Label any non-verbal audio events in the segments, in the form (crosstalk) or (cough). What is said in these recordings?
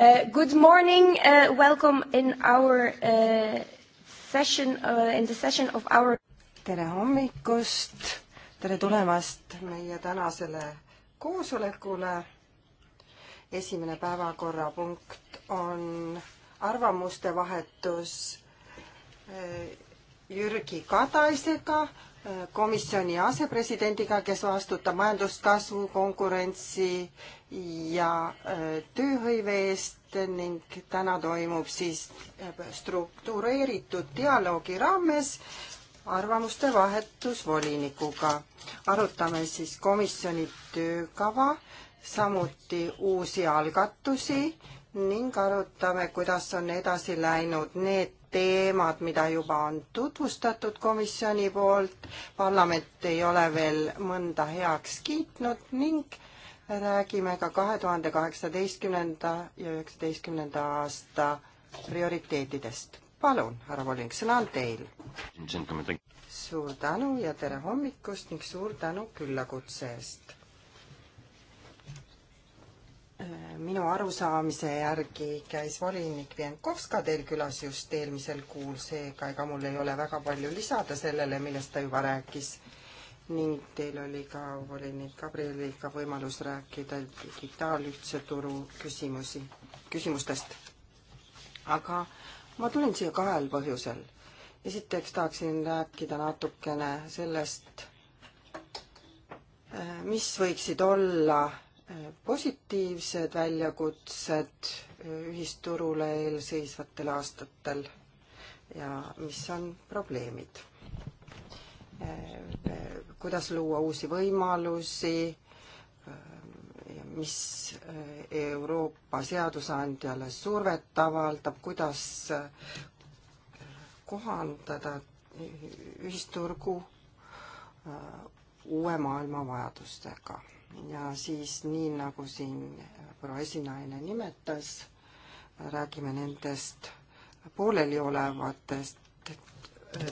Uh, good morning. Uh, welcome in our uh, session, uh, in the session of our tere hommikust, tere tulemast meie tänasele koosolekule. esimene päevakorrapunkt on arvamuste vahetus äh, Jürgi Kadaisega, komisjoni asepresidendiga, kes vastutab majanduskasvu, konkurentsi ja äh, tööhõive eest ning täna toimub siis äh, struktureeritud dialoogi raames arvamuste vahetus volinikuga. arutame siis komisjoni töökava, samuti uusi algatusi ning arutame, kuidas on edasi läinud need teemad, mida juba on tutvustatud komisjoni poolt, parlament ei ole veel mõnda heaks kiitnud ning räägime ka kahe tuhande kaheksateistkümnenda ja üheksateistkümnenda aasta prioriteetidest. palun, härra Volling, sõna on teil. suur tänu ja tere hommikust ning suur tänu küllakutse eest minu arusaamise järgi käis volinik Vienkovska teil külas just eelmisel kuul, seega ega mul ei ole väga palju lisada sellele, millest ta juba rääkis. ning teil oli ka volinik Gabrieliga võimalus rääkida digitaalühtse turu küsimusi, küsimustest. aga ma tulin siia kahel põhjusel. esiteks tahaksin rääkida natukene sellest, mis võiksid olla positiivsed väljakutsed ühisturule eelseisvatel aastatel ja mis on probleemid? Äh, kuidas luua uusi võimalusi äh, ja mis äh, Euroopa seadusandjale survet avaldab, kuidas kohandada ühisturgu uue maailma vajadustega ja siis nii, nagu siin proua esinaine nimetas, räägime nendest pooleliolevatest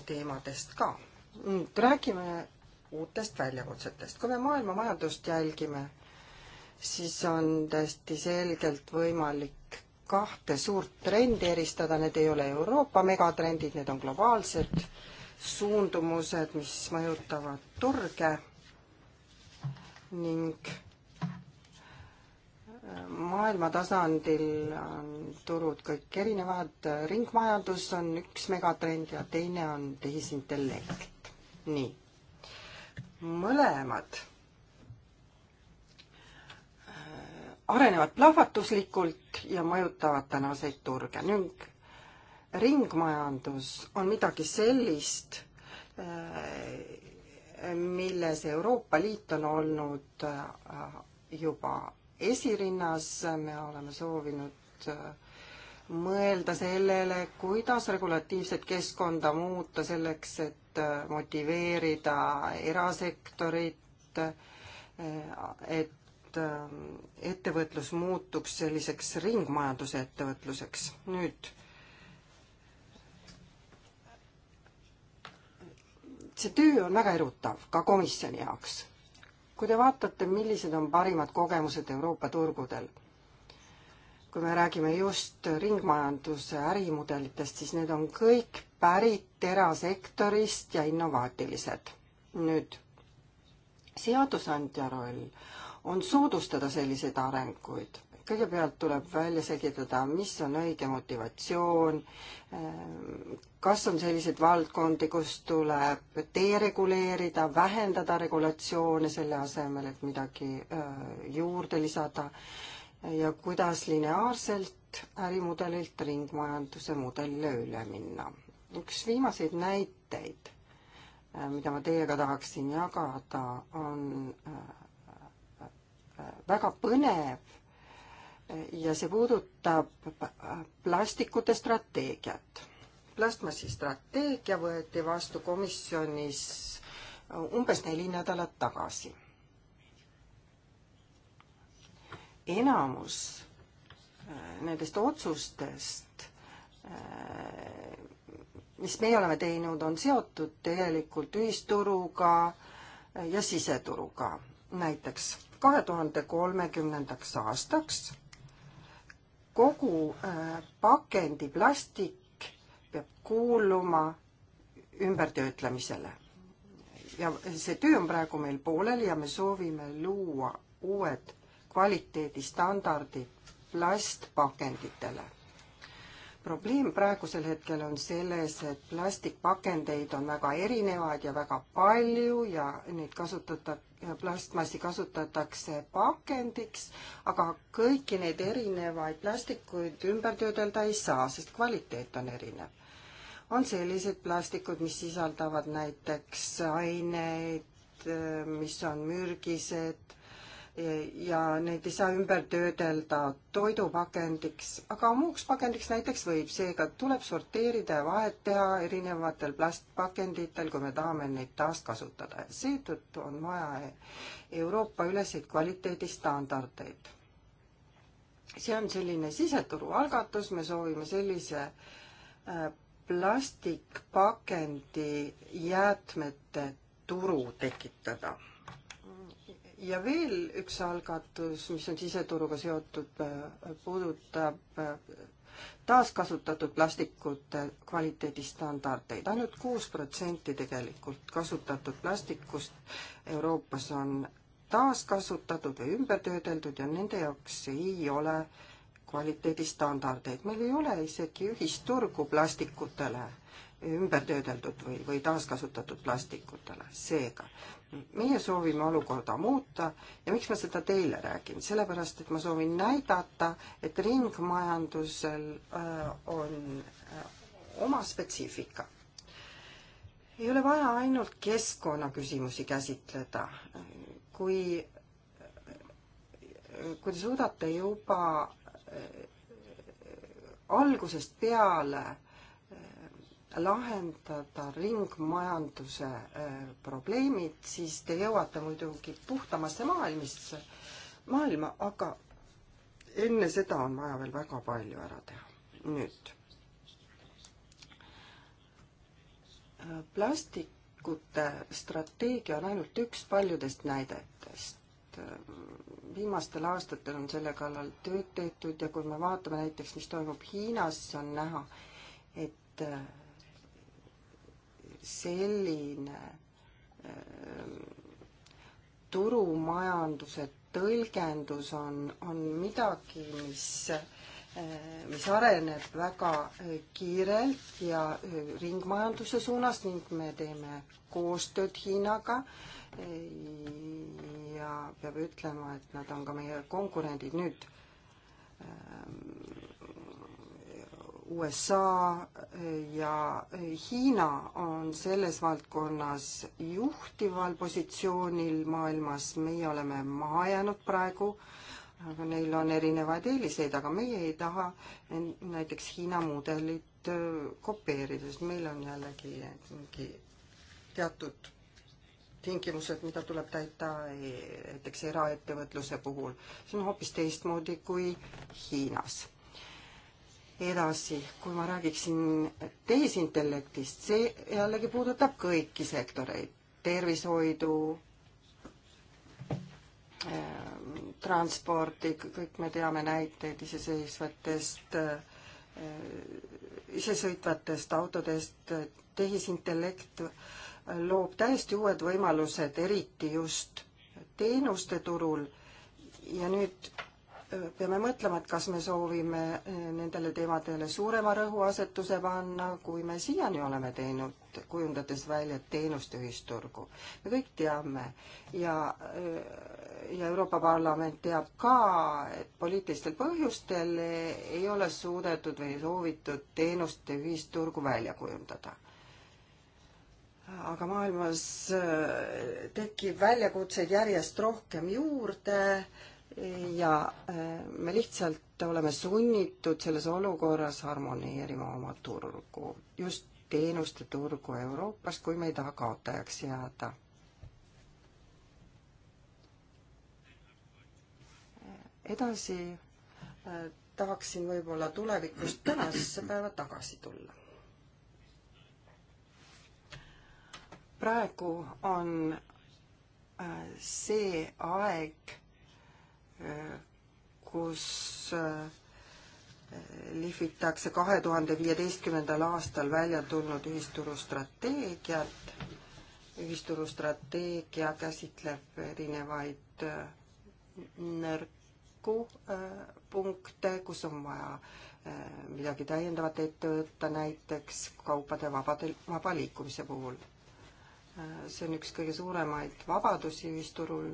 teemadest ka. nüüd räägime uutest väljakutsetest. kui me maailma majandust jälgime, siis on täiesti selgelt võimalik kahte suurt trendi eristada, need ei ole Euroopa megatrendid, need on globaalsed suundumused, mis mõjutavad turge ning äh, maailma tasandil on turud kõik erinevad, ringmajandus on üks megatrend ja teine on tehisintellekt. nii, mõlemad äh, arenevad plahvatuslikult ja mõjutavad tänaseid turge ning ringmajandus on midagi sellist, äh, milles Euroopa Liit on olnud äh, juba esirinnas, me oleme soovinud äh, mõelda sellele, kuidas regulatiivset keskkonda muuta selleks, et äh, motiveerida erasektorit, et ettevõtlus muutuks selliseks ringmajandusettevõtluseks. nüüd see töö on väga erutav ka komisjoni jaoks. kui te vaatate, millised on parimad kogemused Euroopa turgudel, kui me räägime just ringmajanduse ärimudelitest, siis need on kõik pärit erasektorist ja innovaatilised. nüüd seadusandja roll on soodustada selliseid arenguid kõigepealt tuleb välja selgitada, mis on õige motivatsioon, kas on selliseid valdkondi, kus tuleb dereguleerida, vähendada regulatsioone selle asemel, et midagi äh, juurde lisada ja kuidas lineaarselt ärimudelilt ringmajanduse mudelile üle minna. üks viimaseid näiteid, äh, mida ma teiega tahaksin jagada, on äh, väga põnev ja see puudutab plastikute strateegiat. plastmassi strateegia võeti vastu komisjonis umbes neli nädalat tagasi. enamus äh, nendest otsustest, äh, mis meie oleme teinud, on seotud tegelikult ühisturuga ja siseturuga. näiteks kahe tuhande kolmekümnendaks aastaks kogu äh, pakendi plastik peab kuuluma ümbertöötlemisele. ja see töö on praegu meil pooleli ja me soovime luua uued kvaliteedistandardid plastpakenditele. probleem praegusel hetkel on selles, et plastikpakendeid on väga erinevaid ja väga palju ja neid kasutatakse plastmassi kasutatakse pakendiks, aga kõiki neid erinevaid plastikuid ümber töödelda ei saa, sest kvaliteet on erinev. on sellised plastikud, mis sisaldavad näiteks aineid, mis on mürgised ja neid ei saa ümber töödelda toidupakendiks, aga muuks pakendiks näiteks võib, seega tuleb sorteerida ja vahet teha erinevatel plastpakenditel, kui me tahame neid taaskasutada. seetõttu on vaja Euroopa üleseid kvaliteedistandardeid. see on selline siseturu algatus, me soovime sellise äh, plastikpakendi jäätmete turu tekitada ja veel üks algatus, mis on siseturuga seotud, äh, puudutab äh, taaskasutatud plastikute kvaliteedistandardeid. ainult kuus protsenti tegelikult kasutatud plastikust Euroopas on taaskasutatud või ümbertöödeldud ja nende jaoks ei ole kvaliteedistandardeid. meil ei ole isegi ühisturgu plastikutele ümbertöödeldud või, või taaskasutatud plastikutele. seega meie soovime olukorda muuta ja miks ma seda teile räägin, sellepärast et ma soovin näidata, et ringmajandusel äh, on äh, oma spetsiifika. ei ole vaja ainult keskkonnaküsimusi käsitleda, kui, kui te suudate juba äh, algusest peale lahendada ringmajanduse äh, probleemid, siis te jõuate muidugi puhtamasse maailmisse, maailma, aga enne seda on vaja veel väga palju ära teha. nüüd. plastikute strateegia on ainult üks paljudest näidetest viimastel aastatel on selle kallal tööd tehtud ja kui me vaatame näiteks, mis toimub Hiinas, siis on näha, et selline ähm, turumajanduse tõlgendus on, on midagi, mis, äh, mis areneb väga äh, kiirelt ja äh, ringmajanduse suunas ning me teeme koostööd Hiinaga ja peab ütlema, et nad on ka meie konkurendid nüüd ähm, USA eh, ja eh, Hiina on selles valdkonnas juhtival positsioonil maailmas, meie oleme maha jäänud praegu, aga neil on erinevaid eeliseid, aga meie ei taha näiteks Hiina mudelit eh, kopeerida, sest meil on jällegi mingi teatud tingimused, mida tuleb täita e-, näiteks eraettevõtluse puhul. see on hoopis teistmoodi kui Hiinas edasi, kui ma räägiksin tehisintellektist, see jällegi puudutab kõiki sektoreid, tervishoidu, ehm, transporti, kõik me teame näiteid iseseisvatest, ehm, isesõitvatest autodest, tehisintellekt loob täiesti uued võimalused, eriti just teenuste turul ja nüüd peame mõtlema, et kas me soovime eh, nendele teemadele suurema rõhuasetuse panna, kui me siiani oleme teinud, kujundades välja teenuste ühisturgu. me kõik teame ja, eh, ja Euroopa Parlament teab ka, et poliitilistel põhjustel ei ole suudetud või soovitud teenuste ühisturgu välja kujundada aga maailmas eh, tekib väljakutseid järjest rohkem juurde ja äh, me lihtsalt oleme sunnitud selles olukorras harmoneerima oma turgu, just teenuste turgu Euroopas, kui me ei taha kaotajaks jääda. edasi äh, tahaksin võib-olla tulevikust tänasesse päeva tagasi tulla. praegu on äh, see aeg kus äh, lihvitakse kahe tuhande viieteistkümnendal aastal välja tulnud ühisturustrateegiat. ühisturustrateegia käsitleb erinevaid äh, nõrku äh, punkte, kus on vaja midagi täiendavat ette võtta, näiteks kaupade vabade, vaba liikumise puhul. see on üks kõige suuremaid vabadusi ühisturul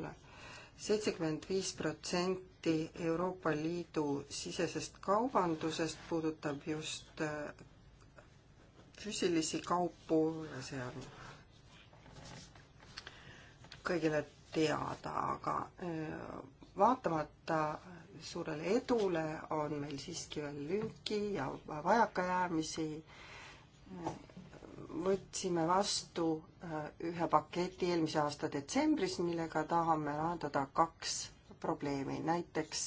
seitsekümmend viis protsenti Euroopa Liidu sisesest kaubandusest puudutab just äh, füüsilisi kaupu ja see on kõigile teada, aga äh, vaatamata suurele edule on meil siiski veel lünki ja vajakajäämisi äh, võtsime vastu äh, ühe paketi eelmise aasta detsembris, millega tahame lahendada kaks probleemi, näiteks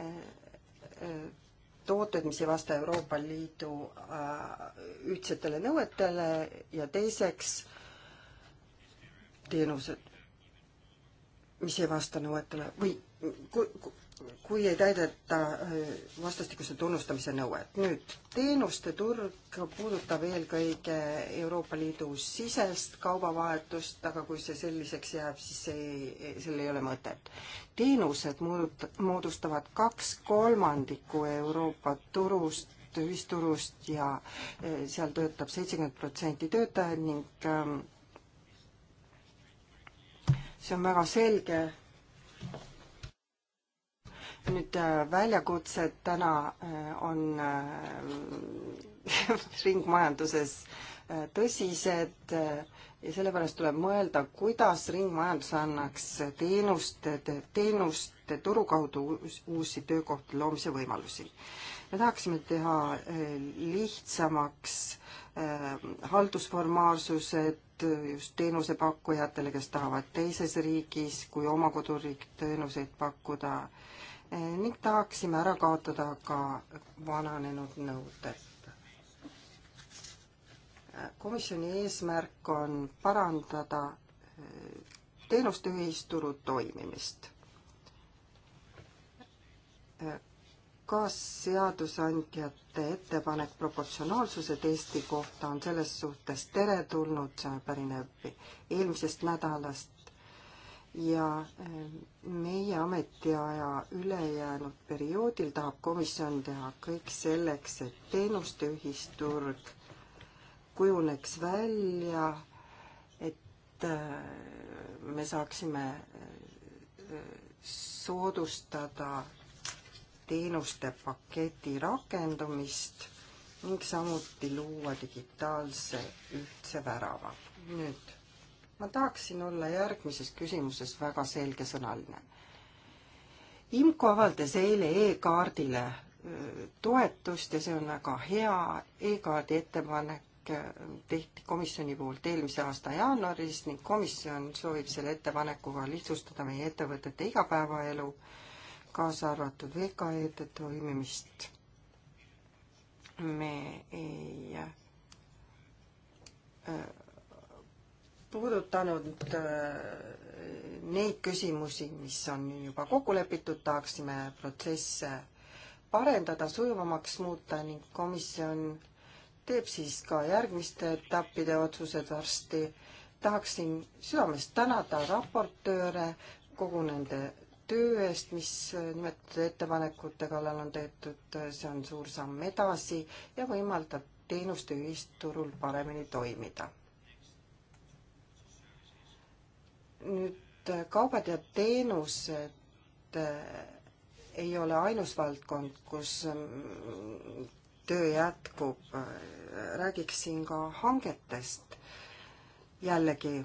äh, äh, tooted, mis ei vasta Euroopa Liidu ühtsetele nõuetele ja teiseks teenused, mis ei vasta nõuetele või kui, kui kui ei täideta äh, vastastikuse tunnustamise nõuet. nüüd teenuste turg puudutab eelkõige Euroopa Liidu sisest kaubavahetust, aga kui see selliseks jääb, siis ei, sellel ei ole mõtet. teenused muud-, moodustavad kaks kolmandikku Euroopa turust, ühisturust ja äh, seal töötab seitsekümmend protsenti töötajaid ning ähm, see on väga selge nüüd äh, väljakutsed täna äh, on äh, (laughs) ringmajanduses tõsised ja sellepärast tuleb mõelda, kuidas ringmajandus annaks teenuste, teenuste turu kaudu uusi töökohtade loomise võimalusi. me tahaksime teha lihtsamaks haldusformaalsused just teenusepakkujatele, kes tahavad teises riigis kui oma koduriik teenuseid pakkuda äh, ning tahaksime ära kaotada ka vananenud nõuded. komisjoni eesmärk on parandada eh, teenuste ühisturu toimimist. Eh, kas seadusandjate ettepanek proportsionaalsuse testi kohta on selles suhtes teretulnud, see pärineb eelmisest nädalast ja eh, meie ametiaja ülejäänud perioodil tahab komisjon teha kõik selleks, et teenuste ühisturg kujuneks välja, et eh, me saaksime eh, soodustada teenuste paketi rakendumist ning samuti luua digitaalse ühtse värava. nüüd ma tahaksin olla järgmises küsimuses väga selgesõnaline. IMCO avaldas eile e-kaardile äh, toetust ja see on väga hea e, e-kaardi ettepanek äh, tehti komisjoni poolt eelmise aasta jaanuaris ning komisjon soovib selle ettepanekuga lihtsustada meie ettevõtete igapäevaelu, kaasa arvatud VKE-de toimimist. me ei äh, puudutanud äh, neid küsimusi, mis on juba kokku lepitud, tahaksime protsesse parendada, sujuvamaks muuta ning komisjon teeb siis ka järgmiste etappide otsused varsti. tahaksin südamest tänada raportööre kogu nende töö eest, mis nimetatud ettepanekute kallal on tehtud, see on suur samm edasi ja võimaldab teenuste ühisturul paremini toimida nüüd äh, kaubad ja teenused äh, ei ole ainus valdkond, kus mm, töö jätkub. Äh, räägiksin ka hangetest. jällegi,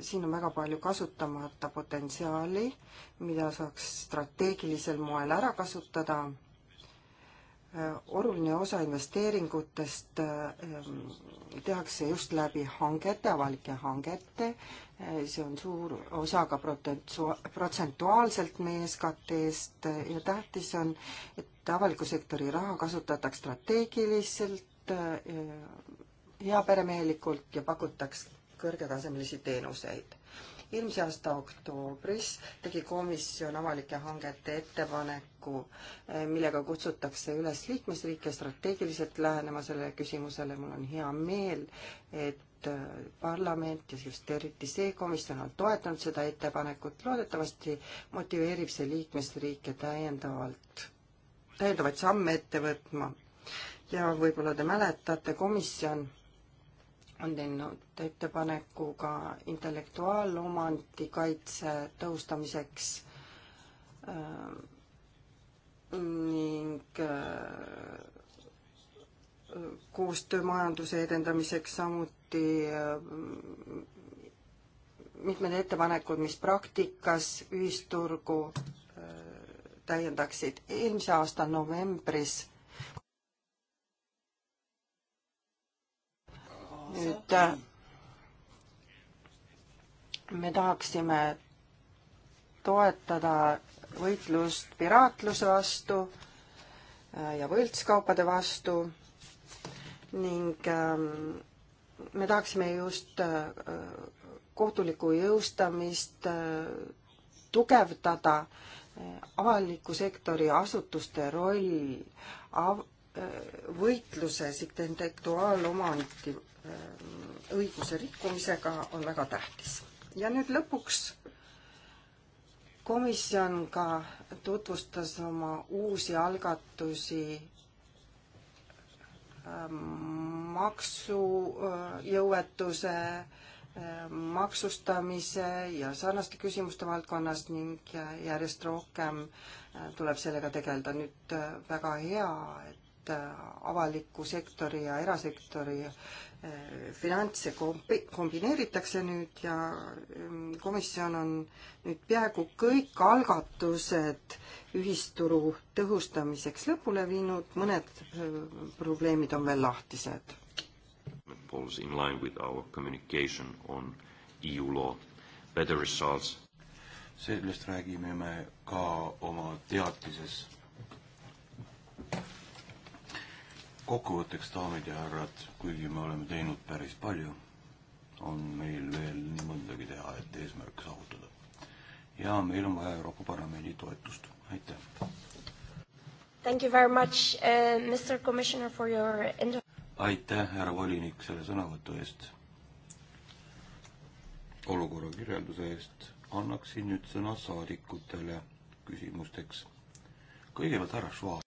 siin on väga palju kasutamata potentsiaali, mida saaks strateegilisel moel ära kasutada oluline osa investeeringutest ehm, tehakse just läbi hangete, avalike hangete, see on suur osa ka protsentuaalselt meie SKT-st ja tähtis on, et avaliku sektori raha kasutataks strateegiliselt, ehm, heaperemehelikult ja pakutaks kõrgetasemelisi teenuseid eelmise aasta oktoobris tegi komisjon avalike hangete ettepaneku, eh, millega kutsutakse üles liikmesriike strateegiliselt lähenema sellele küsimusele. mul on hea meel, et eh, parlament ja just eriti see komisjon on toetanud seda ettepanekut. loodetavasti motiveerib see liikmesriike täiendavalt, täiendavaid samme ette võtma. ja võib-olla te mäletate, komisjon on teinud ettepaneku ka intellektuaalomandi kaitse tõhustamiseks äh, ning äh, koostöömajanduse edendamiseks samuti äh, mitmed ettepanekud, mis praktikas ühisturgu täiendaksid. eelmise aasta novembris nüüd äh, me tahaksime toetada võitlust piraatluse vastu äh, ja võltskaupade vastu ning äh, me tahaksime just kohtulikku jõustamist tugevdada, avaliku sektori asutuste roll av-, võitluses intellektuaalomandi Ehm, õiguse rikkumisega on väga tähtis. ja nüüd lõpuks komisjon ka tutvustas oma uusi algatusi ehm, maksujõuetuse, ehm, maksustamise ja sarnaste küsimuste valdkonnas ning järjest rohkem tuleb sellega tegeleda. nüüd väga hea, et Äh, avaliku sektori ja erasektori äh, finantse kombineeritakse nüüd ja ähm, komisjon on nüüd peaaegu kõik algatused ühisturu tõhustamiseks lõpule viinud, mõned äh, probleemid on veel lahtised. Falls in line with our communication on EU law, better results. sellest räägime me ka oma teatises kokkuvõtteks, daamid ja härrad, kuigi me oleme teinud päris palju, on meil veel nii mõndagi teha, et eesmärk saavutada. ja meil on vaja Euroopa Parlamendi toetust, aitäh! Thank you very much uh,, Mr Commissioner for your aitäh, härra volinik, selle sõnavõtu eest, olukorra kirjelduse eest, annaksin nüüd sõna saadikutele küsimusteks. kõigepealt härra Šva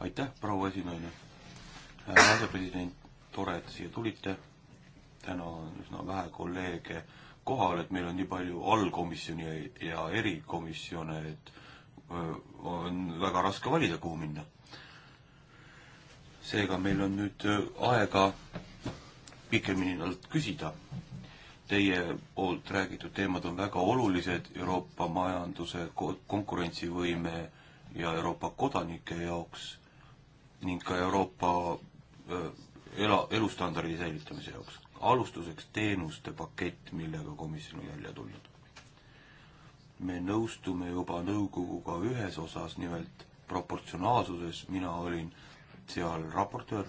aitäh, proua esinaine. härra asepresident, tore, et siia tulite. täna on üsna vähe kolleege kohal, et meil on nii palju allkomisjoni ja erikomisjone, et on väga raske valida, kuhu minna. seega meil on nüüd aega pikemini küsida. Teie poolt räägitud teemad on väga olulised Euroopa majanduse konkurentsivõime ja Euroopa kodanike jaoks ning ka Euroopa ela, elustandardi säilitamise jaoks. alustuseks teenuste pakett, millega komisjon on välja tulnud. me nõustume juba nõukoguga ühes osas, nimelt proportsionaalsuses, mina olin seal raportöör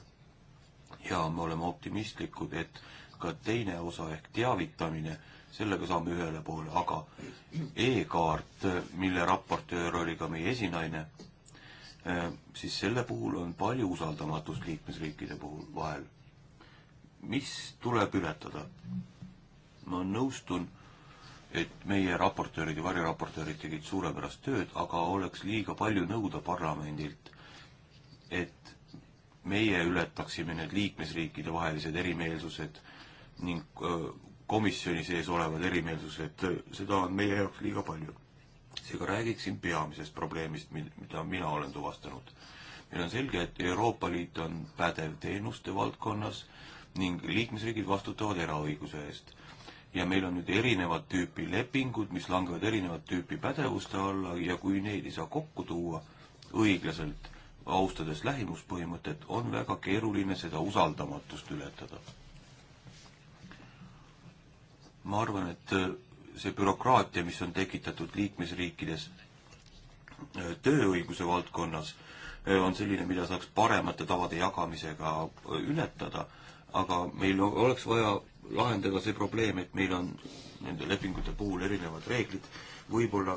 ja me oleme optimistlikud, et ka teine osa ehk teavitamine, sellega saame ühele poole, aga e-kaart, mille raportöör oli ka meie esinaine, Äh, siis selle puhul on palju usaldamatust liikmesriikide puhul vahel. mis tuleb ületada? ma nõustun, et meie raportöörid ja variraportöörid tegid suurepärast tööd, aga oleks liiga palju nõuda parlamendilt, et meie ületaksime need liikmesriikide vahelised erimeelsused ning äh, komisjoni sees olevad erimeelsused, seda on meie jaoks liiga palju seega räägiksin peamisest probleemist, mida mina olen tuvastanud. meil on selge, et Euroopa Liit on pädev teenuste valdkonnas ning liikmesriigid vastutavad eraõiguse eest. ja meil on nüüd erinevat tüüpi lepingud, mis langevad erinevat tüüpi pädevuste alla ja kui neid ei saa kokku tuua õiglaselt, austades lähimuspõhimõtet, on väga keeruline seda usaldamatust ületada. ma arvan, et see bürokraatia, mis on tekitatud liikmesriikides äh, tööõiguse valdkonnas, äh, on selline, mida saaks paremate tavade jagamisega äh, ületada, aga meil oleks vaja lahendada see probleem, et meil on nende lepingute puhul erinevad reeglid, võib-olla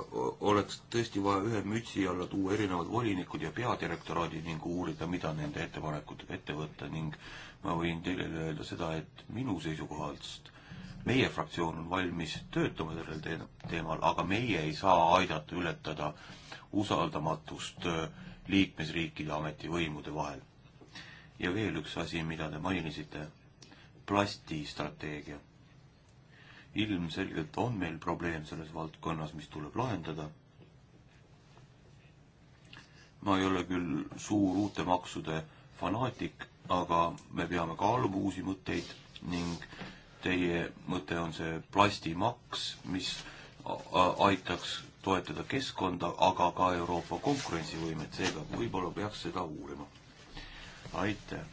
oleks tõesti vaja ühe mütsi alla tuua erinevad volinikud ja peadirektoraadid ning uurida, mida nende ettepanekutega ette võtta ning ma võin teile öelda seda, et minu seisukohalt meie fraktsioon on valmis töötama sellel te teemal, aga meie ei saa aidata ületada usaldamatust äh, liikmesriikide ametivõimude vahel. ja veel üks asi, mida te mainisite, plastistrateegia. ilmselgelt on meil probleem selles valdkonnas, mis tuleb lahendada. ma ei ole küll suur uute maksude fanaatik, aga me peame kaaluma uusi mõtteid ning teie mõte on see plastimaks, mis aitaks toetada keskkonda, aga ka Euroopa konkurentsivõimet, seega võib-olla peaks seda uurima. aitäh!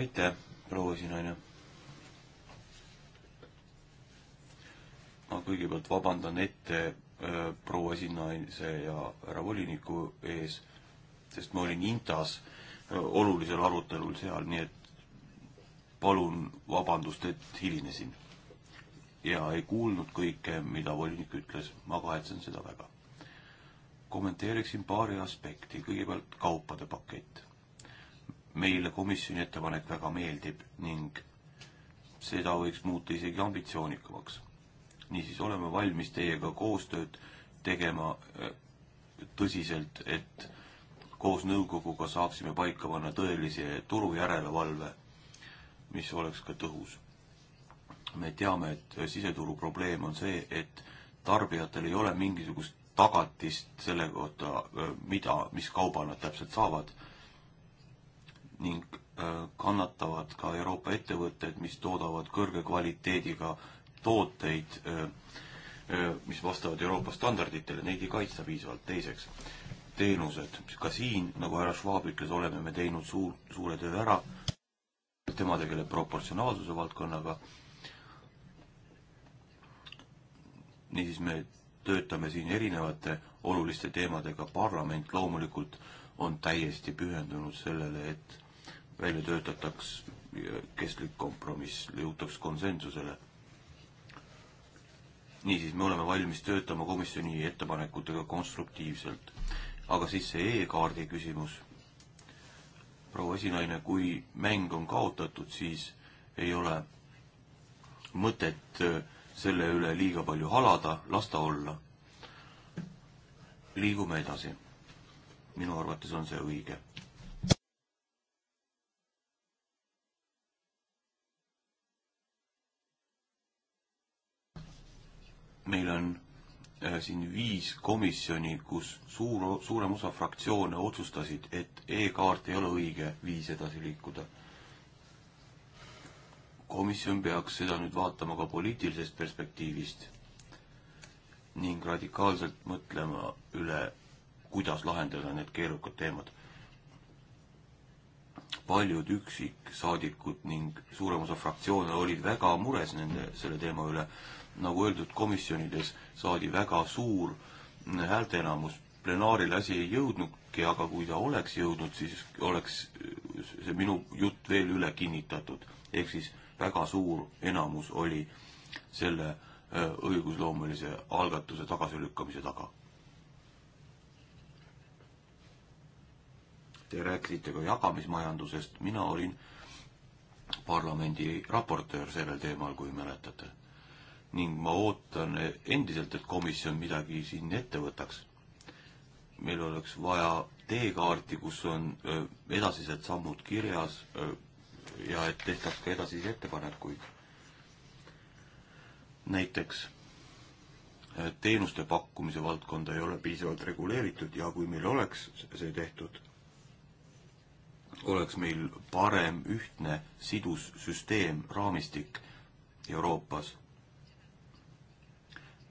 aitäh, proua Sinaine! ma kõigepealt vabandan ette äh, proua Sinaise ja härra voliniku ees, sest ma olin Intas äh, olulisel arutelul seal, nii et palun vabandust, et hilinesin. ja ei kuulnud kõike, mida volinik ütles, ma kahetsen seda väga. kommenteeriksin paari aspekti, kõigepealt kaupade pakett. meile komisjoni ettepanek väga meeldib ning seda võiks muuta isegi ambitsioonikamaks. niisiis oleme valmis teiega koostööd tegema äh, tõsiselt, et koos nõukoguga saaksime paika panna tõelise turujärelevalve, mis oleks ka tõhus. me teame, et siseturu probleem on see, et tarbijatel ei ole mingisugust tagatist selle kohta, mida, mis kauba nad täpselt saavad ning kannatavad ka Euroopa ettevõtted, mis toodavad kõrge kvaliteediga tooteid, mis vastavad Euroopa standarditele, neid ei kaitsta piisavalt. teiseks, teenused. ka siin, nagu härra Schwab ütles, oleme me teinud suur, suure töö ära. tema tegeleb proportsionaalsuse valdkonnaga. niisiis, me töötame siin erinevate oluliste teemadega. parlament loomulikult on täiesti pühendunud sellele, et välja töötataks kestlik kompromiss, jõutaks konsensusele niisiis, me oleme valmis töötama komisjoni ettepanekutega konstruktiivselt aga siis see e-kaardi küsimus. proua esinaine, kui mäng on kaotatud, siis ei ole mõtet äh, selle üle liiga palju halada, las ta olla. liigume edasi. minu arvates on see õige ole siin viis komisjoni, kus suur, suurem osa fraktsioone otsustasid, et e-kaart ei ole õige viis edasi liikuda. komisjon peaks seda nüüd vaatama ka poliitilisest perspektiivist ning radikaalselt mõtlema üle, kuidas lahendada need keerukad teemad. paljud üksiksaadikud ning suurem osa fraktsioone olid väga mures nende, selle teema üle nagu öeldud, komisjonides saadi väga suur häälteenamus, plenaaril asi ei jõudnudki, aga kui ta oleks jõudnud, siis oleks see minu jutt veel üle kinnitatud. ehk siis väga suur enamus oli selle äh, õigusloomelise algatuse tagasilükkamise taga. Te rääkisite ka jagamismajandusest, mina olin parlamendi raportöör sellel teemal, kui mäletate ning ma ootan endiselt, et komisjon midagi siin ette võtaks. meil oleks vaja teekaarti, kus on edasised sammud kirjas ja et tehtaks ka edasisi ettepanekuid. näiteks teenuste pakkumise valdkonda ei ole piisavalt reguleeritud ja kui meil oleks see tehtud, oleks meil parem ühtne sidus süsteem, raamistik Euroopas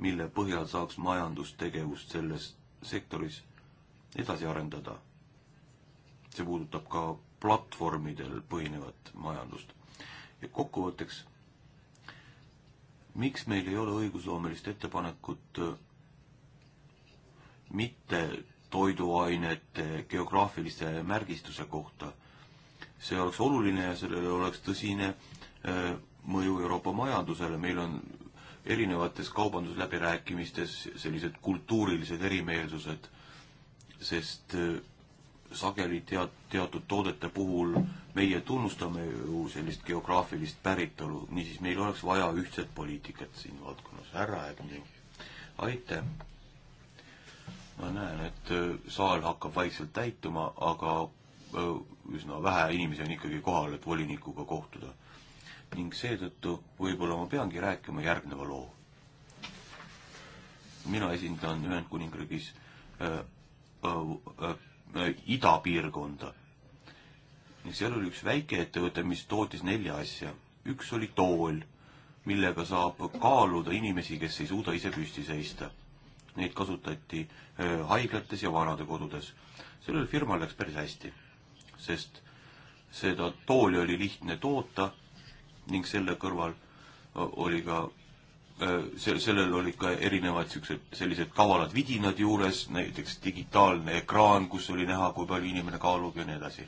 mille põhjal saaks majandustegevust selles sektoris edasi arendada. see puudutab ka platvormidel põhinevat majandust. ja kokkuvõtteks, miks meil ei ole õigusloomelist ettepanekut äh, mitte toiduainete geograafilise märgistuse kohta. see oleks oluline ja sellel oleks tõsine äh, mõju Euroopa majandusele, meil on erinevates kaubandusläbirääkimistes sellised kultuurilised erimeelsused, sest äh, sageli tead-, teatud toodete puhul meie tunnustame ju sellist geograafilist päritolu, niisiis meil oleks vaja ühtset poliitikat siin valdkonnas. härra Ägni, aitäh! ma näen, et äh, saal hakkab vaikselt täituma, aga äh, üsna vähe inimesi on ikkagi kohal, et volinikuga kohtuda ning seetõttu võib-olla ma peangi rääkima järgneva loo. mina esindan Ühendkuningriigis äh, äh, äh, idapiirkonda ning seal oli üks väikeettevõte, mis tootis nelja asja. üks oli tool, millega saab kaaluda inimesi, kes ei suuda ise püsti seista. Neid kasutati äh, haiglates ja vanadekodudes. sellel firmal läks päris hästi, sest seda tooli oli lihtne toota ning selle kõrval oli ka sel-, sellel olid ka erinevad niisugused, sellised kavalad vidinad juures, näiteks digitaalne ekraan, kus oli näha, kui palju inimene kaalub ja nii edasi.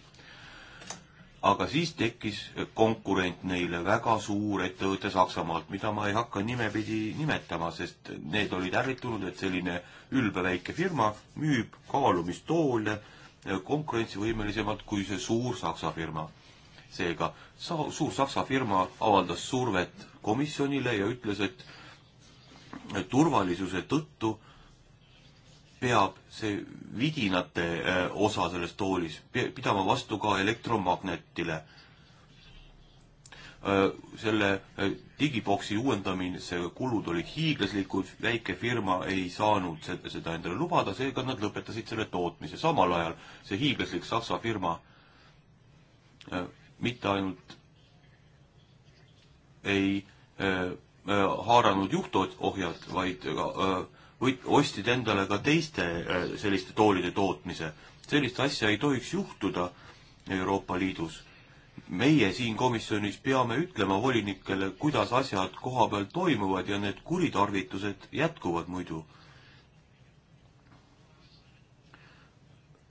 aga siis tekkis konkurent neile, väga suur ettevõte Saksamaalt, mida ma ei hakka nimepidi nimetama, sest need olid ärritunud, et selline ülbe väike firma müüb kaalumistoole konkurentsivõimelisemalt kui see suur Saksa firma seega suur Saksa firma avaldas survet komisjonile ja ütles, et turvalisuse tõttu peab see vidinate äh, osa selles toolis pidama vastu ka elektromagnetile. Äh, selle äh, digiboksi uuendamise kulud olid hiiglaslikud, väike firma ei saanud seda endale lubada, seega nad lõpetasid selle tootmise. samal ajal see hiiglaslik Saksa firma mitte ainult ei öö, äh, äh, haaranud juhtohjad, vaid ka äh, võt-, ostsid endale ka teiste selliste toolide tootmise. sellist asja ei tohiks juhtuda Euroopa Liidus. meie siin komisjonis peame ütlema volinikele, kuidas asjad koha peal toimuvad ja need kuritarvitused jätkuvad muidu.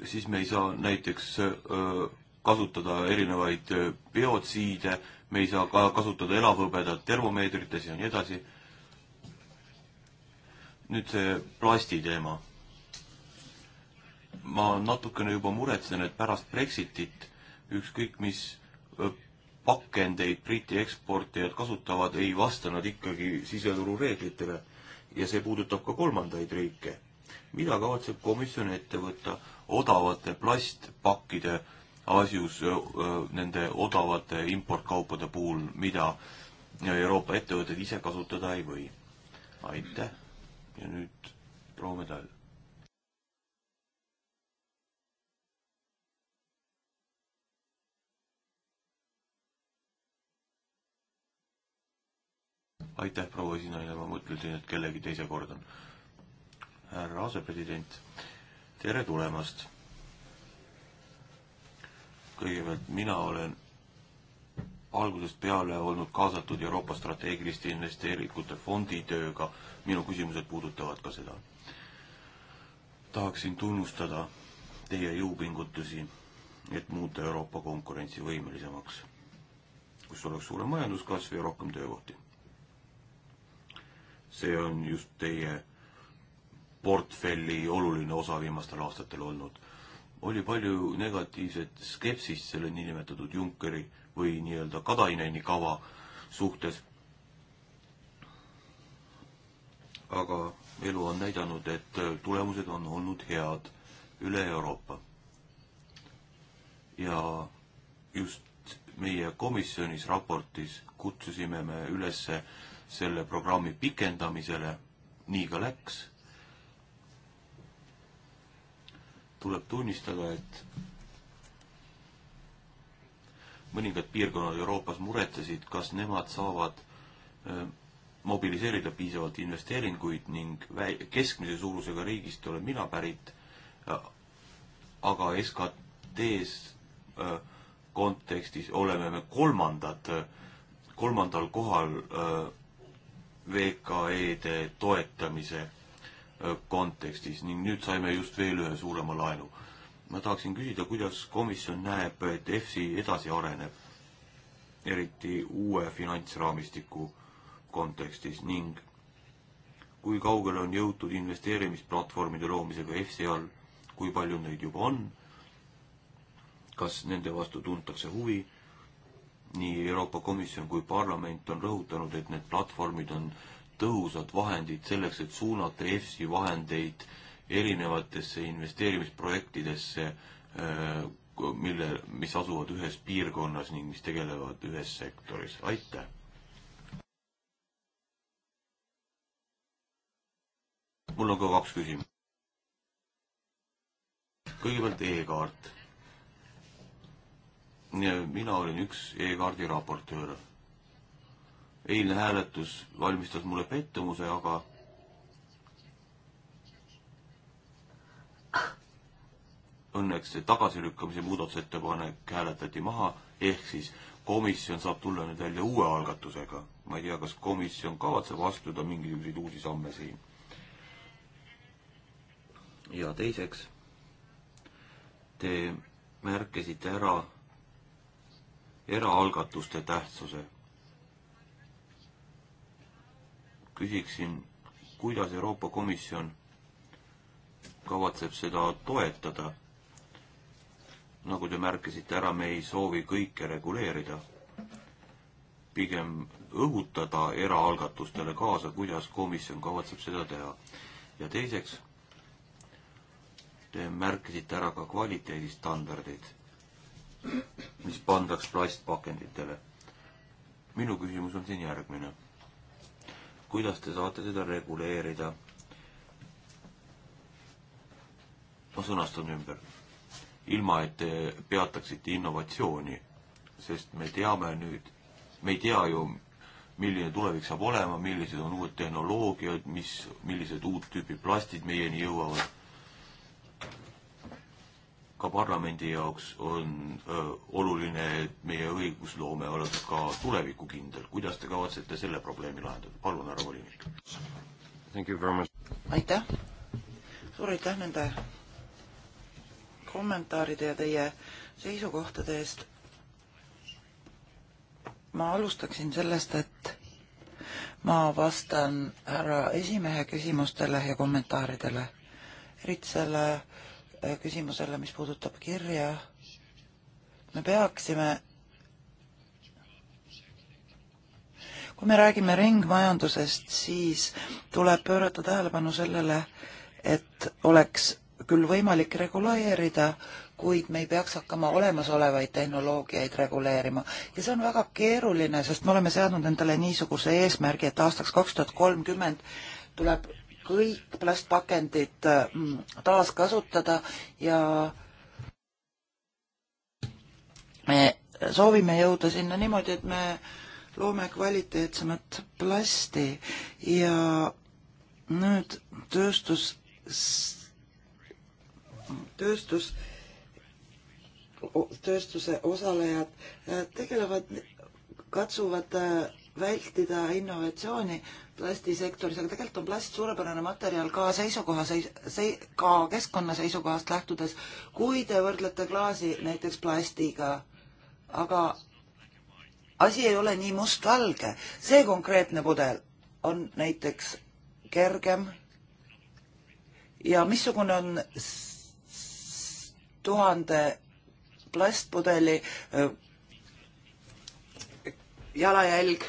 siis me ei saa näiteks öö, kasutada erinevaid biotsiide, me ei saa ka kasutada elavhõbedat termomeetrites ja nii edasi. nüüd see plasti teema. ma natukene juba muretsen, et pärast Brexitit ükskõik mis pakendeid Briti eksportijad kasutavad, ei vasta nad ikkagi siseturu reeglitele ja see puudutab ka kolmandaid riike. mida kavatseb komisjon ette võtta odavate plastpakkide asjus nende odavate importkaupade puhul, mida Euroopa ettevõtted ise kasutada ei või. aitäh ja nüüd proovime tähele. aitäh, proua esinaine, ma mõtlesin, et kellegi teise kordan. härra asepresident, tere tulemast kõigepealt mina olen algusest peale olnud kaasatud Euroopa strateegiliste investeeringute fondi tööga. minu küsimused puudutavad ka seda. tahaksin tunnustada teie jõupingutusi, et muuta Euroopa konkurentsivõimelisemaks, kus oleks suurem majanduskasv ja rohkem töökohti. see on just teie portfelli oluline osa viimastel aastatel olnud oli palju negatiivset skepsist selle niinimetatud Junckeri või nii-öelda Kadaineni kava suhtes. aga elu on näidanud, et tulemused on olnud head üle Euroopa. ja just meie komisjonis raportis kutsusime me üles selle programmi pikendamisele, nii ka läks tuleb tunnistada, et mõningad piirkonnad Euroopas muretsesid, kas nemad saavad äh, mobiliseerida piisavalt investeeringuid ning väi-, keskmise suurusega riigist olen mina pärit, äh, aga SKT-s äh, kontekstis oleme me kolmandad, kolmandal kohal VKE-de toetamise kontekstis ning nüüd saime just veel ühe suurema laenu. ma tahaksin küsida, kuidas komisjon näeb, et EFSI edasi areneb, eriti uue finantsraamistiku kontekstis ning kui kaugele on jõutud investeerimisplatvormide loomisega EFSI all, kui palju neid juba on, kas nende vastu tuntakse huvi, nii Euroopa Komisjon kui parlament on rõhutanud, et need platvormid on äh, tõhusad vahendid selleks, et suunata EFSI vahendeid erinevatesse investeerimisprojektidesse, äh, mille, mis asuvad ühes piirkonnas ning mis tegelevad ühes sektoris, aitäh! mul on ka kaks küsimust. kõigepealt e-kaart. mina olin üks e-kaardi raportöör eilne hääletus valmistas mulle pettumuse, aga õnneks see tagasilükkamise muudatusettepanek hääletati maha, ehk siis komisjon saab tulla nüüd välja uue algatusega. ma ei tea, kas komisjon kavatseb astuda mingisuguseid uusi samme siin. ja teiseks, te märkisite ära eraalgatuste tähtsuse küsiksin, kuidas Euroopa Komisjon kavatseb seda toetada? nagu te märkisite ära, me ei soovi kõike reguleerida, pigem õhutada eraalgatustele kaasa, kuidas komisjon kavatseb seda teha. ja teiseks, te märkisite ära ka kvaliteedistandardid, mis pandaks plastpakenditele. minu küsimus on siin järgmine kuidas te saate seda reguleerida? ma sõnastan ümber. ilma, et te peataksite innovatsiooni, sest me teame nüüd, me ei tea ju, milline tulevik saab olema, millised on uued tehnoloogiad, mis, millised uut tüüpi plastid meieni jõuavad ka parlamendi jaoks on öö, oluline, et meie õigusloome oleks ka tulevikukindel. kuidas te kavatsete selle probleemi lahendada? palun, härra volinik. aitäh. suur aitäh nende kommentaaride ja teie seisukohtade eest. ma alustaksin sellest, et ma vastan härra esimehe küsimustele ja kommentaaridele, eriti selle Äh, küsimusele, mis puudutab kirja. me peaksime, kui me räägime ringmajandusest, siis tuleb pöörata tähelepanu sellele, et oleks küll võimalik reguleerida, kuid me ei peaks hakkama olemasolevaid tehnoloogiaid reguleerima. ja see on väga keeruline, sest me oleme seadnud endale niisuguse eesmärgi, et aastaks kaks tuhat kolmkümmend tuleb kõik plastpakendid mm, taaskasutada ja me soovime jõuda sinna niimoodi, et me loome kvaliteetsemat plasti ja nüüd tööstus, tööstus, tööstuse osalejad eh, tegelevad, katsuvad eh, vältida innovatsiooni plastisektoris, aga tegelikult on plast suurepärane materjal ka seisukoha seis-, sei-, ka keskkonna seisukohast lähtudes, kui te võrdlete klaasi näiteks plastiga, aga asi ei ole nii mustvalge. see konkreetne pudel on näiteks kergem ja missugune on tuhande plastpudeli jalajälg,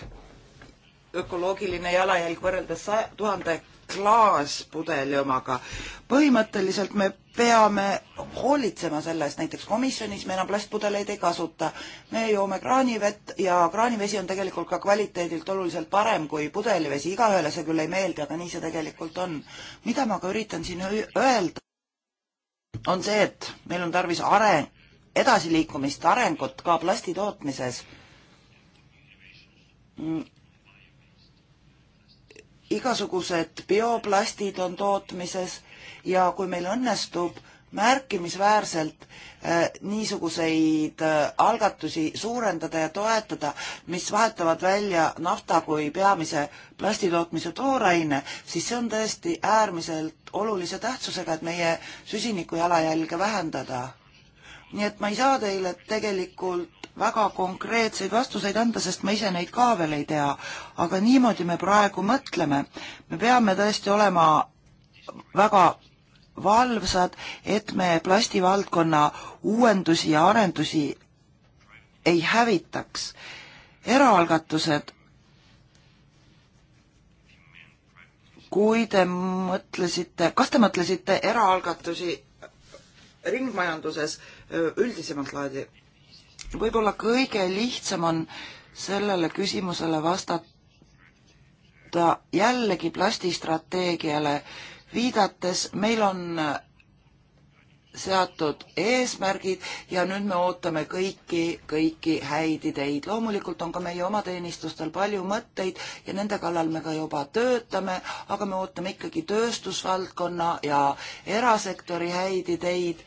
ökoloogiline jalajälg võrreldes saja, tuhande klaaspudeli omaga. põhimõtteliselt me peame hoolitsema selle eest, näiteks komisjonis me enam plastpudeleid ei kasuta. me joome kraanivett ja kraanivesi on tegelikult ka kvaliteedilt oluliselt parem kui pudelivesi, igaühele see küll ei meeldi, aga nii see tegelikult on. mida ma ka üritan siin öelda, on see, et meil on tarvis areng, edasiliikumist, arengut ka plasti tootmises igasugused bioplastid on tootmises ja kui meil õnnestub märkimisväärselt äh, niisuguseid äh, algatusi suurendada ja toetada, mis vahetavad välja nafta kui peamise plastitootmise tooraine, siis see on tõesti äärmiselt olulise tähtsusega, et meie süsiniku jalajälge vähendada. nii et ma ei saa teile tegelikult väga konkreetseid vastuseid anda, sest ma ise neid ka veel ei tea. aga niimoodi me praegu mõtleme. me peame tõesti olema väga valvsad, et me plastivaldkonna uuendusi ja arendusi ei hävitaks. eraalgatused kui te mõtlesite, kas te mõtlesite eraalgatusi ringmajanduses üldisemalt laadi? võib-olla kõige lihtsam on sellele küsimusele vastata jällegi plastistrateegiale viidates. Meil on seatud eesmärgid ja nüüd me ootame kõiki, kõiki häid ideid. loomulikult on ka meie oma teenistustel palju mõtteid ja nende kallal me ka juba töötame, aga me ootame ikkagi tööstusvaldkonna ja erasektori häid ideid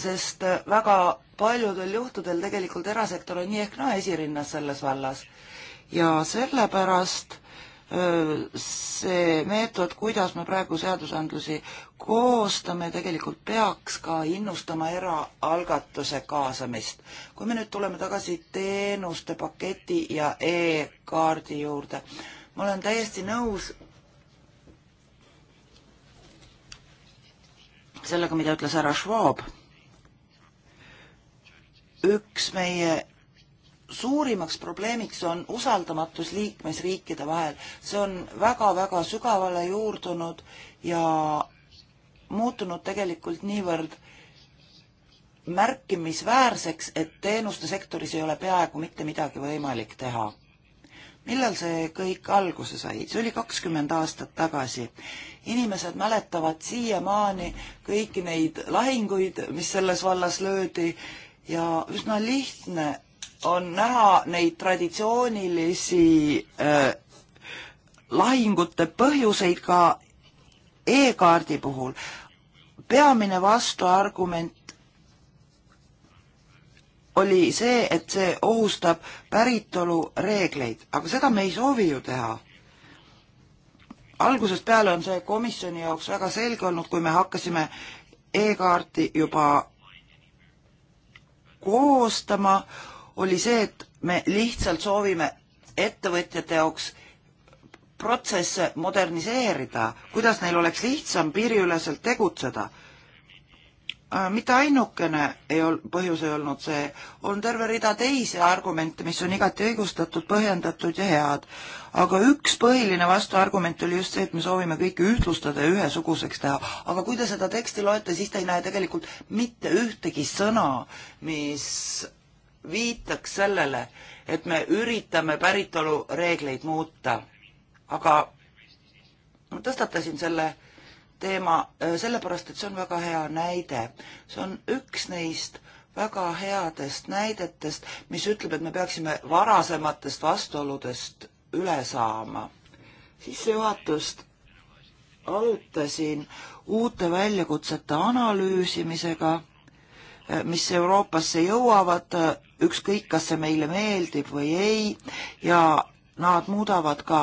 sest äh, väga paljudel juhtudel tegelikult erasektor on nii ehk naa esirinnas selles vallas. ja sellepärast äh, see meetod, kuidas me praegu seadusandlusi koostame, tegelikult peaks ka innustama eraalgatuse kaasamist. kui me nüüd tuleme tagasi teenuste paketi ja e-kaardi juurde, ma olen täiesti nõus sellega, mida ütles härra Schwab üks meie suurimaks probleemiks on usaldamatus liikmesriikide vahel. see on väga-väga sügavale juurdunud ja muutunud tegelikult niivõrd märkimisväärseks, et teenuste sektoris ei ole peaaegu mitte midagi võimalik teha. millal see kõik alguse sai? see oli kakskümmend aastat tagasi. inimesed mäletavad siiamaani kõiki neid lahinguid, mis selles vallas löödi ja üsna lihtne on näha neid traditsioonilisi äh, lahingute põhjuseid ka e-kaardi puhul. peamine vastuargument oli see, et see ohustab päritolureegleid, aga seda me ei soovi ju teha. algusest peale on see komisjoni jaoks väga selge olnud, kui me hakkasime e-kaarti juba koostama, oli see, et me lihtsalt soovime ettevõtjate jaoks protsesse moderniseerida, kuidas neil oleks lihtsam piiriüleselt tegutseda. Äh, mitte ainukene ei ol-, põhjus ei olnud see, on terve rida teisi argumente, mis on igati õigustatud, põhjendatud ja head aga üks põhiline vastuargument oli just see, et me soovime kõike ühtlustada ja ühesuguseks teha. aga kui te seda teksti loete, siis te ei näe tegelikult mitte ühtegi sõna, mis viitaks sellele, et me üritame päritolureegleid muuta. aga ma tõstatasin selle teema äh, sellepärast, et see on väga hea näide. see on üks neist väga headest näidetest, mis ütleb, et me peaksime varasematest vastuoludest üle saama. sissejuhatust alutasin uute väljakutsete analüüsimisega, mis Euroopasse jõuavad, ükskõik, kas see meile meeldib või ei, ja nad muudavad ka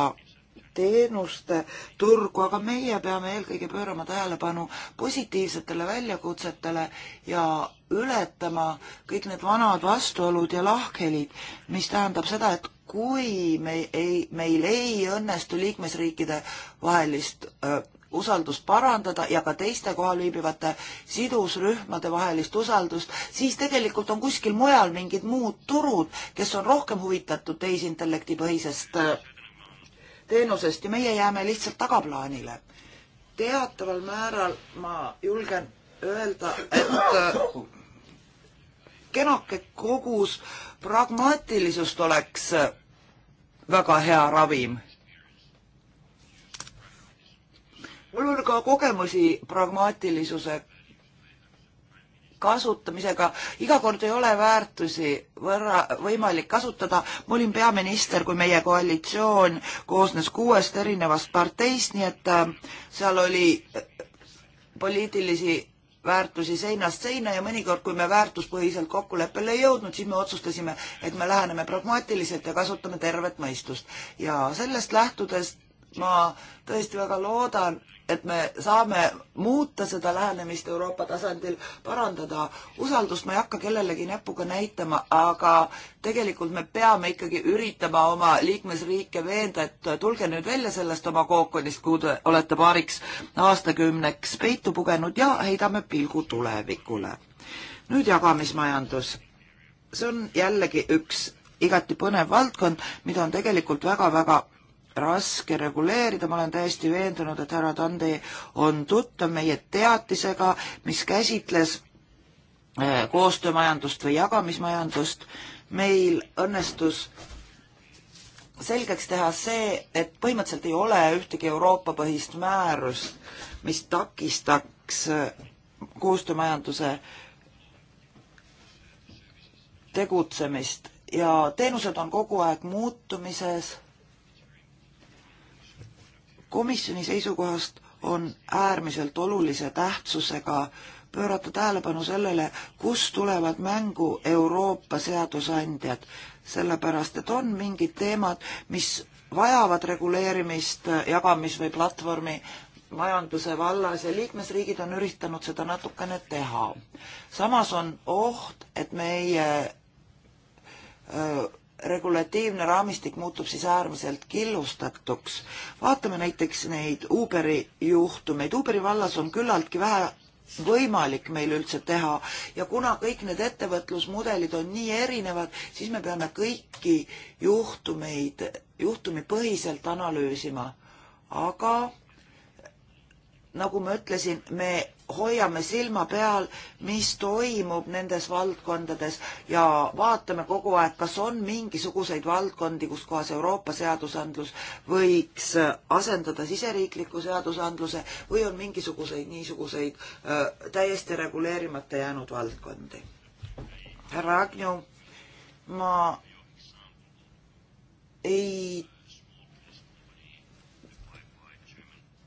teenuste turgu, aga meie peame eelkõige pöörama tähelepanu positiivsetele väljakutsetele ja ületama kõik need vanad vastuolud ja lahkhelid, mis tähendab seda, et kui me ei, meil ei õnnestu liikmesriikide vahelist öö, usaldust parandada ja ka teiste kohal viibivate sidusrühmade vahelist usaldust, siis tegelikult on kuskil mujal mingid muud turud, kes on rohkem huvitatud tehisintellektipõhisest teenusest ja meie jääme lihtsalt tagaplaanile. teataval määral ma julgen öelda, et kenake kogus äh, pragmaatilisust oleks äh, väga hea ravim. mul on ka kogemusi pragmaatilisuse kasutamisega, iga kord ei ole väärtusi võrra, võimalik kasutada. ma olin peaminister, kui meie koalitsioon koosnes kuuest erinevast parteist, nii et äh, seal oli äh, poliitilisi väärtusi seinast seina ja mõnikord, kui me väärtuspõhiselt kokkuleppele ei jõudnud, siis me otsustasime, et me läheneme pragmaatiliselt ja kasutame tervet mõistust. ja sellest lähtudes ma tõesti väga loodan, et me saame muuta seda lähenemist Euroopa tasandil, parandada usaldust, ma ei hakka kellelegi näpuga näitama, aga tegelikult me peame ikkagi üritama oma liikmesriike veenda, et tulge nüüd välja sellest oma kookonist, kuhu te olete paariks aastakümneks peitu pugenud ja heidame pilgu tulevikule. nüüd jagamismajandus. see on jällegi üks igati põnev valdkond, mida on tegelikult väga-väga raske reguleerida, ma olen täiesti veendunud, et härra Tande on tuttav meie teatisega, mis käsitles eh, koostöömajandust või jagamismajandust, meil õnnestus selgeks teha see, et põhimõtteliselt ei ole ühtegi Euroopa-põhist määrust, mis takistaks eh, koostöömajanduse tegutsemist ja teenused on kogu aeg muutumises komisjoni seisukohast on äärmiselt olulise tähtsusega pöörata tähelepanu sellele, kus tulevad mängu Euroopa seadusandjad, sellepärast et on mingid teemad, mis vajavad reguleerimist jagamis- või platvormi majanduse vallas ja liikmesriigid on üritanud seda natukene teha. samas on oht, et meie öö, äh, regulatiivne raamistik muutub siis äärmiselt killustatuks. vaatame näiteks neid Uberi juhtumeid. Uberi vallas on küllaltki vähe võimalik meil üldse teha ja kuna kõik need ettevõtlusmudelid on nii erinevad, siis me peame kõiki juhtumeid, juhtumipõhiselt analüüsima. aga nagu ma ütlesin, me hoiame silma peal, mis toimub nendes valdkondades ja vaatame kogu aeg, kas on mingisuguseid valdkondi, kus kohas Euroopa seadusandlus võiks asendada siseriikliku seadusandluse või on mingisuguseid niisuguseid äh, täiesti reguleerimata jäänud valdkondi. härra Agnew, ma ei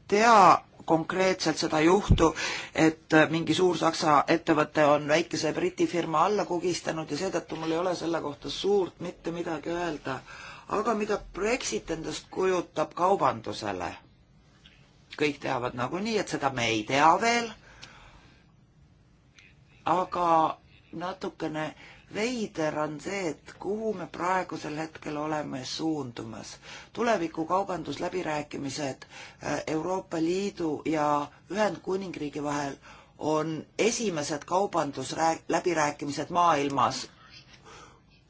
tea, konkreetselt seda juhtu, et mingi suur Saksa ettevõte on väikese Briti firma alla kugistanud ja seetõttu mul ei ole selle kohta suurt mitte midagi öelda. aga mida Brexit endast kujutab kaubandusele? kõik teavad nagunii, et seda me ei tea veel, aga natukene veider on see, et kuhu me praegusel hetkel oleme suundumas. tulevikukaubandus, läbirääkimised äh, Euroopa Liidu ja Ühendkuningriigi vahel on esimesed kaubandusläbirääkimised maailmas,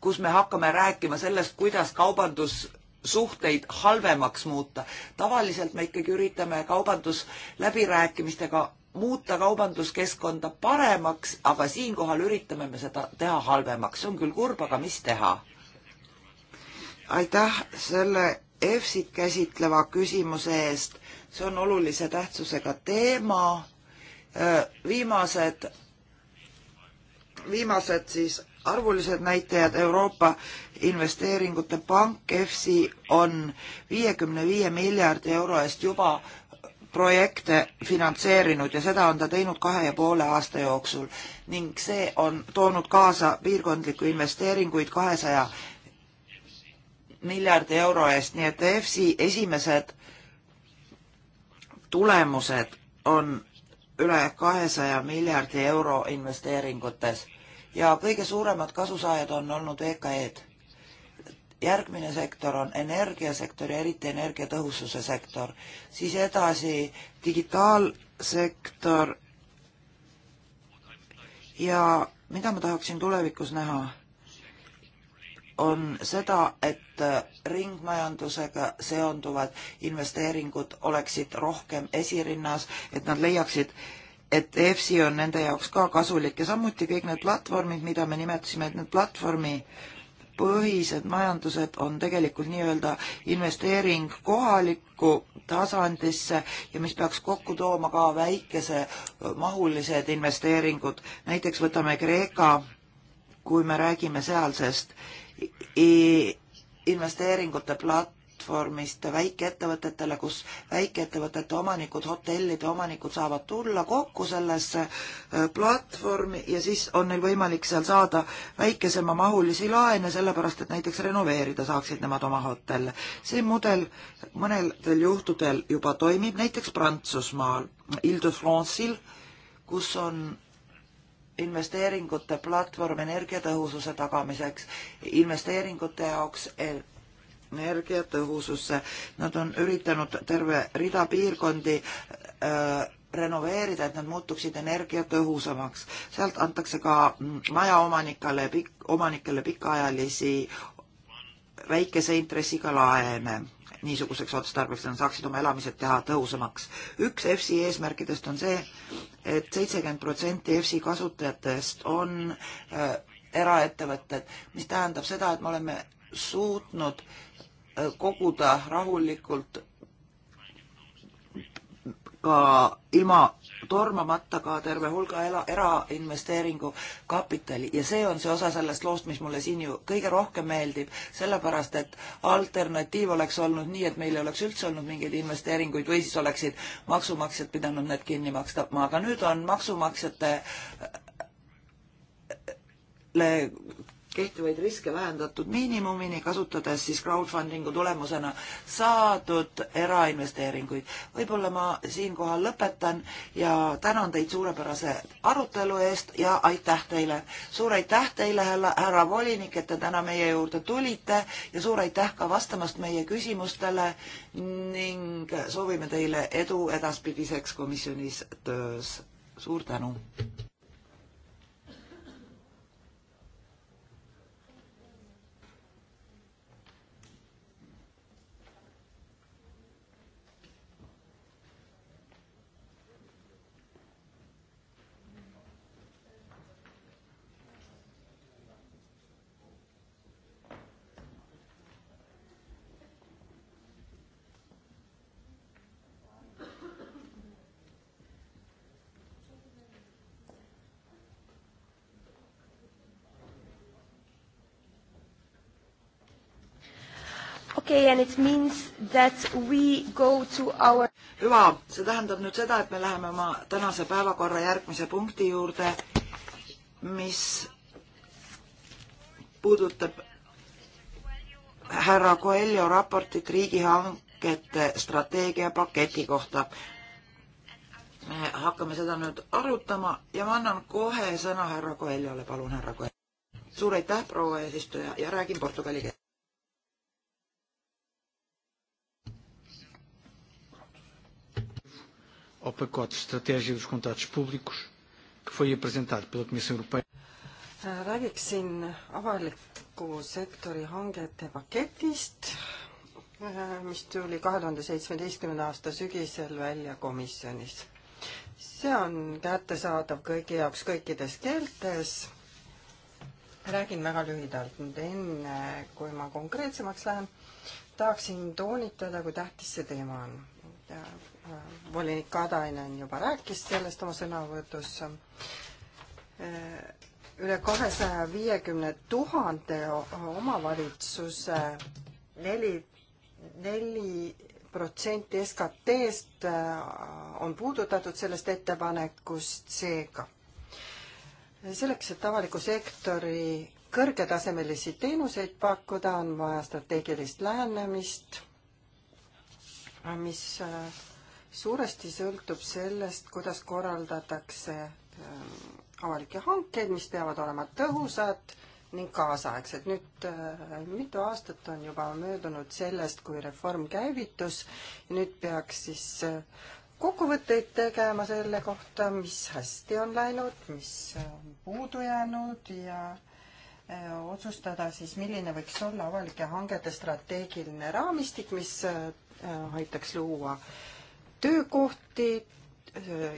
kus me hakkame rääkima sellest, kuidas kaubandus suhteid halvemaks muuta. tavaliselt me ikkagi üritame kaubandusläbirääkimistega muuta kaubanduskeskkonda paremaks, aga siinkohal üritame me seda teha halvemaks. see on küll kurb, aga mis teha? aitäh selle EFSit käsitleva küsimuse eest. see on olulise tähtsusega teema. Äh, viimased, viimased siis arvulised näitajad Euroopa Investeeringute Pank EFSI on viiekümne viie miljardi euro eest juba projekte finantseerinud ja seda on ta teinud kahe ja poole aasta jooksul ning see on toonud kaasa piirkondliku investeeringuid kahesaja miljardi euro eest, nii et EFSi esimesed tulemused on üle kahesaja miljardi euro investeeringutes ja kõige suuremad kasusaajad on olnud VKE-d e järgmine sektor on energiasektor ja eriti energiatõhususe sektor, siis edasi digitaalsektor ja mida ma tahaksin tulevikus näha, on seda, et ringmajandusega seonduvad investeeringud oleksid rohkem esirinnas, et nad leiaksid et EFSI on nende jaoks ka kasulik ja samuti kõik need platvormid, mida me nimetasime, et need platvormi põhised majandused on tegelikult nii-öelda investeering kohalikku tasandisse ja mis peaks kokku tooma ka väikesemahulised investeeringud. näiteks võtame Kreeka, kui me räägime sealsest e investeeringute plat-, platvormist väikeettevõtetele, kus väikeettevõtete omanikud, hotellide omanikud saavad tulla kokku sellesse äh, platvormi ja siis on neil võimalik seal saada väikesemamahulisi laene, sellepärast et näiteks renoveerida saaksid nemad oma hotelle. see mudel mõnedel juhtudel juba toimib, näiteks Prantsusmaal, Ile-de-France'il, kus on investeeringute platvorm energiatõhususe tagamiseks, investeeringute jaoks eh, energiatõhususse. Nad on üritanud terve rida piirkondi äh, renoveerida, et nad muutuksid energiatõhusamaks. sealt antakse ka majaomanikele pik,, omanikele pikaajalisi väikese intressiga laene niisuguseks otstarbeks, et nad saaksid oma elamised teha tõhusamaks. üks EFSI eesmärkidest on see et, et seitsekümmend protsenti EFSI kasutajatest on äh, eraettevõtted, mis tähendab seda, et me oleme suutnud äh, koguda rahulikult ka ilma tormamata ka terve hulga erainvesteeringu kapitali ja see on see osa sellest loost, mis mulle siin ju kõige rohkem meeldib, sellepärast et alternatiiv oleks olnud nii, et meil ei oleks üldse olnud mingeid investeeringuid või siis oleksid maksumaksjad pidanud need kinni maksta, aga nüüd on maksumaksjate kehtivaid riske vähendatud miinimumini, kasutades siis crowdfundingu tulemusena saadud erainvesteeringuid. võib-olla ma siinkohal lõpetan ja tänan teid suurepärase arutelu eest ja aitäh teile. suur aitäh teile, härra volinik, et te täna meie juurde tulite ja suur aitäh ka vastamast meie küsimustele ning soovime teile edu edaspidiseks komisjonis töös. suur tänu! today and it means that we go to our hüva, see tähendab nüüd seda, et me läheme oma tänase päevakorra järgmise punkti juurde, mis puudutab härra Coelho raportit riigihangete strateegiapaketi kohta. me hakkame seda nüüd arutama ja ma annan kohe sõna härra Coelhole, palun härra Coelho. suur aitäh, proua eesistuja ja räägin portugali keeles. ao pacote de estratégia dos contratos públicos que foi apresentado pela Comissão Europeia. Ah, räägiksin avaliku sektori hangete paketist, ah, mis tuli kahe tuhande seitsmeteistkümnenda aasta sügisel välja komisjonis. see on kättesaadav kõigi jaoks kõikides keeltes. räägin väga lühidalt nüüd enne, kui ma konkreetsemaks lähen, tahaksin toonitada, kui tähtis see teema on volinik Kadainen juba rääkis sellest oma sõnavõtus. üle kahesaja viiekümne tuhande omavalitsuse neli, neli protsenti SKT-st äh, on puudutatud sellest ettepanekust, seega selleks, et avaliku sektori kõrgetasemelisi teenuseid pakkuda, on vaja strateegilist lähenemist, mis äh, suuresti sõltub sellest, kuidas korraldatakse ähm, avalikke hankeid, mis peavad olema tõhusad ning kaasaegsed. nüüd äh, mitu aastat on juba möödunud sellest, kui reform käivitus ja nüüd peaks siis äh, kokkuvõtteid tegema selle kohta, mis hästi on läinud, mis äh, on puudu jäänud ja otsustada siis, milline võiks olla avalike hangete strateegiline raamistik, mis aitaks luua äh, töökohti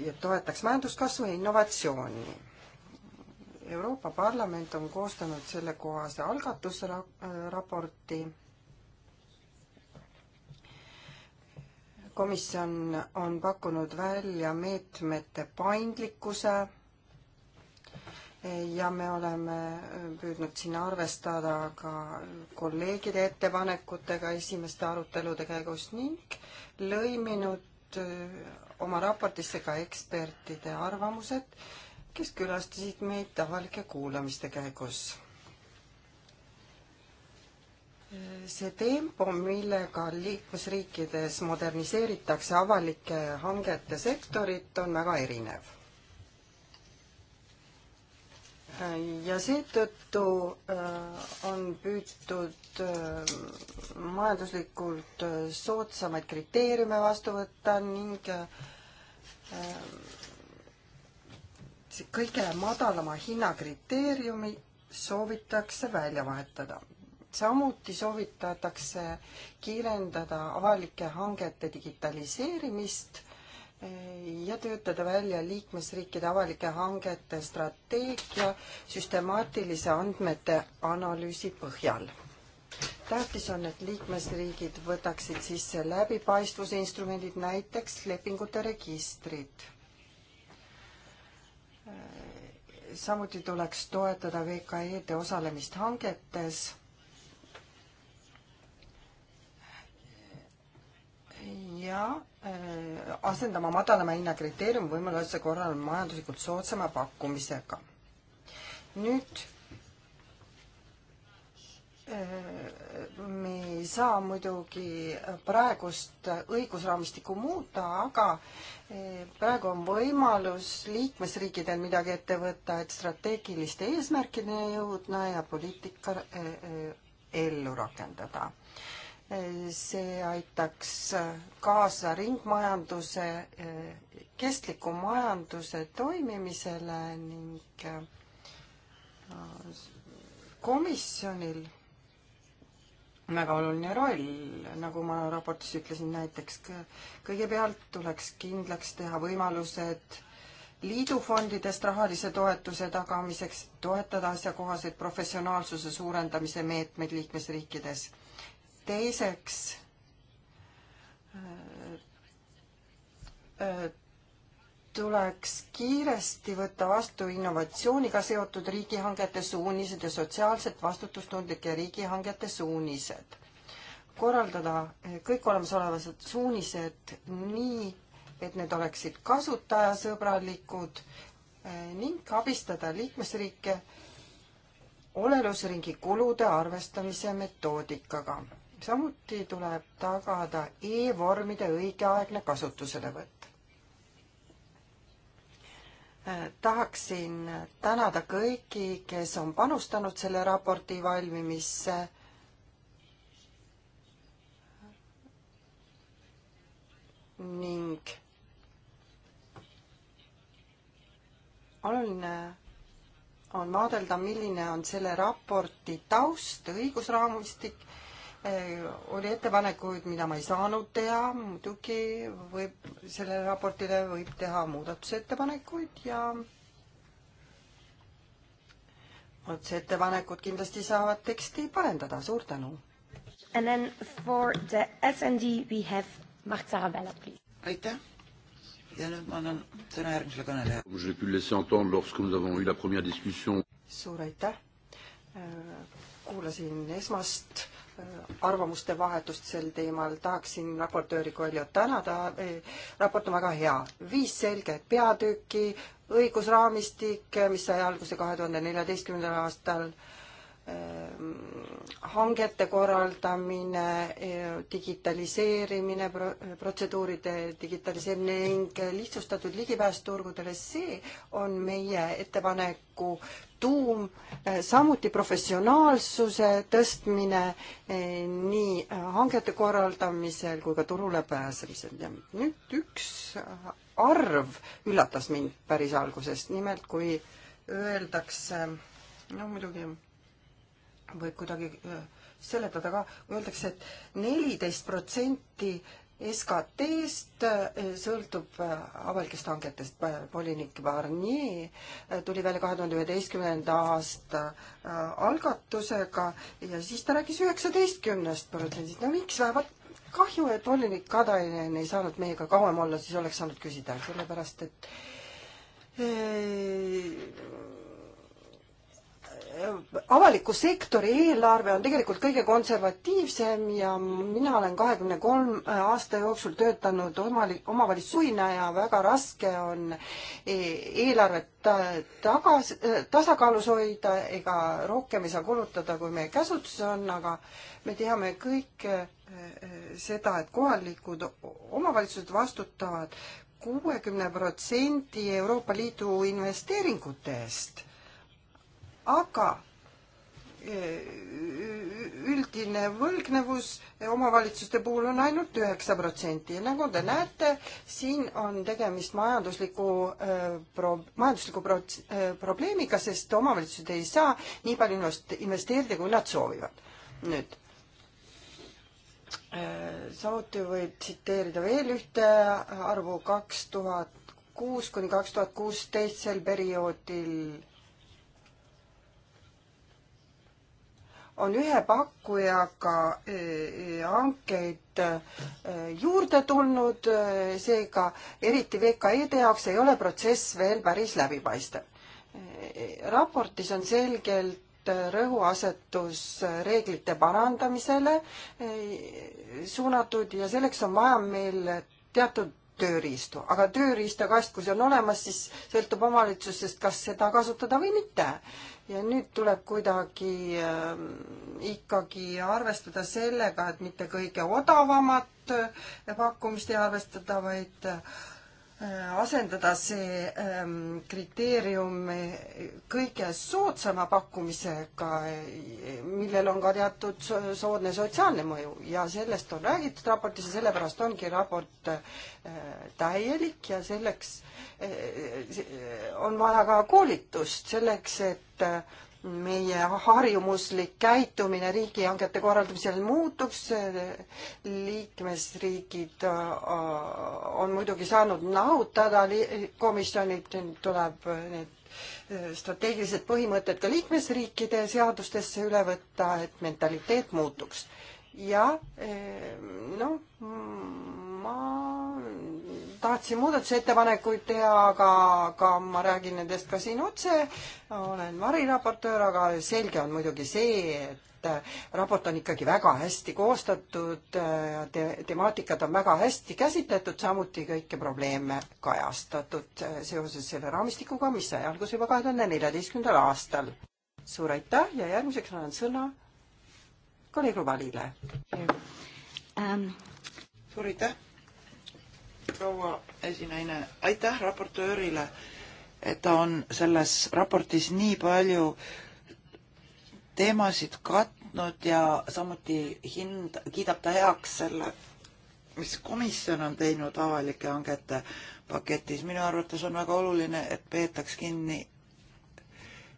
ja toetaks majanduskasvu ja innovatsiooni. Euroopa Parlament on koostanud sellekohase algatuse raporti. komisjon on pakkunud välja meetmete paindlikkuse ja me oleme püüdnud siin arvestada ka kolleegide ettepanekutega esimeste arutelude käigus ning lõiminud Äh, oma raportisse ka ekspertide arvamused, kes külastasid meid avalike kuulamiste käigus. see tempo, millega liikmesriikides moderniseeritakse avalike hangete sektorit, on väga erinev ja seetõttu äh, on püütud äh, majanduslikult äh, soodsamaid kriteeriume vastu võtta ning kõige madalama hinnakriteeriumi soovitakse välja vahetada. samuti soovitatakse kiirendada avalike hangete digitaliseerimist ja töötada välja liikmesriikide avalike hangete strateegia süstemaatilise andmete analüüsi põhjal. tähtis on, et liikmesriigid võtaksid sisse läbipaistvuse instrumendid, näiteks lepingute registrid. samuti tuleks toetada VKE-de osalemist hangetes ja äh, asendama madalama hinna kriteerium võimaluse korral majanduslikult soodsama pakkumisega. nüüd äh, me ei saa muidugi praegust õigusraamistikku muuta, aga äh, praegu on võimalus liikmesriikidel midagi ette võtta, et strateegiliste eesmärkideni jõudna ja poliitika äh, ellu rakendada see aitaks kaasa ringmajanduse, kestliku majanduse toimimisele ning äh, komisjonil väga oluline roll, nagu ma raportis ütlesin, näiteks kõigepealt tuleks kindlaks teha võimalused liidufondidest rahalise toetuse tagamiseks, toetada asjakohaseid professionaalsuse suurendamise meetmeid liikmesriikides teiseks äh, äh, tuleks kiiresti võtta vastu innovatsiooniga seotud riigihangete suunised ja sotsiaalselt vastutustundlike riigihangete suunised. korraldada kõik olemasolevad suunised nii, et need oleksid kasutajasõbralikud äh, ning abistada liikmesriike olelusringi kulude arvestamise metoodikaga samuti tuleb tagada e-vormide õigeaegne kasutuselevõtt. Äh, tahaksin tänada kõiki, kes on panustanud selle raporti valmimisse ning oluline on vaadelda, milline on selle raporti taust, õigusraamistik Äh, oli ettepanekuid, mida ma ei saanud teha, muidugi võib, sellele raportile võib teha muudatusettepanekuid ja muudatusettepanekud kindlasti saavad teksti parendada, suur tänu. And then for the SND we have Mart Sarabella, please. aitäh ja nüüd ma annan sõna järgmisele kõnelejale. suur aitäh, äh, kuulasin esmast Äh, arvamuste vahetust sel teemal, tahaksin raportööri Koljot tänada, äh, raport on väga hea. viis selget peatükki, õigusraamistik, mis sai alguse kahe tuhande neljateistkümnendal aastal hangete korraldamine, digitaliseerimine, protseduuride digitaliseerimine ning lihtsustatud ligipääs turgudele, see on meie ettepaneku tuum, samuti professionaalsuse tõstmine eh, nii hangete korraldamisel kui ka turule pääsemisel. nüüd üks arv üllatas mind päris algusest, nimelt kui öeldakse, no muidugi võib kuidagi seletada ka, kui öeldakse et, et neliteist protsenti SKT-st sõltub avalikest hangetest. volinik Barnier tuli välja kahe tuhande üheteistkümnenda aasta algatusega ja siis ta rääkis üheksateistkümnest protsendist. no miks vähemalt kahju, et volinik Kadainen ei saanud meiega kauem olla, siis oleks saanud küsida, sellepärast et avaliku sektori eelarve on tegelikult kõige konservatiivsem ja mina olen kahekümne kolm äh, aasta jooksul töötanud omavalitsusjuhina ja väga raske on e, eelarvet tagasi, äh, tasakaalus hoida ega rohkem ei saa kulutada, kui meie käsutuses on, aga me teame kõik äh, seda, et kohalikud omavalitsused vastutavad kuuekümne protsendi Euroopa Liidu investeeringute eest aga e, üldine võlgnevus omavalitsuste puhul on ainult üheksa protsenti ja nagu te näete, siin on tegemist majandusliku e, pro-, majandusliku pro-, e, probleemiga, sest omavalitsused ei saa nii palju investeerida, kui nad soovivad. nüüd samuti võib tsiteerida veel ühte arvu kaks tuhat kuus kuni kaks tuhat kuusteist sel perioodil on ühe pakkujaga e, e, hankeid e, juurde tulnud, seega eriti VKE-de jaoks ei ole protsess veel päris läbipaistev. raportis on selgelt rõhuasetus reeglite parandamisele suunatud ja selleks on vaja meil teatud tööriistu, aga tööriistakast, kui see on olemas, siis sõltub omavalitsusest, kas seda kasutada või mitte ja nüüd tuleb kuidagi äh, ikkagi arvestada sellega, et mitte kõige odavamat äh, pakkumist ei arvestada, vaid äh, Äh, asendada see ähm, kriteerium äh, kõige soodsama pakkumisega, äh, millel on ka teatud soodne sotsiaalne mõju ja sellest on räägitud raportis ja sellepärast ongi raport täielik ja selleks on vaja ka koolitust selleks, et meie harjumuslik käitumine riigihangete korraldamisel muutuks, liikmesriigid äh, äh, on muidugi saanud nahutada, komisjonid, tuleb need äh, strateegilised põhimõtted ka liikmesriikide seadustesse üle võtta, et mentaliteet muutuks. ja noh, ma tahtsin muudatusettepanekuid teha, aga, aga ma räägin nendest ka siin otse. olen variraportöör, aga selge on muidugi see, et äh, raport on ikkagi väga hästi koostatud äh, te,, temaatikad on väga hästi käsitletud, samuti kõiki probleeme kajastatud äh, seoses selle raamistikuga, mis sai alguse juba kahe tuhande neljateistkümnendal aastal. suur aitäh ja järgmiseks annan sõna kolleeg Rubalile. Um, suur aitäh proua esinaine, aitäh raportöörile, et ta on selles raportis nii palju teemasid katnud ja samuti hind, kiidab ta heaks selle, mis komisjon on teinud avalike hangete paketis. minu arvates on väga oluline, et peetaks kinni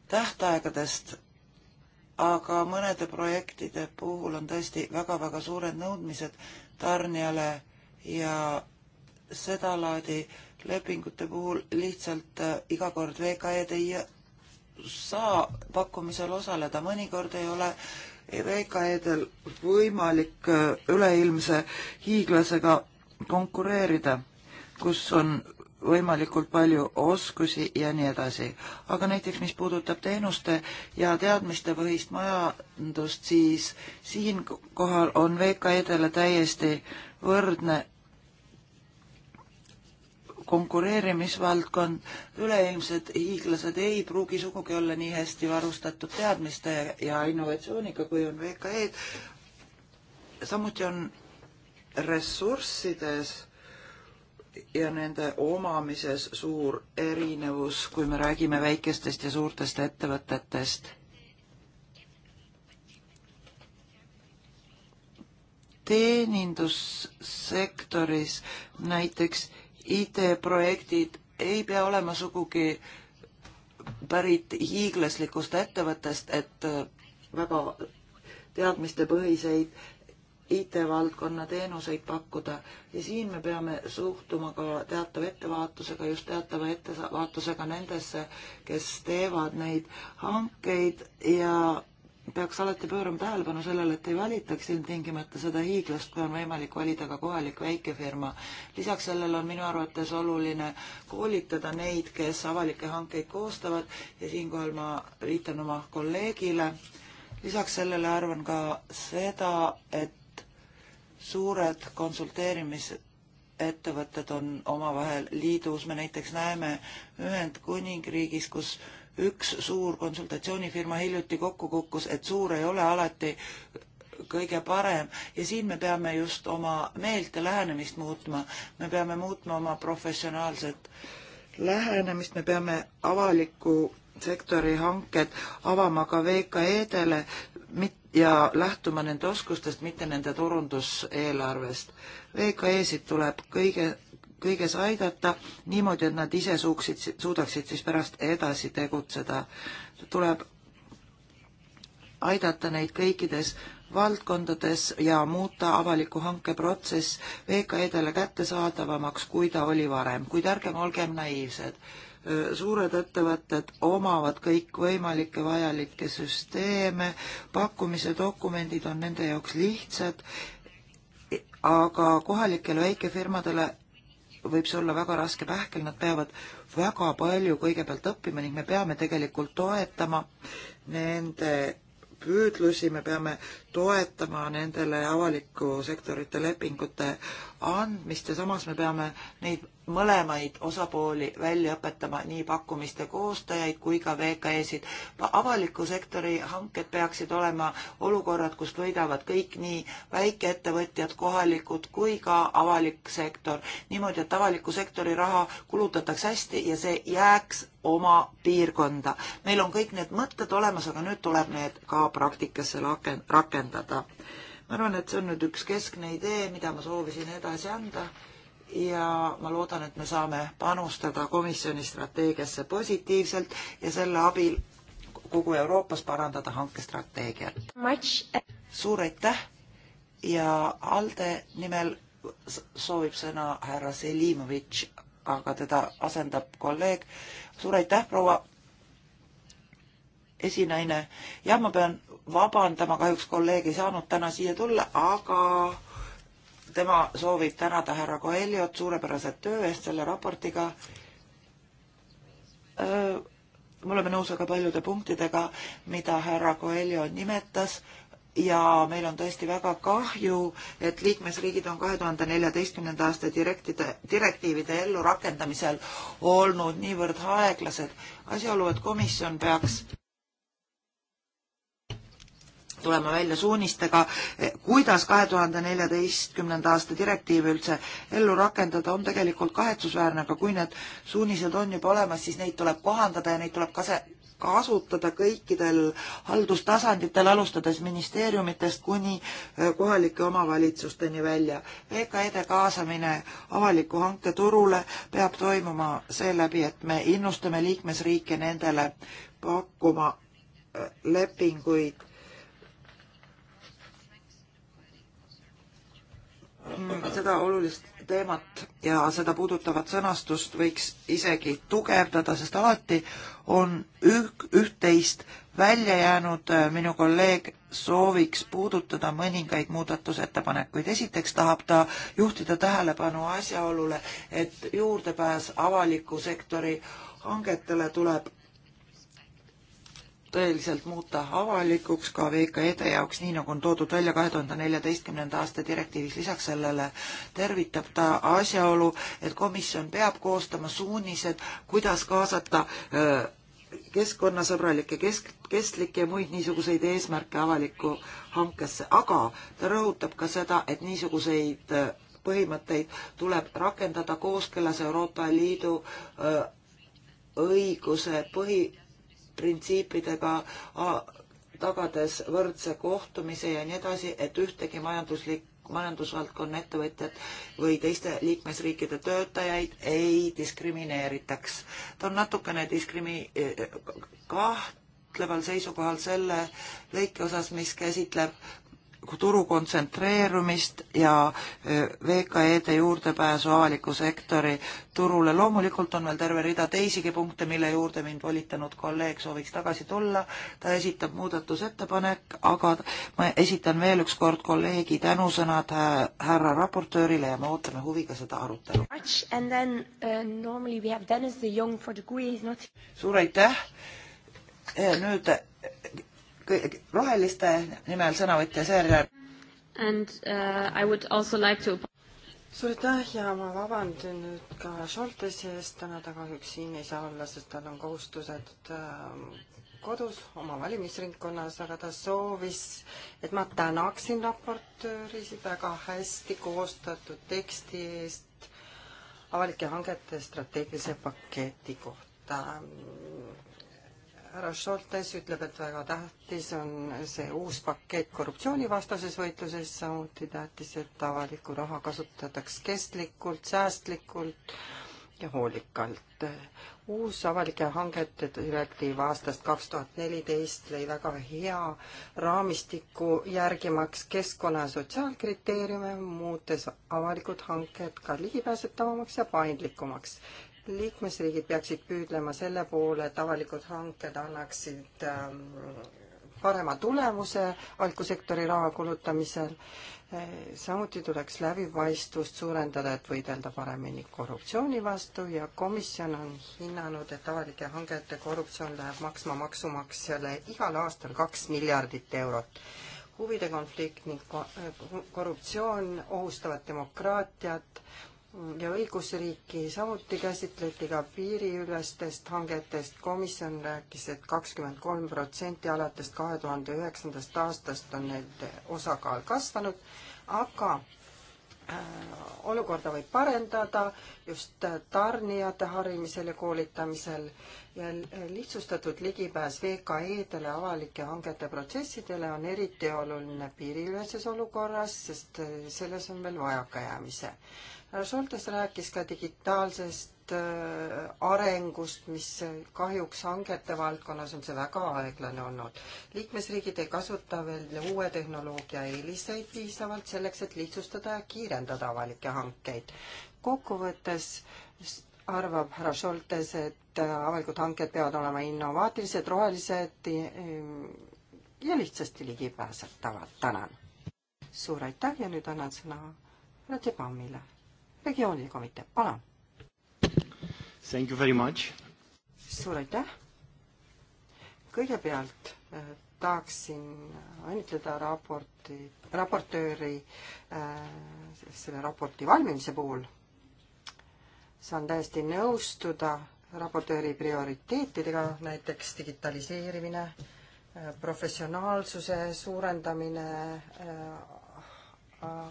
tähtaegadest, aga mõnede projektide puhul on tõesti väga-väga suured nõudmised tarnijale ja sedalaadi lepingute puhul lihtsalt äh, iga kord VKE-d ei saa pakkumisel osaleda, mõnikord ei ole VKE-del võimalik äh, üleilmse hiiglasega konkureerida, kus on võimalikult palju oskusi ja nii edasi. aga näiteks, mis puudutab teenuste ja teadmistepõhist majandust, siis siinkohal on VKE-dele täiesti võrdne konkureerimisvaldkond, üleilmsed hiiglased ei pruugi sugugi olla nii hästi varustatud teadmiste ja innovatsiooniga, kui on VKE-d. samuti on ressurssides ja nende omamises suur erinevus, kui me räägime väikestest ja suurtest ettevõtetest. teenindussektoris näiteks IT-projektid ei pea olema sugugi pärit hiiglaslikust ettevõttest, et äh, väga teadmistepõhiseid IT-valdkonna teenuseid pakkuda ja siin me peame suhtuma ka teatava ettevaatusega, just teatava ettevaatusega nendesse, kes teevad neid hankeid ja peaks alati pöörama tähelepanu sellele, et ei valitaks ilmtingimata seda hiiglast, kui on võimalik valida ka kohalik väikefirma. lisaks sellele on minu arvates oluline koolitada neid, kes avalikke hankeid koostavad ja siinkohal ma viitan oma kolleegile. lisaks sellele arvan ka seda, et suured konsulteerimisettevõtted on omavahel liidus, me näiteks näeme Ühendkuningriigis, kus üks suur konsultatsioonifirma hiljuti kokku kukkus, et suur ei ole alati kõige parem ja siin me peame just oma meelt ja lähenemist muutma. me peame muutma oma professionaalset lähenemist, me peame avaliku sektori hanked avama ka VKE-dele ja lähtuma nende oskustest, mitte nende turunduseelarvest. VKE-sid tuleb kõige kõiges aidata niimoodi, et nad ise suuksid, suudaksid siis pärast edasi tegutseda. tuleb aidata neid kõikides valdkondades ja muuta avaliku hanke protsess VKE-dele kättesaadavamaks, kui ta oli varem, kuid ärgem olgem naiivsed suured ettevõtted omavad kõikvõimalikke vajalikke süsteeme, pakkumise dokumendid on nende jaoks lihtsad, aga kohalikele väikefirmadele võib see olla väga raske pähkel, nad peavad väga palju kõigepealt õppima ning me peame tegelikult toetama nende püüdlusi, me peame toetama nendele avaliku sektorite lepingute andmist ja samas me peame neid mõlemaid osapooli välja õpetama, nii pakkumiste koostajaid kui ka VKE-sid. avaliku sektori hanked peaksid olema olukorrad, kus võidavad kõik nii väikeettevõtjad, kohalikud kui ka avalik sektor. niimoodi, et avaliku sektori raha kulutatakse hästi ja see jääks oma piirkonda. meil on kõik need mõtted olemas, aga nüüd tuleb need ka praktikasse raken-, rakendada suurendada. ma arvan, et see on nüüd üks keskne idee, mida ma soovisin edasi anda ja ma loodan, et me saame panustada komisjoni strateegiasse positiivselt ja selle abil kogu Euroopas parandada hankestrateegiat. suur aitäh ja ALDE nimel soovib sõna härra Selimovitš, aga teda asendab kolleeg. suur aitäh, proua esinaine. jah, ma pean vabandama, kahjuks kolleeg ei saanud täna siia tulla, aga tema soovib tänada härra Koeljot suurepärase töö eest selle raportiga. me oleme nõus väga paljude punktidega, mida härra Koeljo nimetas ja meil on tõesti väga kahju, et liikmesriigid on kahe tuhande neljateistkümnenda aasta direktide, direktiivide ellurakendamisel olnud niivõrd aeglased. asjaolu, et komisjon peaks tulema välja suunistega, eh, kuidas kahe tuhande neljateistkümnenda aasta direktiivi üldse ellu rakendada, on tegelikult kahetsusväärne, aga kui need suunised on juba olemas, siis neid tuleb kohandada ja neid tuleb kase-, kasutada kõikidel haldustasanditel, alustades ministeeriumitest kuni eh, kohalike omavalitsusteni välja. VKE-de e e kaasamine avaliku hanke turule peab toimuma seeläbi, et me innustame liikmesriike nendele pakkuma eh, lepinguid Mm, seda olulist teemat ja seda puudutavat sõnastust võiks isegi tugevdada, sest alati on üht-teist välja jäänud. minu kolleeg sooviks puudutada mõningaid muudatusettepanekuid. esiteks tahab ta juhtida tähelepanu asjaolule, et juurdepääs avaliku sektori hangetele tuleb tõeliselt muuta avalikuks ka VKE-de e jaoks, nii nagu on toodud välja kahe tuhande neljateistkümnenda aasta direktiivis. lisaks sellele tervitab ta asjaolu, et komisjon peab koostama suunised, kuidas kaasata äh, keskkonnasõbralikke, kesk, kestlikke ja muid niisuguseid eesmärke avalikku hankesse, aga ta rõhutab ka seda, et niisuguseid äh, põhimõtteid tuleb rakendada kooskõlas Euroopa Liidu äh, õiguse põhi printsiipidega tagades võrdse kohtumise ja nii edasi, et ühtegi majanduslik majandusvaldkonna ettevõtjad või teiste liikmesriikide töötajaid ei diskrimineeritaks. ta on natukene diskrimi-, eh, kahtleval seisukohal selle lõike osas, mis käsitleb turu kontsentreerumist ja eh, VKE-de juurdepääsu avaliku sektori turule. loomulikult on veel terve rida teisigi punkte, mille juurde mind volitanud kolleeg sooviks tagasi tulla. ta esitab muudatusettepanek, aga ma esitan veel ükskord kolleegi tänusõnad härra raportöörile ja me ootame huviga seda arutelu. Uh, suur aitäh! Eh, nüüd roheliste nimel sõnavõtja Seerjärv. And uh, I would also like to suur aitäh ja ma vabandan nüüd ka Šoltesi eest, täna ta kahjuks siin ei saa olla, sest tal on kohustused um, kodus oma valimisringkonnas, aga ta soovis, et ma tänaksin raportööri väga hästi koostatud teksti eest avalike hangete strateegilise paketi kohta härra Šoltes ütleb, et väga tähtis on see uus pakett korruptsioonivastases võitluses, samuti tähtis, et avalikku raha kasutataks kestlikult, säästlikult ja hoolikalt. uus avalike hangete direktiiv aastast kaks tuhat neliteist lõi väga hea raamistiku järgimaks keskkonna ja sotsiaalkriteeriume, muutes avalikud hanked ka ligipääsetavamaks ja paindlikumaks liikmesriigid peaksid püüdlema selle poole, et avalikud hanked annaksid ähm, parema tulemuse avaliku sektori raha kulutamisel. Äh, samuti tuleks läbipaistvust suurendada, et võidelda paremini korruptsiooni vastu ja komisjon on hinnanud, et avalike hangete korruptsioon läheb maksma maksumaksjale igal aastal kaks miljardit eurot huvide konflikt ning korruptsioon ohustavad demokraatiat, ja õigusriiki samuti käsitleti ka piiriülestest hangetest. komisjon rääkis et, et kakskümmend kolm protsenti alates kahe tuhande üheksandast aastast on need osakaal kasvanud, aga äh, olukorda võib parendada just äh, tarnijate harimisel ja koolitamisel ja äh, lihtsustatud ligipääs VKE-dele avalike hangete protsessidele on eriti oluline piiriüleses olukorras, sest selles on veel vajakajäämise härra Šoltes rääkis ka digitaalsest äh, arengust, mis kahjuks hangete valdkonnas on see väga aeglane olnud. liikmesriigid ei kasuta veel uue tehnoloogia eeliseid piisavalt selleks, et lihtsustada ja kiirendada avalikke hankeid. kokkuvõttes arvab härra Šoltes, et äh, avalikud hanked peavad olema innovaatilised, rohelised äh, ja lihtsasti ligipääsetavad. tänan. suur aitäh ja nüüd annan sõna härra Tebamile regioonide komitee, palun. Thank you very much. suur aitäh. kõigepealt äh, tahaksin õnnitleda raporti, raportööri äh, selle raporti valmimise puhul. saan täiesti nõustuda raportööri prioriteetidega, näiteks digitaliseerimine, eh, professionaalsuse suurendamine, ah,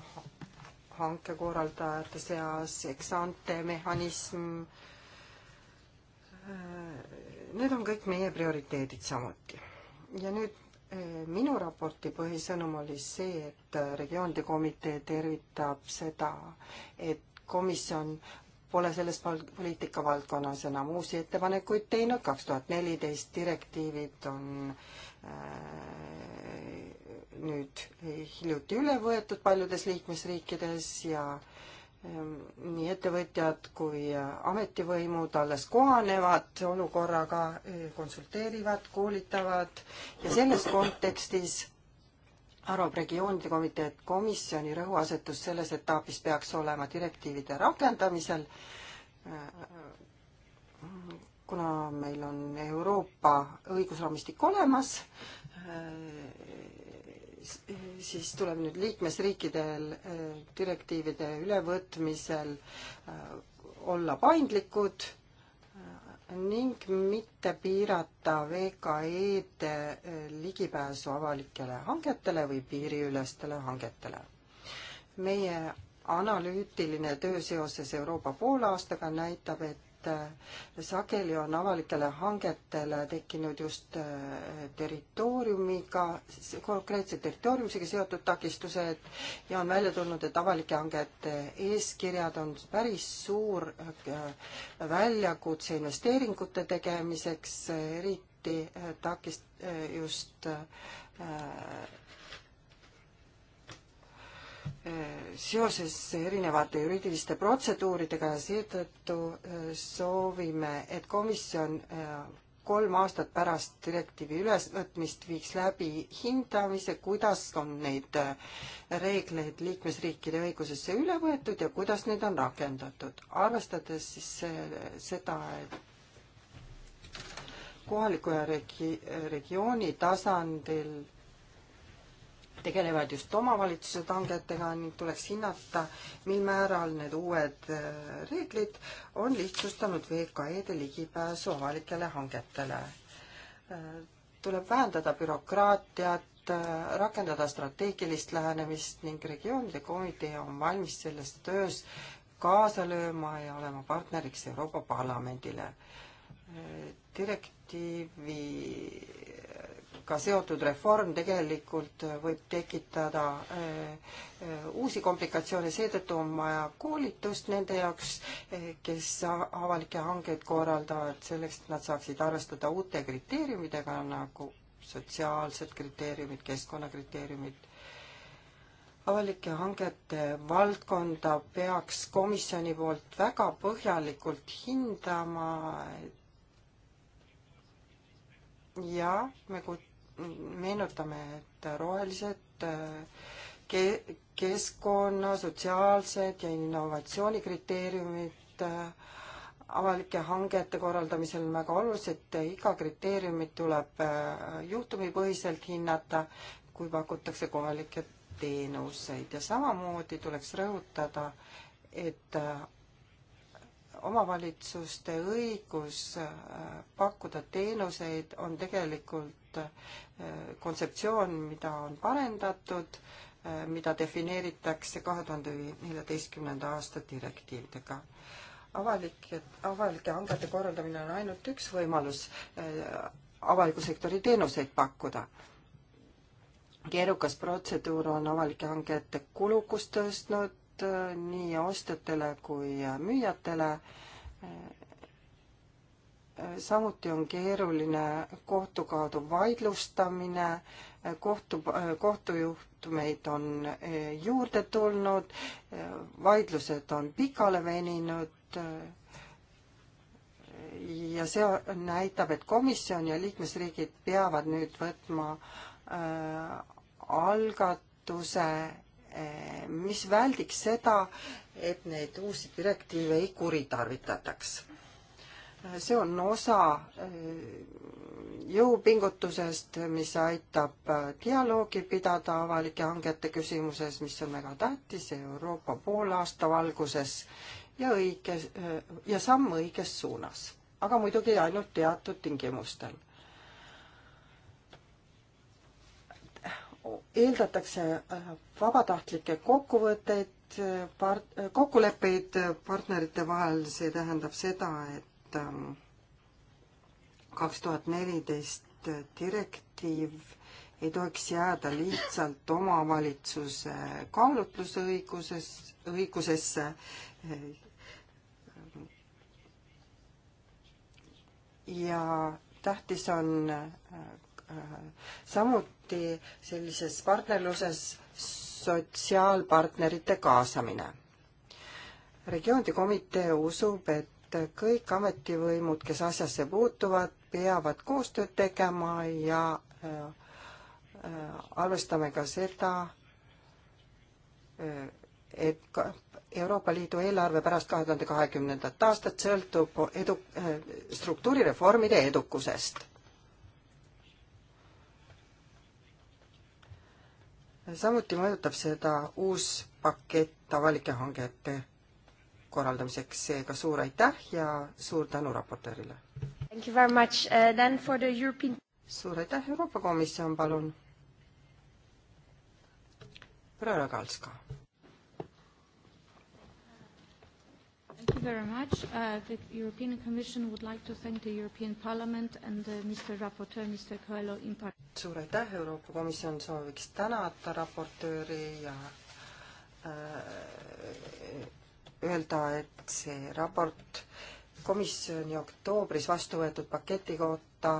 hankekorraldajate seas, eksante mehhanism. Need on kõik meie prioriteedid samuti. ja nüüd eh, minu raporti põhisõnum oli see, et eh, regioonide komitee tervitab seda, et komisjon pole selles poliitikavaldkonnas enam uusi ettepanekuid teinud, kaks tuhat neliteist direktiivid on eh, nüüd hiljuti üle võetud paljudes liikmesriikides ja ehm, nii ettevõtjad kui ametivõimud alles kohanevad olukorraga, eh, konsulteerivad, koolitavad ja selles kontekstis arvab regioonide komitee, et komisjoni rõhuasetus selles etapis peaks olema direktiivide rakendamisel, eh, kuna meil on Euroopa õigusraamistik olemas eh, siis tuleb nüüd liikmesriikidel äh, direktiivide ülevõtmisel äh, olla paindlikud äh, ning mitte piirata VKE-de ligipääsu avalikele hangetele või piiriülestele hangetele. meie analüütiline töö seoses Euroopa poolaastaga näitab, et et äh, sageli on avalikele hangetele tekkinud just äh, territooriumiga, konkreetse territooriumisega seotud takistused ja on välja tulnud, et avalike hangete eeskirjad on päris suur äh, väljakutse investeeringute tegemiseks, eriti takist-, just seoses erinevate juriidiliste protseduuridega ja seetõttu äh, soovime, et komisjon äh, kolm aastat pärast direktiivi ülevõtmist viiks läbi hindamise, kuidas on neid äh, reegleid liikmesriikide õigusesse üle võetud ja kuidas neid on rakendatud, arvestades siis seda, et kohaliku ja regi-, regiooni tasandil tegelevad just omavalitsused hangetega ning tuleks hinnata, mil määral need uued äh, reeglid on lihtsustanud VKE-de ligipääsu avalikele hangetele. Äh, tuleb vähendada bürokraatiat, äh, rakendada strateegilist lähenemist ning regioonide komitee on valmis selles töös kaasa lööma ja olema partneriks Euroopa Parlamendile. direktiivi ka seotud reform tegelikult võib tekitada eh, eh, uusi komplikatsioone, seetõttu on vaja koolitust nende jaoks, eh, kes avalikke hankeid korraldavad, selleks, et nad saaksid arvestada uute kriteeriumidega, nagu sotsiaalsed kriteeriumid, keskkonnakriteeriumid avalike hangete valdkonda peaks komisjoni poolt väga põhjalikult hindama. ja me kut-, meenutame, et rohelised äh, ke-, keskkonna, sotsiaalsed ja innovatsioonikriteeriumid äh, avalike hangete korraldamisel on väga olulised, iga kriteeriumit tuleb äh, juhtumipõhiselt hinnata, kui pakutakse kohalikke teenuseid ja samamoodi tuleks rõhutada, et omavalitsuste õigus pakkuda teenuseid on tegelikult Äh, kontseptsioon, mida on parendatud, äh, mida defineeritakse kahe tuhande neljateistkümnenda aasta direktiividega avalike, avalike hangete korraldamine on ainult üks võimalus äh, avaliku sektori teenuseid pakkuda. keerukas protseduur on avalike hangete kulukust tõstnud nii ostjatele kui müüjatele samuti on keeruline kohtu kaudu vaidlustamine, kohtu, kohtujuhtumeid on eh, juurde tulnud, vaidlused on pikale veninud ja see näitab, et komisjon ja liikmesriigid peavad nüüd võtma eh, algatuse, eh, mis väldiks seda, et neid uusi direktiive ei kuritarvitataks see on osa eh, jõupingutusest, mis aitab eh, dialoogi pidada avalike hangete küsimuses, mis on väga tähtis Euroopa poolaasta valguses ja õige eh, ja samm õiges suunas, aga muidugi ainult teatud tingimustel eeldatakse vabatahtlikke kokkuvõtteid, part-, kokkuleppeid partnerite vahel, see tähendab seda, et Ähm, kaks tuhat neliteist direktiiv ei tohiks jääda lihtsalt omavalitsuse kaalutlusõiguses, õigusesse. ja tähtis on äh, samuti sellises partnerluses sotsiaalpartnerite kaasamine. regioonide komitee usub, et et kõik ametivõimud, kes asjasse puutuvad, peavad koostööd tegema ja äh, äh, arvestame ka seda, äh, et ka Euroopa Liidu eelarve pärast kahe tuhande kahekümnendat aastat sõltub edu, struktuurireformide edukusest. samuti mõjutab seda uus pakett avalike hangete korraldamiseks, seega suur aitäh ja suur tänu raportöörile! Uh, European... suur aitäh, Euroopa Komisjon, palun! Prele Kalska. Thank you very much. Uh, the European Commission would like to thank the European Parliament and uh, Mr. Rapporteur, Mr. Coelho in part-. suur aitäh, Euroopa Komisjon sooviks tänada raportööri ja äh, öelda, et see raport komisjoni oktoobris vastu võetud paketi kohta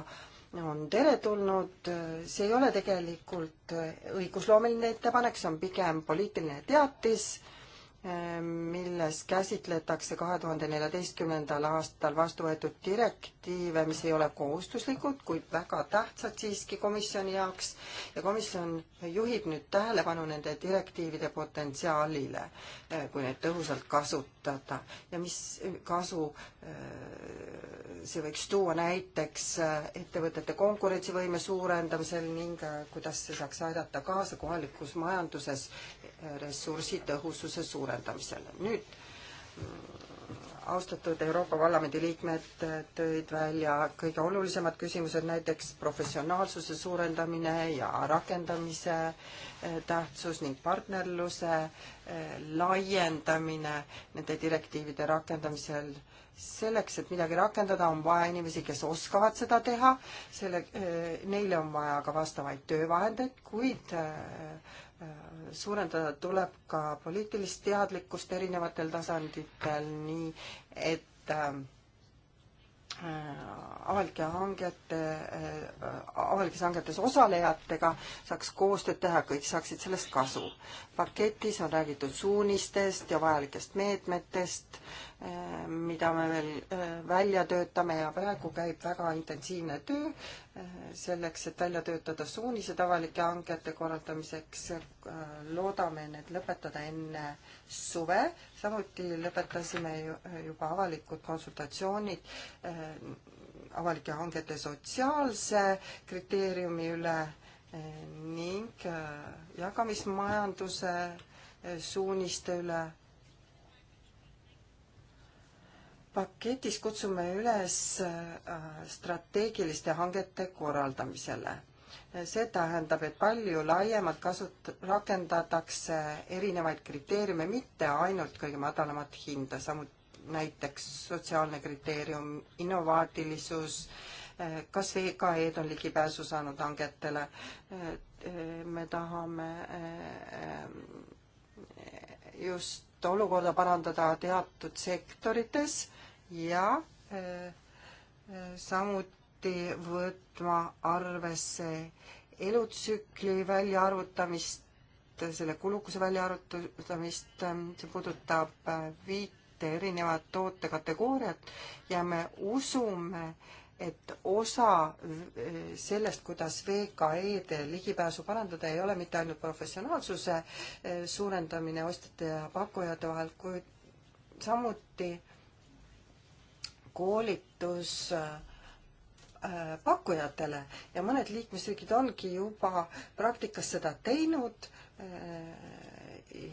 on teretulnud, see ei ole tegelikult õigusloomeline ettepanek, see on pigem poliitiline teatis äh, milles käsitletakse kahe tuhande neljateistkümnendal aastal vastu võetud direktiive, mis ei ole kohustuslikud, kuid väga tähtsad siiski komisjoni jaoks ja komisjon juhib nüüd tähelepanu nende direktiivide potentsiaalile, eh, kui neid tõhusalt kasutada kasutada ja mis kasu äh, see võiks tuua näiteks äh, ettevõtete konkurentsivõime suurendamisel ning äh, kuidas see saaks aidata kaasa kohalikus majanduses ressursitõhususe suurendamisele. nüüd mm, austatud Euroopa Parlamendi liikmed tõid välja kõige olulisemad küsimused, näiteks professionaalsuse suurendamine ja rakendamise eh, tähtsus ning partnerluse eh, laiendamine nende direktiivide rakendamisel. selleks, et midagi rakendada, on vaja inimesi, kes oskavad seda teha, selle, eh, neile on vaja ka vastavaid töövahendeid, kuid suurendada tuleb ka poliitilist teadlikkust erinevatel tasanditel, nii et äh, äh, avalike hangete, äh, avalikes hangetes osalejatega saaks koostööd teha, kõik saaksid sellest kasu. paketis on räägitud suunistest ja vajalikest meetmetest, mida me veel välja töötame ja praegu käib väga intensiivne töö selleks, et välja töötada suunised avalike hangete korraldamiseks. loodame need lõpetada enne suve. samuti lõpetasime juba avalikud konsultatsioonid eh, avalike hangete sotsiaalse kriteeriumi üle eh, ning eh, jagamismajanduse suuniste üle paketis kutsume üles äh, strateegiliste hangete korraldamisele. see tähendab, et palju laiemalt kasut-, rakendatakse erinevaid kriteeriume, mitte ainult kõige madalamat hinda, samuti näiteks sotsiaalne kriteerium, innovaatilisus, äh, kas VKE-d on ligipääsu saanud hangetele, äh, me tahame just olukorda parandada teatud sektorites ja äh, äh, samuti võtma arvesse elutsükli väljaarvutamist, selle kulukuse väljaarvutamist, see puudutab äh, viite erinevat tootekategooriat ja me usume, et osa sellest, kuidas VKE-de ligipääsu parandada, ei ole mitte ainult professionaalsuse suurendamine ostjate ja pakkujate vahel, kuid samuti koolitus äh, pakkujatele ja mõned liikmesriigid ongi juba praktikas seda teinud äh,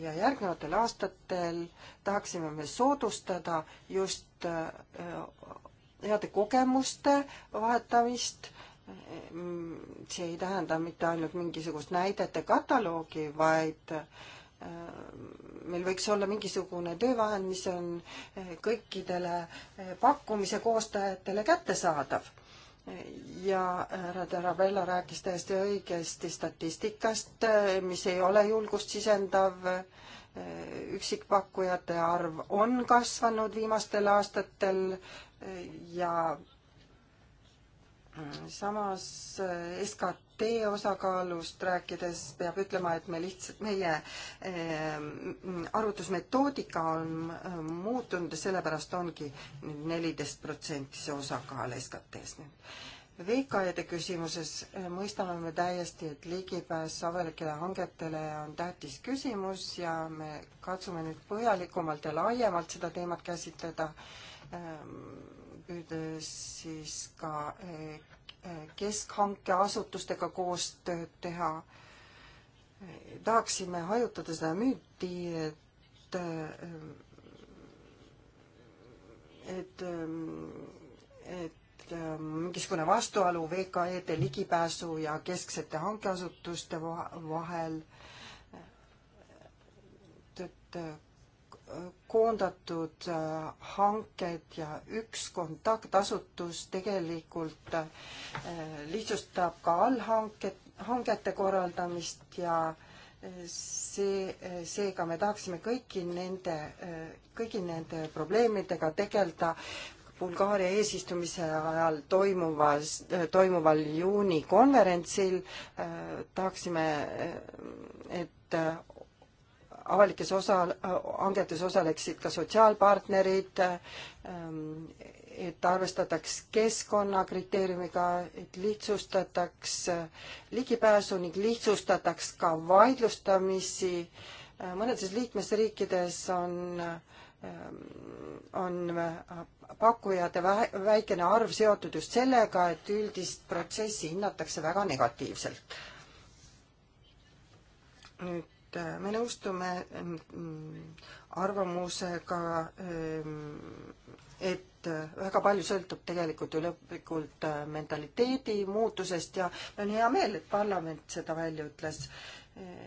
ja järgnevatel aastatel tahaksime me soodustada just äh, heade kogemuste vahetamist. Mm, see ei tähenda mitte ainult mingisugust näidete kataloogi, vaid äh, Äh, meil võiks olla mingisugune töövahend, mis on äh, kõikidele äh, pakkumise koostajatele kättesaadav. ja härra Terabella rääkis täiesti õigesti statistikast, mis ei ole julgust sisendav. üksikpakkujate arv on kasvanud viimastel aastatel ja mm, samas SKT tee osakaalust rääkides peab ütlema, et me lihtsalt, meie ehm, arvutusmetoodika on ehm, muutunud ja sellepärast ongi neliteist protsenti see osakaal SKT-s nüüd. VKE-de küsimuses ehm, mõistame me täiesti, et ligipääs avalikele hangetele on tähtis küsimus ja me katsume nüüd põhjalikumalt ja laiemalt seda teemat käsitleda, püüdes siis ka keskhankeasutustega koostööd teha. tahaksime hajutada seda müüti, et äh, et, äh, et äh, mingisugune vastuolu VKE-de ligipääsu ja kesksete hankeasutuste vahel. et, et koondatud äh, hanked ja üks kontaktasutus tegelikult äh, lihtsustab ka allhanket, hangete korraldamist ja äh, see, seega me tahaksime kõiki nende, kõigi nende probleemidega tegeleda Bulgaaria eesistumise ajal toimuvas, toimuval juuni konverentsil. tahaksime, et avalikes osa, hangetes osaleksid ka sotsiaalpartnerid, ähm, et arvestataks keskkonnakriteeriumiga, et lihtsustataks äh, ligipääsu ning lihtsustataks ka vaidlustamisi. Äh, mõnedes liikmesriikides on ähm, on äh, pakkujate väikene arv seotud just sellega, et üldist protsessi hinnatakse väga negatiivselt. nüüd Äh, me nõustume mm, mm, arvamusega, ähm, et äh, väga palju sõltub tegelikult ju lõplikult äh, mentaliteedi muutusest ja meil on hea meel, et parlament seda välja ütles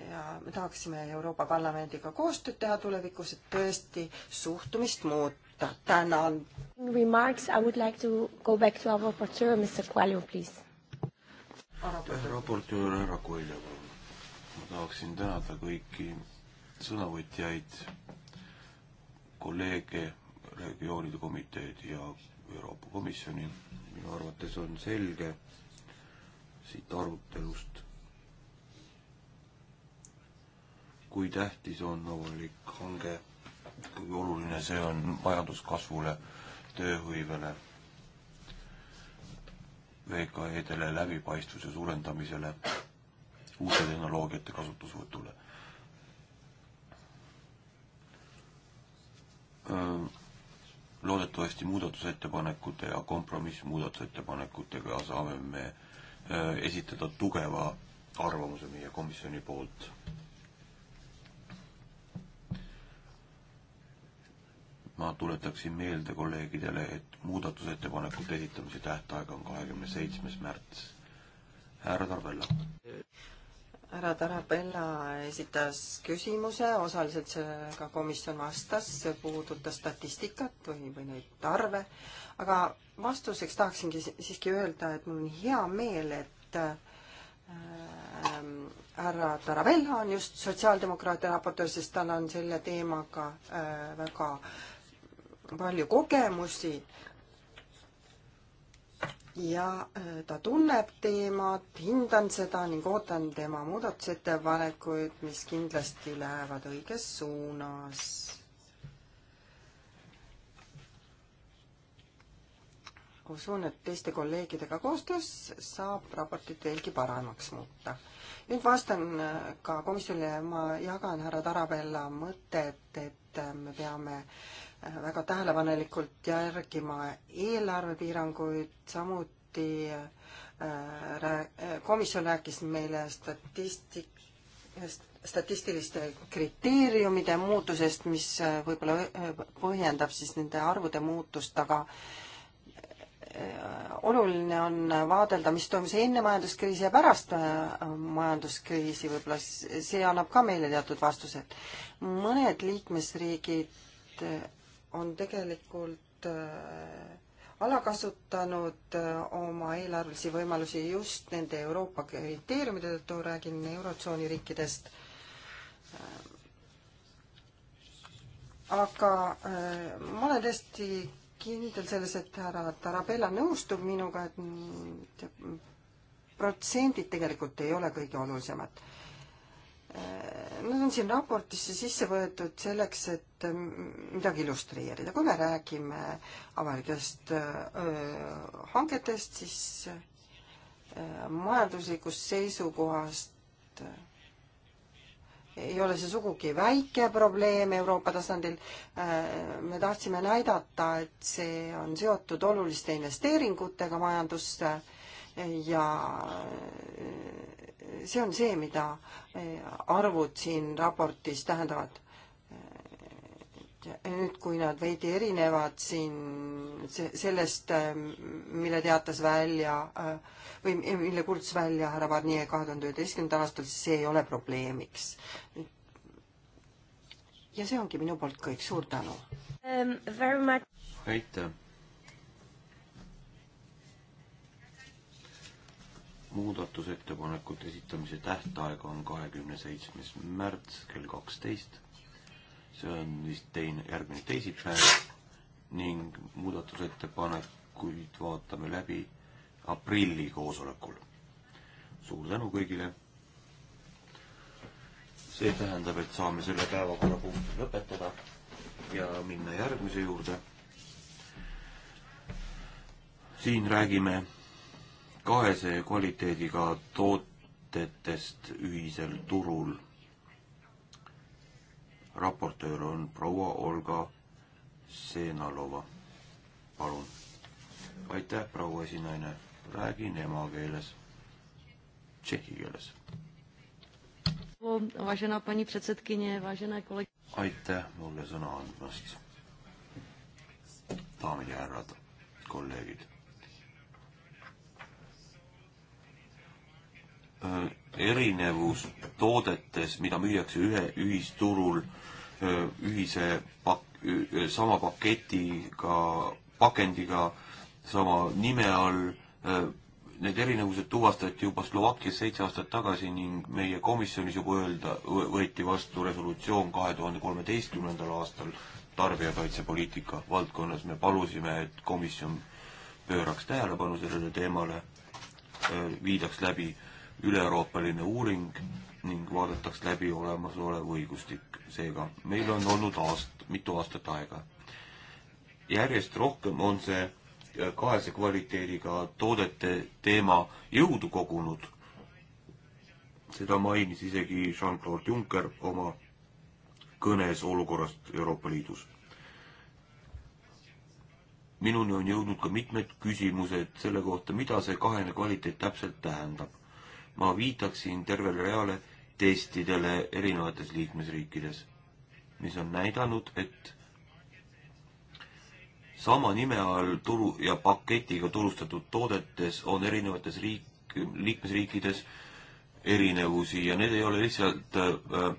ja me tahaksime Euroopa Parlamendiga koostööd teha tulevikus, et tõesti suhtumist muuta. tänan. Remarks, I would like to go back to our raportöör, Mr Coelho, please. raportöör härra Coelho, palun ma tahaksin tänada kõiki sõnavõtjaid, kolleege, regioonide komiteed ja Euroopa Komisjoni. minu arvates on selge siit arutelust, kui tähtis on avalik hange, kui oluline see on majanduskasvule, tööhõivele, VKE-dele läbipaistvuse suurendamisele uute tehnoloogiate kasutusvõtule. loodetavasti muudatusettepanekute ja kompromissmuudatusettepanekutega saame me esitada tugeva arvamuse meie komisjoni poolt. ma tuletaksin meelde kolleegidele, et muudatusettepanekute esitamise tähtaeg on kahekümne seitsmes märts. härra Tarvela härra Tarabella esitas küsimuse, osaliselt sellega komisjon vastas, see puudutas statistikat või, või neid arve, aga vastuseks tahaksingi siiski öelda, et mul on hea meel, et ähm, härra Tarabella on just sotsiaaldemokraatia raportöör, sest tal on selle teemaga äh, väga palju kogemusi, ja äh, ta tunneb teemat, hindan seda ning ootan tema muudatusettepanekuid, mis kindlasti lähevad õiges suunas. usun, et teiste kolleegidega koostöös saab raportit veelgi paremaks muuta. nüüd vastan äh, ka komisjonile, ma jagan härra Tarabella mõtet, et äh, me peame äh, väga tähelepanelikult järgima eelarvepiiranguid, samuti äh, äh, komisjon rääkis meile statistik-, statistiliste kriteeriumide muutusest, mis äh, võib-olla põhjendab siis nende arvude muutust, aga oluline on vaadelda, mis toimus enne majanduskriisi ja pärast majanduskriisi, võib-olla see annab ka meile teatud vastused. mõned liikmesriigid on tegelikult äh, alakasutanud äh, oma eelarvelisi võimalusi just nende Euroopa kriteeriumide tõttu, räägin Eurotsooni riikidest. Äh, aga ma olen täiesti kindel selles, et härra Tarabella nõustub minuga, et protsendid tegelikult ei ole kõige olulisemad Äh, Nad on siin raportisse sisse võetud selleks, et mm, midagi illustreerida. kui me räägime avalikest äh, hangetest, siis äh, majanduslikust seisukohast ei ole see sugugi väike probleem Euroopa tasandil. me tahtsime näidata, et see on seotud oluliste investeeringutega majandusse ja see on see, mida eh, arvud siin raportis tähendavad. Eh, nüüd, kui nad veidi erinevad siin sellest, eh, mille teatas välja või mille kuulutas välja härra Barnier kahe tuhande üheteistkümnendal aastal, siis see ei ole probleemiks. ja see ongi minu poolt kõik, suur tänu um,! aitäh! muudatusettepanekute esitamise tähtaeg on kahekümne seitsmes märts kell kaksteist. see on vist teine, järgmine teisipäev ning muudatusettepanekuid vaatame läbi aprilli koosolekul. suur tänu kõigile. see tähendab, et saame selle päevakorrapunkti lõpetada ja minna järgmise juurde. siin räägime kahese kvaliteediga tootetest ühisel turul. raportöör on proua Olga Seenalova. palun. aitäh, proua esinaine. räägin emakeeles, tšehhi keeles. aitäh mulle sõna andmast. daamid ja härrad, kolleegid Äh, erinevus toodetes, mida müüakse ühe ühisturul äh, ühise pak-, sama paketiga, pakendiga, sama nime all, äh, need erinevused tuvastati juba Slovakkias seitse aastat tagasi ning meie komisjonis juba öelda, võeti vastu resolutsioon kahe tuhande kolmeteistkümnendal aastal tarbijakaitsepoliitika valdkonnas, me palusime, et komisjon pööraks tähelepanu sellele teemale, viidaks läbi äh, üle-euroopaline uuring ning vaadataks läbi olemasolev õigustik. seega meil on olnud aast-, mitu aastat aega. järjest rohkem on see äh, kahese kvaliteediga toodete teema jõudu kogunud. seda mainis isegi Jean-Claude Juncker oma kõnes olukorrast Euroopa Liidus. minuni on jõudnud ka mitmed küsimused selle kohta, mida see kahene kvaliteet täpselt tähendab ma viitaksin tervele reale testidele erinevates liikmesriikides, mis on näidanud, et sama nime all turu ja paketiga turustatud toodetes on erinevates riik, liikmesriikides erinevusi ja need ei ole lihtsalt äh,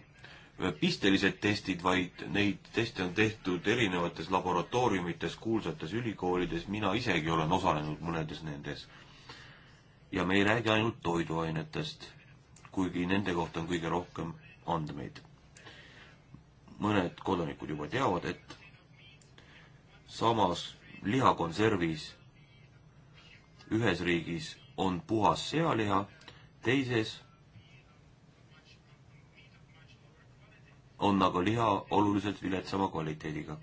pistelised testid, vaid neid teste on tehtud erinevates laboratooriumites, kuulsates ülikoolides, mina isegi olen osalenud mõnedes nendes ja me ei räägi ainult toiduainetest, kuigi nende kohta on kõige rohkem andmeid. mõned kodanikud juba teavad, et samas lihakonservis ühes riigis on puhas sealiha, teises on aga liha oluliselt viletsama kvaliteediga.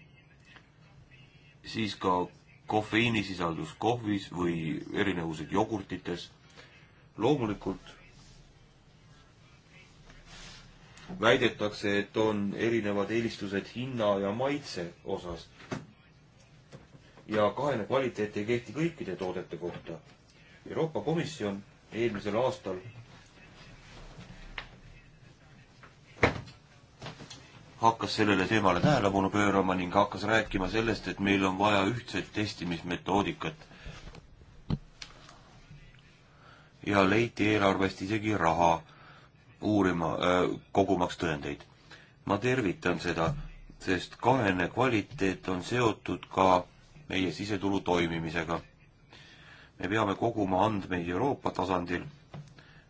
siis ka kofeiinisisaldus kohvis või erinevused jogurtites loomulikult väidetakse, et on erinevad eelistused hinna ja maitse osas. ja kahene kvaliteet ei kehti kõikide toodete kohta. Euroopa Komisjon eelmisel aastal hakkas sellele teemale tähelepanu pöörama ning hakkas rääkima sellest, et meil on vaja ühtset testimismetoodikat ja leiti eelarvest isegi raha uurima, äh, kogumaks tõendeid. ma tervitan seda, sest kahene kvaliteet on seotud ka meie sisetulu toimimisega. me peame koguma andmeid Euroopa tasandil,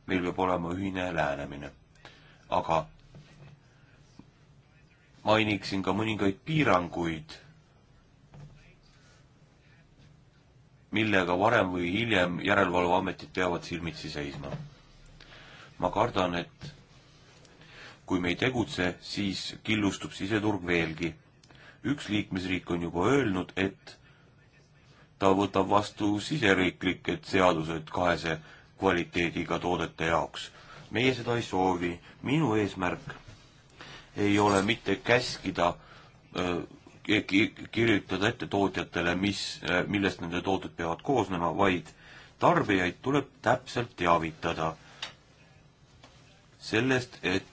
meil peab olema ühine lähenemine. aga mainiksin ka mõningaid piiranguid millega varem või hiljem järelevalveametid peavad silmitsi seisma. ma kardan, et kui me ei tegutse, siis killustub siseturg veelgi. üks liikmesriik on juba öelnud, et ta võtab vastu siseriiklikud seadused kahese kvaliteediga toodete jaoks. meie seda ei soovi. minu eesmärk ei ole mitte käskida öö, äh, kirjutada ette tootjatele, mis, millest nende tooted peavad koosnema, vaid tarbijaid tuleb täpselt teavitada sellest, et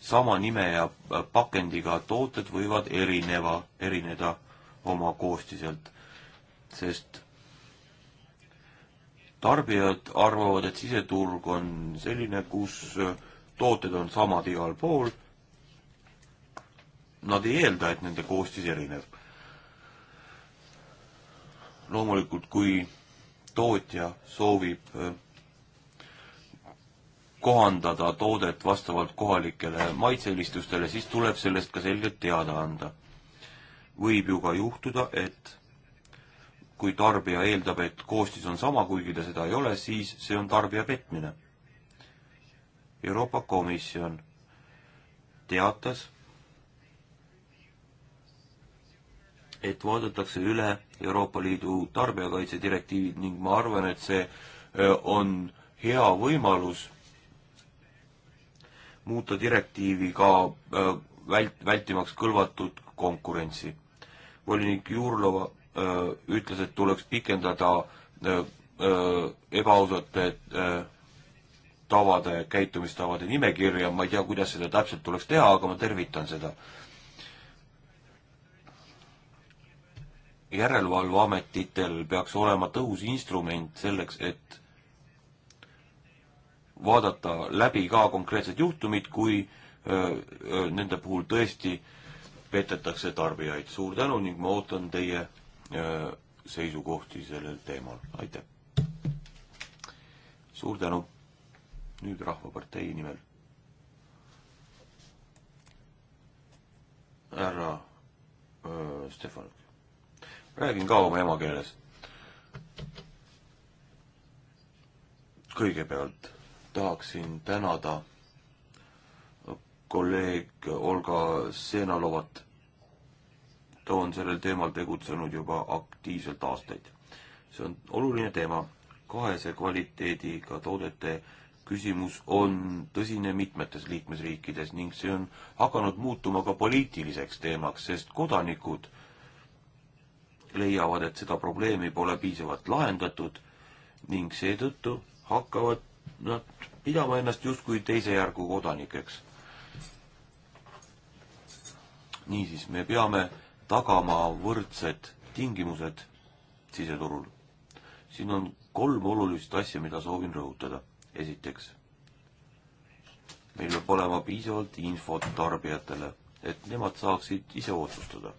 sama nime ja pakendiga tooted võivad erineva, erineda oma koostiselt, sest tarbijad arvavad, et siseturg on selline, kus tooted on samad igal pool nad ei eelda, et nende koostis erineb. loomulikult, kui tootja soovib äh, kohandada toodet vastavalt kohalikele maitseelistustele, siis tuleb sellest ka selgelt teada anda. võib ju ka juhtuda, et kui tarbija eeldab, et koostis on sama, kuigi ta seda ei ole, siis see on tarbija petmine. Euroopa Komisjon teatas et vaadatakse üle Euroopa Liidu tarbijakaitse direktiivid ning ma arvan, et see äh, on hea võimalus muuta direktiivi ka äh, vält-, vältimaks kõlvatut konkurentsi. volinik Jurlova öö, äh, ütles, et tuleks pikendada öö, öö, ebaausate öö, tavade, käitumistavade nimekirja, ma ei tea, kuidas seda täpselt tuleks teha, aga ma tervitan seda järelevalveametitel peaks olema tõhus instrument selleks, et vaadata läbi ka konkreetsed juhtumid, kui öö, öö, nende puhul tõesti petetakse tarbijaid. suur tänu ning ma ootan teie öö, seisukohti sellel teemal, aitäh! suur tänu, nüüd Rahvapartei nimel. härra Stefan räägin ka oma emakeeles. kõigepealt tahaksin tänada kolleeg Olga Seenalovat. ta on sellel teemal tegutsenud juba aktiivselt aastaid. see on oluline teema. kahese kvaliteediga toodete küsimus on tõsine mitmetes liikmesriikides ning see on hakanud muutuma ka poliitiliseks teemaks, sest kodanikud äh, leiavad, et seda probleemi pole piisavalt lahendatud ning seetõttu hakkavad nad pidama ennast justkui teise järgu kodanikeks. niisiis, me peame tagama võrdsed tingimused siseturul. siin on kolm olulist asja, mida soovin rõhutada. esiteks, meil peab olema piisavalt infot tarbijatele, et nemad saaksid ise otsustada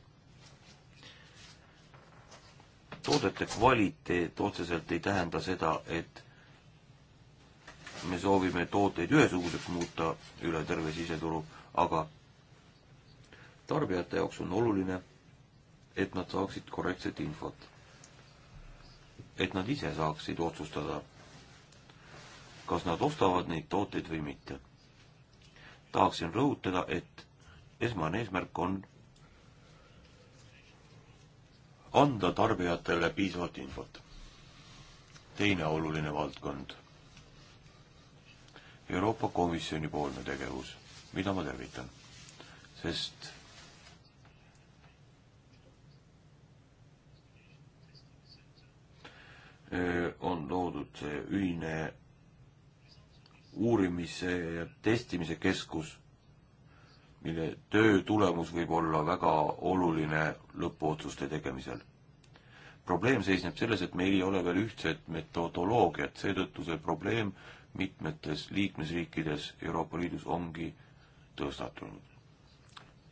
toodete kvaliteet otseselt ei tähenda seda, et me soovime tooteid ühesuguseks muuta üle terve siseturu, aga tarbijate jaoks on oluline, et nad saaksid korrektset infot. et nad ise saaksid otsustada, kas nad ostavad neid tooteid või mitte. tahaksin rõhutada, et esmane eesmärk on anda tarbijatele piisavalt infot. teine oluline valdkond. Euroopa Komisjoni poolne tegevus, mida ma tervitan, sest äh, on loodud see ühine uurimise ja testimise keskus mille töö tulemus võib olla väga oluline lõpuotsuste tegemisel. probleem seisneb selles, et meil ei ole veel ühtset metodoloogiat, seetõttu see probleem mitmetes liikmesriikides Euroopa Liidus ongi tõstatunud.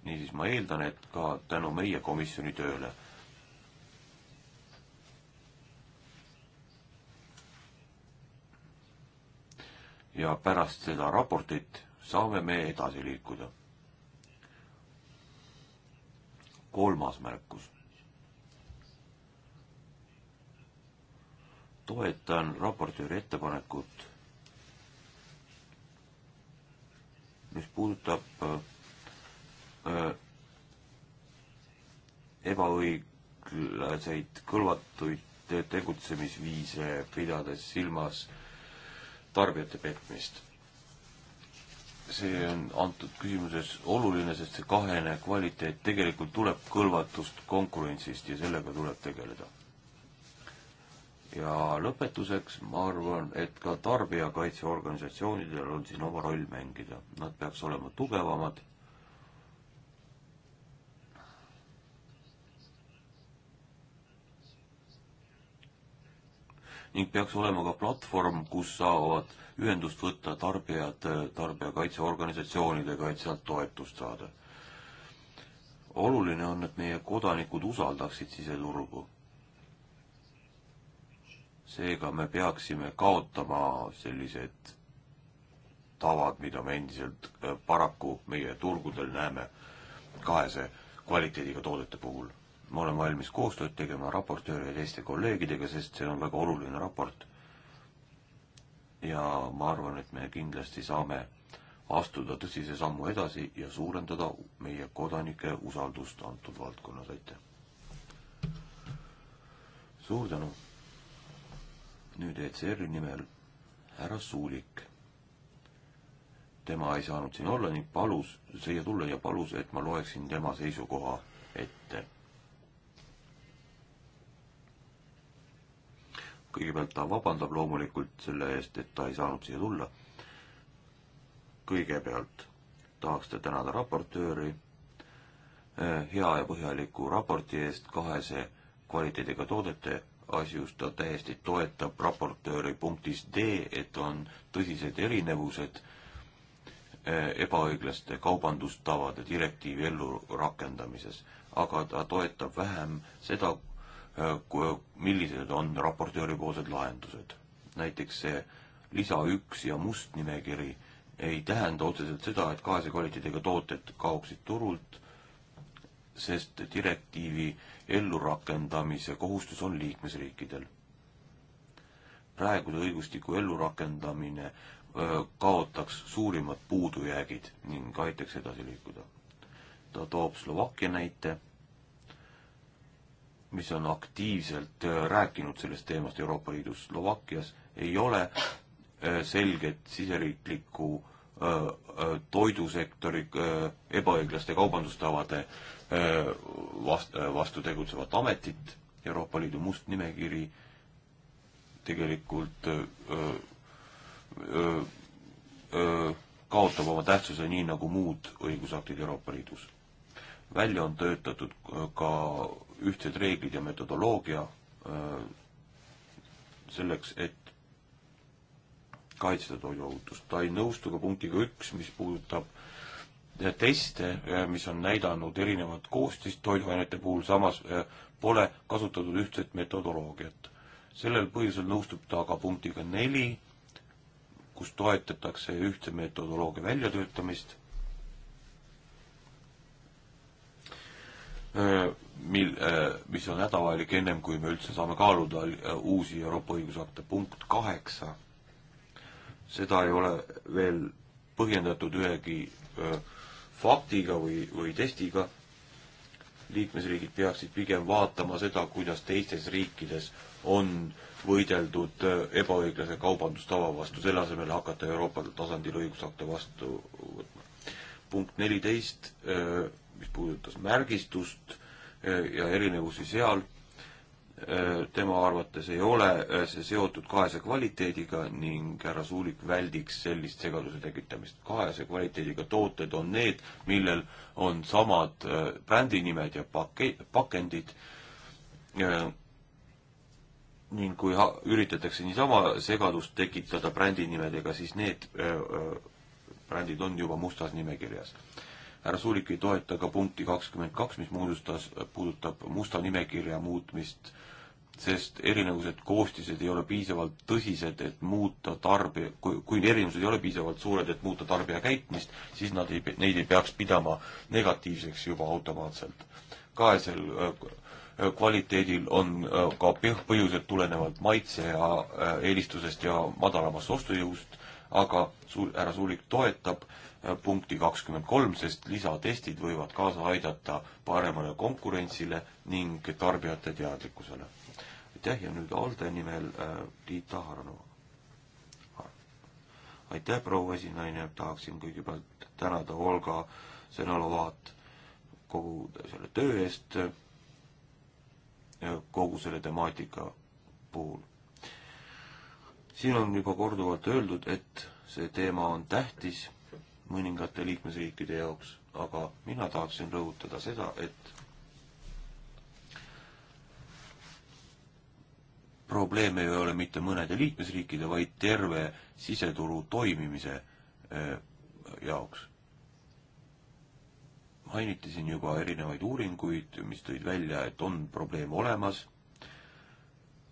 niisiis ma eeldan, et ka tänu meie komisjoni tööle ja pärast seda raportit saame me edasi liikuda kolmas märkus. toetan raportööri ettepanekut, mis puudutab äh, äh ebaõiglaseid kõlvatuid tegutsemisviise, pidades silmas tarbijate petmist see on antud küsimuses oluline, sest see kahene kvaliteet tegelikult tuleb kõlvatust konkurentsist ja sellega tuleb tegeleda. ja lõpetuseks ma arvan, et ka tarbijakaitseorganisatsioonidel on siin oma roll mängida, nad peaks olema tugevamad ning peaks olema ka platvorm, kus saavad ühendust võtta tarbijad tarbijakaitseorganisatsioonidega, et sealt toetust saada. oluline on, et meie kodanikud usaldaksid siseturgu. seega me peaksime kaotama sellised tavad, mida me endiselt äh, paraku meie turgudel näeme kahese kvaliteediga toodete puhul ma olen valmis koostööd tegema raportööri ja teiste kolleegidega, sest see on väga oluline raport. ja ma arvan, et me kindlasti saame astuda tõsise sammu edasi ja suurendada meie kodanike usaldust antud valdkonnas, aitäh! suur tänu! nüüd ECR-i nimel härra Suulik. tema ei saanud siin olla ning palus siia tulla ja palus, et ma loeksin tema seisukoha ette kõigepealt ta vabandab loomulikult selle eest, et ta ei saanud siia tulla. kõigepealt tahaks ta tänada raportööri eh, hea ja põhjaliku raporti eest kahese kvaliteediga toodete asjus, ta täiesti toetab raportööri punktis D, et on tõsised erinevused eh, ebaõiglaste kaubandustavade direktiivi ellurakendamises, aga ta toetab vähem seda, Äh, millised on raportööri poolsed lahendused. näiteks see lisa üks ja must nimekiri ei tähenda otseselt seda, et kaese kvaliteediga tooted kaoksid turult, sest direktiivi ellurakendamise kohustus on liikmesriikidel. praeguse õigustiku ellurakendamine äh, kaotaks suurimad puudujäägid ning aitaks edasi liikuda. ta toob Slovakkia näite mis on aktiivselt äh, rääkinud sellest teemast Euroopa Liidus. Slovakkias ei ole äh, selget siseriiklikku äh, toidusektori ebaõiglaste kaubandustavade vast-, vastu tegutsevat ametit, Euroopa Liidu must nimekiri tegelikult öö, öö, öö, kaotab oma tähtsuse nii nagu muud õigusaktid Euroopa Liidus. välja on töötatud ka ühtsed reeglid ja metodoloogia äh, selleks, et kaitsta toiduohutust. ta ei nõustu ka punktiga üks, mis puudutab äh, teste, äh, mis on näidanud erinevat koostist toiduainete puhul, samas pole kasutatud ühtset metodoloogiat. sellel põhjusel nõustub ta ka punktiga neli, kus toetatakse ühtse metodoloogia väljatöötamist Äh, mil, äh, mis on hädavajalik ennem, kui me üldse saame kaaluda äh, uusi Euroopa õigusakte. punkt kaheksa, seda ei ole veel põhjendatud ühegi faktiga või, või testiga. liikmesriigid peaksid pigem vaatama seda, kuidas teistes riikides on võideldud ebaõiglase kaubandustava vastu, selle asemel hakata Euroopa tasandil õigusakte vastu võtma. punkt neliteist mis puudutas märgistust eh, ja erinevusi seal, eh, tema arvates ei ole eh, see seotud kahese kvaliteediga ning härra Suulik väldiks sellist segaduse tekitamist. kahese kvaliteediga tooted on need, millel on samad brändinimed ja pake-, pakendid ning kui ha-, üritatakse niisama segadust tekitada brändinimedega, siis need öö, brändid on juba mustas nimekirjas härra Suulik ei toeta ka punkti kakskümmend kaks, mis moodustas, puudutab musta nimekirja muutmist, sest erinevused, koostised ei ole piisavalt tõsised, et muuta tarbija, kui, kui erinevused ei ole piisavalt suured, et muuta tarbija käitumist, siis nad ei, neid ei peaks pidama negatiivseks juba automaatselt. kaesel äh, kvaliteedil on äh, ka põhjused tulenevalt maitse ja äh, eelistusest ja madalamast ostujõust aga suur, härra Suulik toetab äh, punkti kakskümmend kolm, sest lisatestid võivad kaasa aidata paremale konkurentsile ning tarbijate teadlikkusele. aitäh ja nüüd ALDE nimel äh, Tiit Aharnova. aitäh, proua esinaine, tahaksin kõigepealt tänada Olga Sõnalovat kogu selle töö eest, äh, kogu selle temaatika puhul siin on juba korduvalt öeldud, et see teema on tähtis mõningate liikmesriikide jaoks, aga mina tahaksin rõhutada seda, et probleem ei ole mitte mõnede liikmesriikide, vaid terve siseturu toimimise äh, jaoks. mainiti siin juba erinevaid uuringuid, mis tõid välja, et on probleem olemas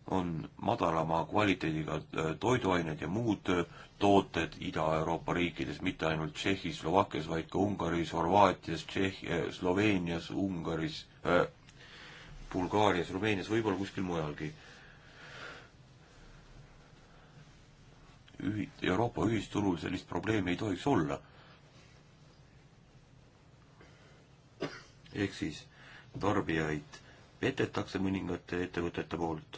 on madalama kvaliteediga äh, toiduained ja muud äh, tooted Ida-Euroopa riikides, mitte ainult Tšehhis, Slovakkias, vaid ka Ungaris, Horvaatias, Tšehhi-, äh, Sloveenias, Ungaris äh,, Bulgaarias, Rumeenias, võib-olla kuskil mujalgi. ühi-, Euroopa ühisturul sellist probleemi ei tohiks olla. ehk siis tarbijaid petetakse mõningate ettevõtete poolt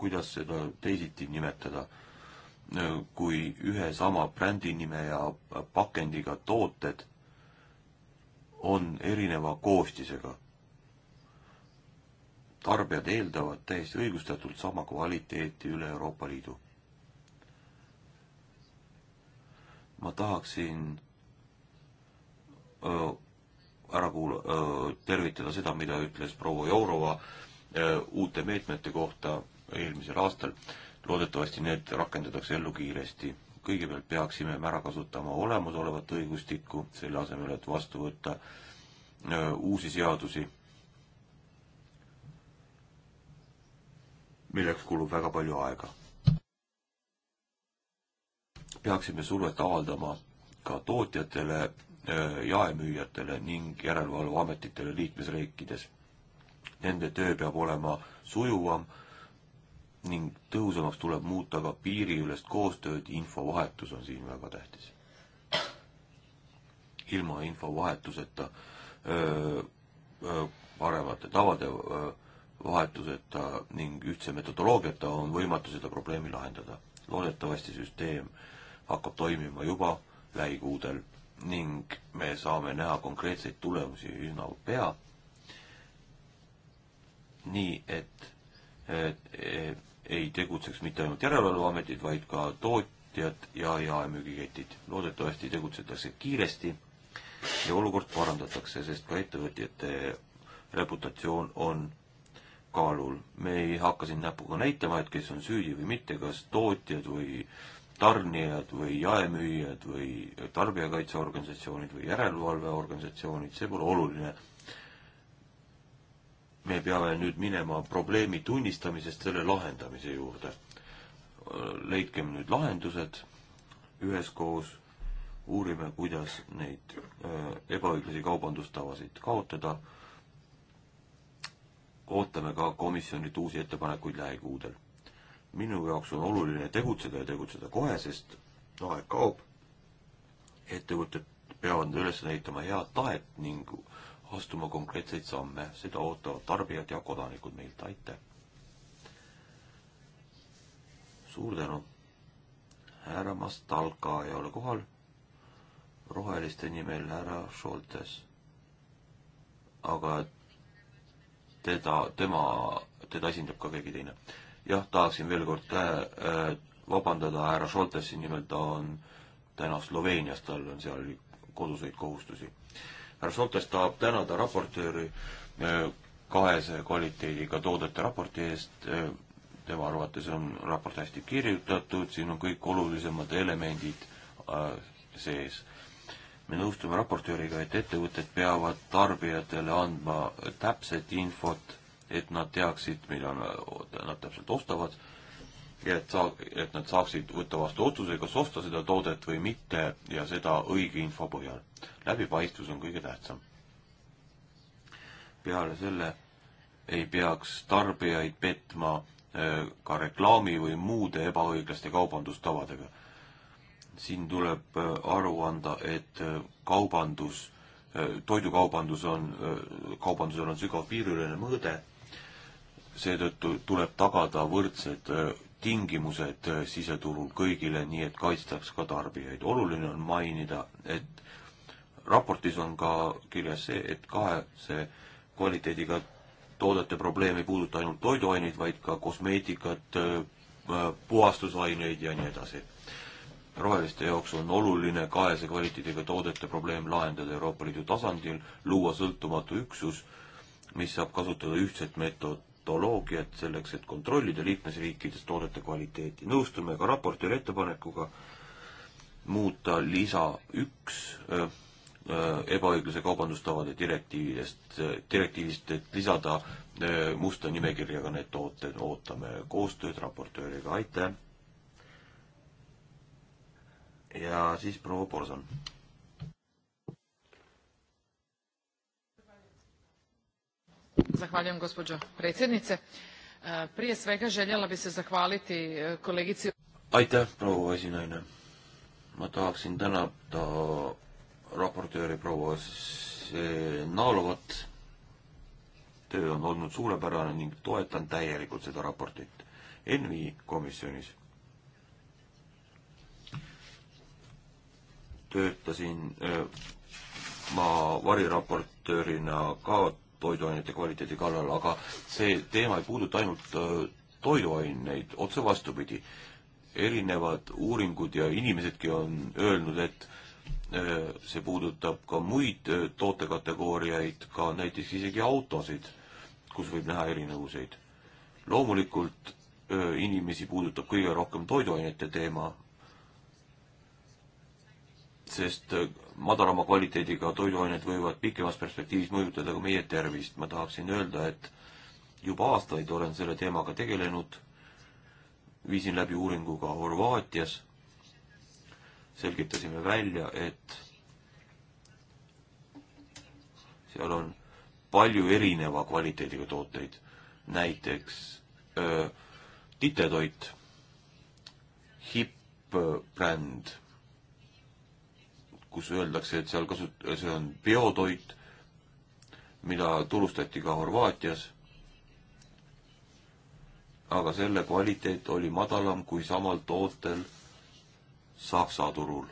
kuidas seda teisiti nimetada, kui ühe sama brändi nime ja pakendiga tooted on erineva koostisega. tarbijad eeldavad täiesti õigustatult sama kvaliteeti üle Euroopa Liidu. ma tahaksin öö, ära kuula-, tervitada seda, mida ütles proua Jourova öö, uute meetmete kohta eelmisel aastal. loodetavasti need rakendatakse ellu kiiresti. kõigepealt peaksime me ära kasutama olemasolevat õigustikku, selle asemel, et vastu võtta öö, uusi seadusi, milleks kulub väga palju aega. peaksime survet avaldama ka tootjatele, jaemüüjatele ning järelevalveametitele liikmesriikides. Nende töö peab olema sujuvam ning tõhusamaks tuleb muuta ka piiriülest koostööd, infovahetus on siin väga tähtis. ilma infovahetuseta, paremate tavade öö, vahetuseta ning ühtse metodoloogiata on võimatu seda probleemi lahendada. loodetavasti süsteem hakkab toimima juba lähikuudel ning me saame näha konkreetseid tulemusi üsna pea. nii et, et, et ei tegutseks mitte ainult järelevalveametid, vaid ka tootjad ja jaemüügiketid. loodetavasti tegutsetakse kiiresti ja olukord parandatakse, sest ka ettevõtjate reputatsioon on kaalul. me ei hakka siin näpuga näitama, et kes on süüdi või mitte, kas tootjad või tarnijad või jaemüüjad või tarbijakaitseorganisatsioonid või järelevalveorganisatsioonid, see pole oluline me peame nüüd minema probleemi tunnistamisest selle lahendamise juurde. leidkem nüüd lahendused üheskoos, uurime, kuidas neid äh, ebaõiglasi kaubandustavasid kaotada. ootame ka komisjonilt uusi ettepanekuid lähikuudel. minu jaoks on oluline tegutseda ja tegutseda kohe, sest aeg kaob. ettevõtted peavad üles näitama head tahet ning astuma konkreetseid samme, seda ootavad tarbijad ja kodanikud meilt, aitäh! suur tänu! härra Mastalka ei ole kohal, roheliste nimel härra Šoltes. aga teda, tema, teda esindab ka keegi teine. jah, tahaksin veel kord äh, äh vabandada härra Šoltesi nimel, ta on täna Sloveenias, tal on seal koduseid kohustusi härra Soltes tahab tänada raportööri eh, kahese kvaliteediga toodete raporti eest, eh, tema arvates on raport hästi kirjutatud, siin on kõik olulisemad elemendid eh, sees. me nõustume raportööriga, et ettevõtted peavad tarbijatele andma täpset infot, et nad teaksid, mida nad täpselt ostavad ja et saa-, et nad saaksid võtta vastu otsuse, kas osta seda toodet või mitte ja seda õige info põhjal. läbipaistvus on kõige tähtsam. peale selle ei peaks tarbijaid petma äh, ka reklaami või muude ebaõiglaste kaubandustavadega. siin tuleb äh, aru anda, et äh, kaubandus, toidukaubandus on, kaubandusel on sügav piiriülene mõõde seetõttu tuleb tagada võrdsed tingimused äh, siseturul kõigile, nii et kaitstaks ka tarbijaid. oluline on mainida, et raportis on ka kirjas see, et kahese kvaliteediga toodete probleem ei puuduta ainult toiduaineid, vaid ka kosmeetikat, äh, äh, puhastusaineid ja nii edasi. roheliste jaoks on oluline kahese kvaliteediga toodete probleem lahendada Euroopa Liidu tasandil, luua sõltumatu üksus, mis saab kasutada ühtset meetod-, komitoloogiat selleks, et kontrollida liikmesriikides toodete kvaliteeti. nõustume ka raportööri ettepanekuga muuta lisa üks äh, äh, ebaõiglase kaubandustavade direktiividest, äh, direktiivist, et lisada musta nimekirjaga need tooted, ootame koostööd raportööriga, aitäh! ja siis proua Porson Zahvaljujem gospođo predsjednice. E, prije svega željela bi se zahvaliti e, kolegici... Aitäh, proua esinaine. Ma tahaksin tänada raportööri proua Naolovat. Töö on olnud suurepärane ning toetan täielikult seda raportit. ENVI komisjonis töötasin öö, e, ma variraportöörina ka toiduainete kvaliteedi kallal, aga see teema ei puuduta ainult äh, toiduaineid, otse vastupidi. erinevad uuringud ja inimesedki on öelnud, et äh, see puudutab ka muid äh, tootekategooriaid, ka näiteks isegi autosid, kus võib näha erinevuseid. loomulikult inimesi puudutab kõige rohkem toiduainete teema, sest madalama kvaliteediga toiduained võivad pikemas perspektiivis mõjutada ka meie tervist. ma tahaksin öelda, et juba aastaid olen selle teemaga tegelenud, viisin läbi uuringu ka Horvaatias, selgitasime välja, et seal on palju erineva kvaliteediga tooteid, näiteks öö, äh, titetoit, hipp bränd kus öeldakse, et seal kasut-, see on biotoit, mida turustati ka Horvaatias, aga selle kvaliteet oli madalam kui samal tootel Saksa turul.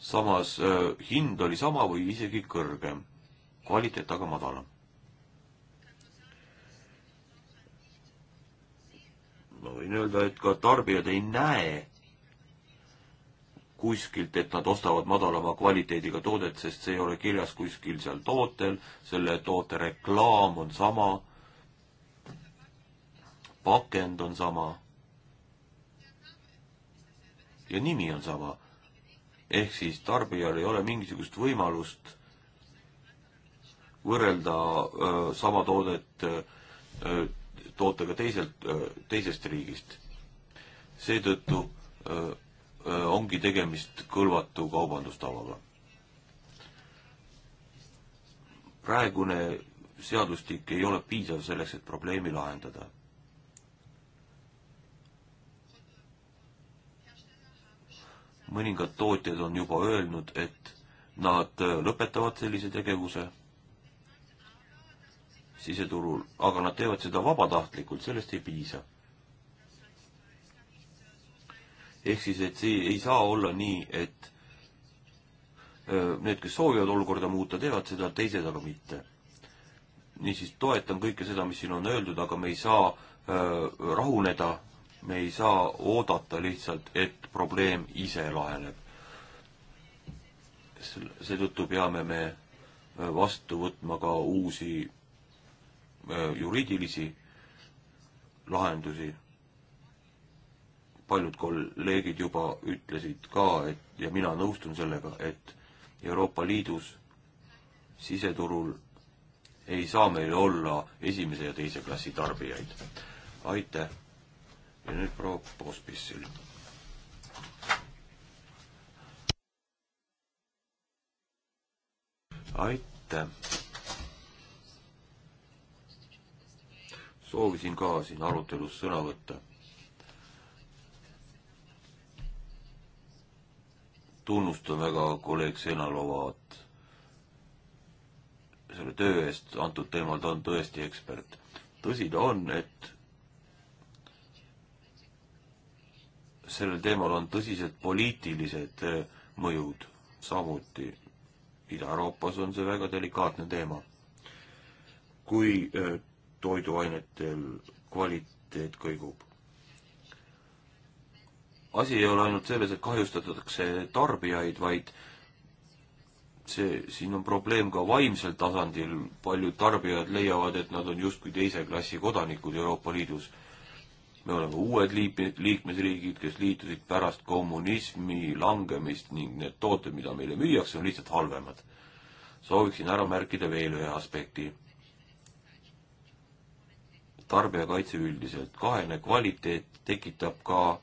samas äh, hind oli sama või isegi kõrgem, kvaliteet aga madalam ma võin öelda, et ka tarbijad ei näe kuskilt, et nad ostavad madalama kvaliteediga toodet, sest see ei ole kirjas kuskil seal tootel, selle toote reklaam on sama, pakend on sama ja nimi on sama. ehk siis tarbijal ei ole mingisugust võimalust võrrelda öö, sama toodet öö, tootega teiselt, teisest riigist. seetõttu öö, ongi tegemist kõlvatu kaubandustavaga. praegune seadustik ei ole piisav selleks, et probleemi lahendada. mõningad tootjad on juba öelnud, et nad lõpetavad sellise tegevuse siseturul, aga nad teevad seda vabatahtlikult, sellest ei piisa ehk siis, et see ei saa olla nii, et need, kes soovivad olukorda muuta, teevad seda, teised aga mitte. niisiis, toetan kõike seda, mis siin on öeldud, aga me ei saa rahuneda, me ei saa oodata lihtsalt, et probleem ise laheneb. seetõttu peame me vastu võtma ka uusi juriidilisi lahendusi paljud kolleegid juba ütlesid ka, et ja mina nõustun sellega, et Euroopa Liidus siseturul ei saa meil olla esimese ja teise klassi tarbijaid. aitäh! ja nüüd proua Poospissil. aitäh! soovisin ka siin arutelus sõna võtta tunnustan väga kolleeg Senalovat selle töö eest antud teemal, ta on tõesti ekspert. tõsi ta on, et sellel teemal on tõsised poliitilised eh, mõjud samuti. Ida-Euroopas on see väga delikaatne teema. kui eh, toiduainetel kvaliteet kõigub asi ei ole ainult selles, et kahjustatakse tarbijaid, vaid see, siin on probleem ka vaimsel tasandil, paljud tarbijad leiavad, et nad on justkui teise klassi kodanikud Euroopa Liidus. me oleme uued liip-, liikmesriigid, kes liitusid pärast kommunismi langemist ning need tooted, mida meile müüakse, on lihtsalt halvemad. sooviksin ära märkida veel ühe aspekti. tarbijakaitse üldiselt, kahene kvaliteet tekitab ka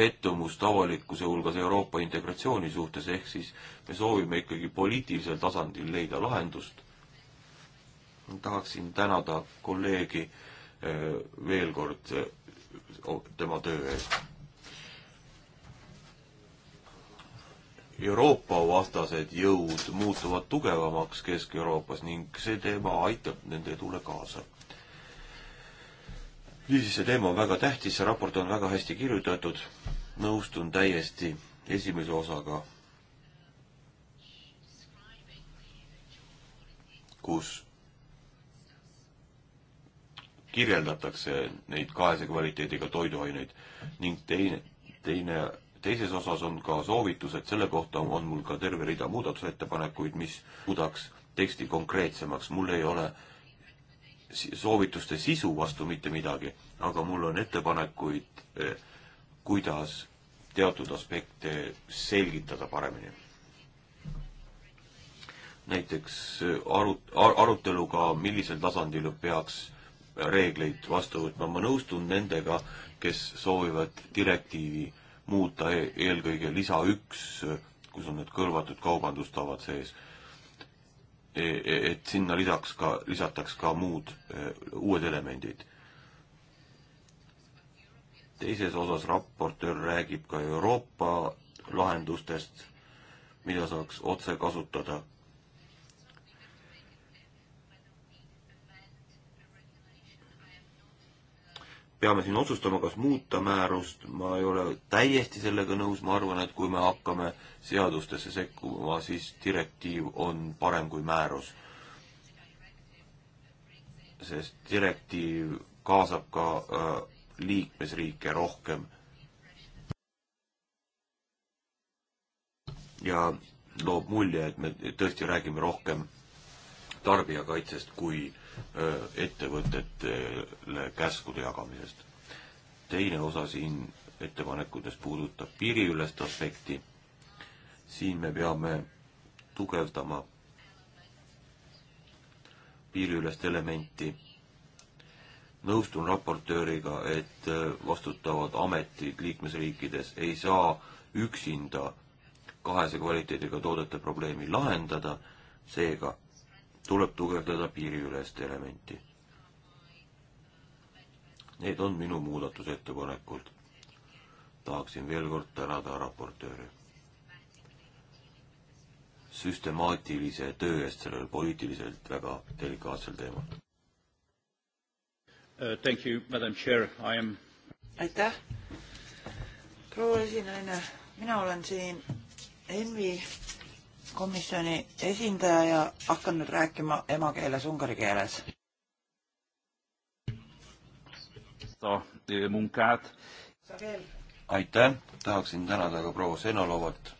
pettumust avalikkuse hulgas Euroopa integratsiooni suhtes, ehk siis me soovime ikkagi poliitilisel tasandil leida lahendust. tahaksin tänada kolleegi eh, veel kord eh, tema töö eest. Euroopa vastased jõud muutuvad tugevamaks Kesk-Euroopas ning see teema aitab nende tule kaasa niisiis, see teema on väga tähtis, see raport on väga hästi kirjutatud, nõustun täiesti esimese osaga, kus kirjeldatakse neid kaese kvaliteediga toiduaineid ning teine, teine, teises osas on ka soovitused, selle kohta on mul ka terve rida muudatusettepanekuid, mis muudaks teksti konkreetsemaks, mul ei ole äh, soovituste sisu vastu mitte midagi, aga mul on ettepanekuid, eh, kuidas teatud aspekte selgitada paremini. näiteks eh, arut-, aruteluga, millisel tasandil peaks reegleid vastu võtma, ma nõustun nendega, kes soovivad direktiivi muuta e-, eelkõige lisa üks, eh, kus on need kõlvatud kaubandustavad sees E, e, et sinna lisaks ka, lisataks ka muud e, uued elemendid. teises osas raportöör räägib ka Euroopa lahendustest, mida saaks otse kasutada peame siin otsustama, kas muuta määrust, ma ei ole täiesti sellega nõus, ma arvan, et kui me hakkame seadustesse sekkuma, siis direktiiv on parem kui määrus. sest direktiiv kaasab ka äh, liikmesriike rohkem. ja loob mulje, et me tõesti räägime rohkem tarbijakaitsest kui ettevõtetele käskude jagamisest. teine osa siin ettepanekutest puudutab piiriülest aspekti. siin me peame tugevdama piiriülest elementi. nõustun raportööriga, et vastutavad ametid liikmesriikides ei saa üksinda kahese kvaliteediga toodete probleemi lahendada, seega tuleb tugevdada piiriülest elementi. Need on minu muudatusettepanekud. tahaksin veel kord tänada raportööri. süstemaatilise töö eest sellel poliitiliselt väga delikaatsel teemal uh,. Thank you, madam chair, I am. aitäh, proua esinaine, mina olen siin ENVi komisjoni esindaja ja hakkan nüüd rääkima emakeeles ungari keeles. Eh, aitäh, tahaksin tänada ka proua Senalovat,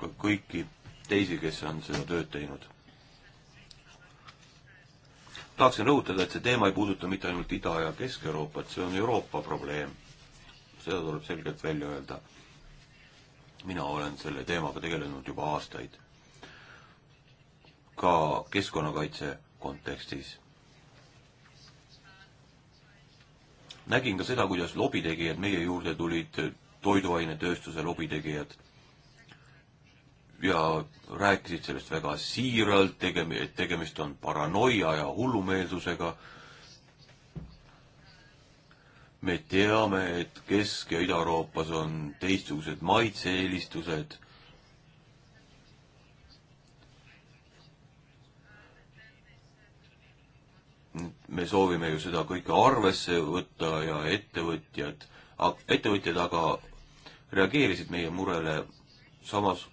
kõiki teisi, kes on seda tööd teinud. tahaksin rõhutada, et see teema ei puuduta mitte ainult Ida- ja Kesk-Euroopat, see on Euroopa probleem. seda tuleb selgelt välja öelda mina olen selle teemaga tegelenud juba aastaid ka keskkonnakaitse kontekstis. nägin ka seda, kuidas lobitegijad meie juurde tulid, toiduainetööstuse lobitegijad, ja rääkisid sellest väga siiralt, tegemi-, et tegemist on paranoia ja hullumeelsusega. me teame, et Kesk- ja Ida-Euroopas on teistsugused maitse-eelistused me soovime ju seda kõike arvesse võtta ja ettevõtjad, ettevõtjad aga reageerisid meie murele, samas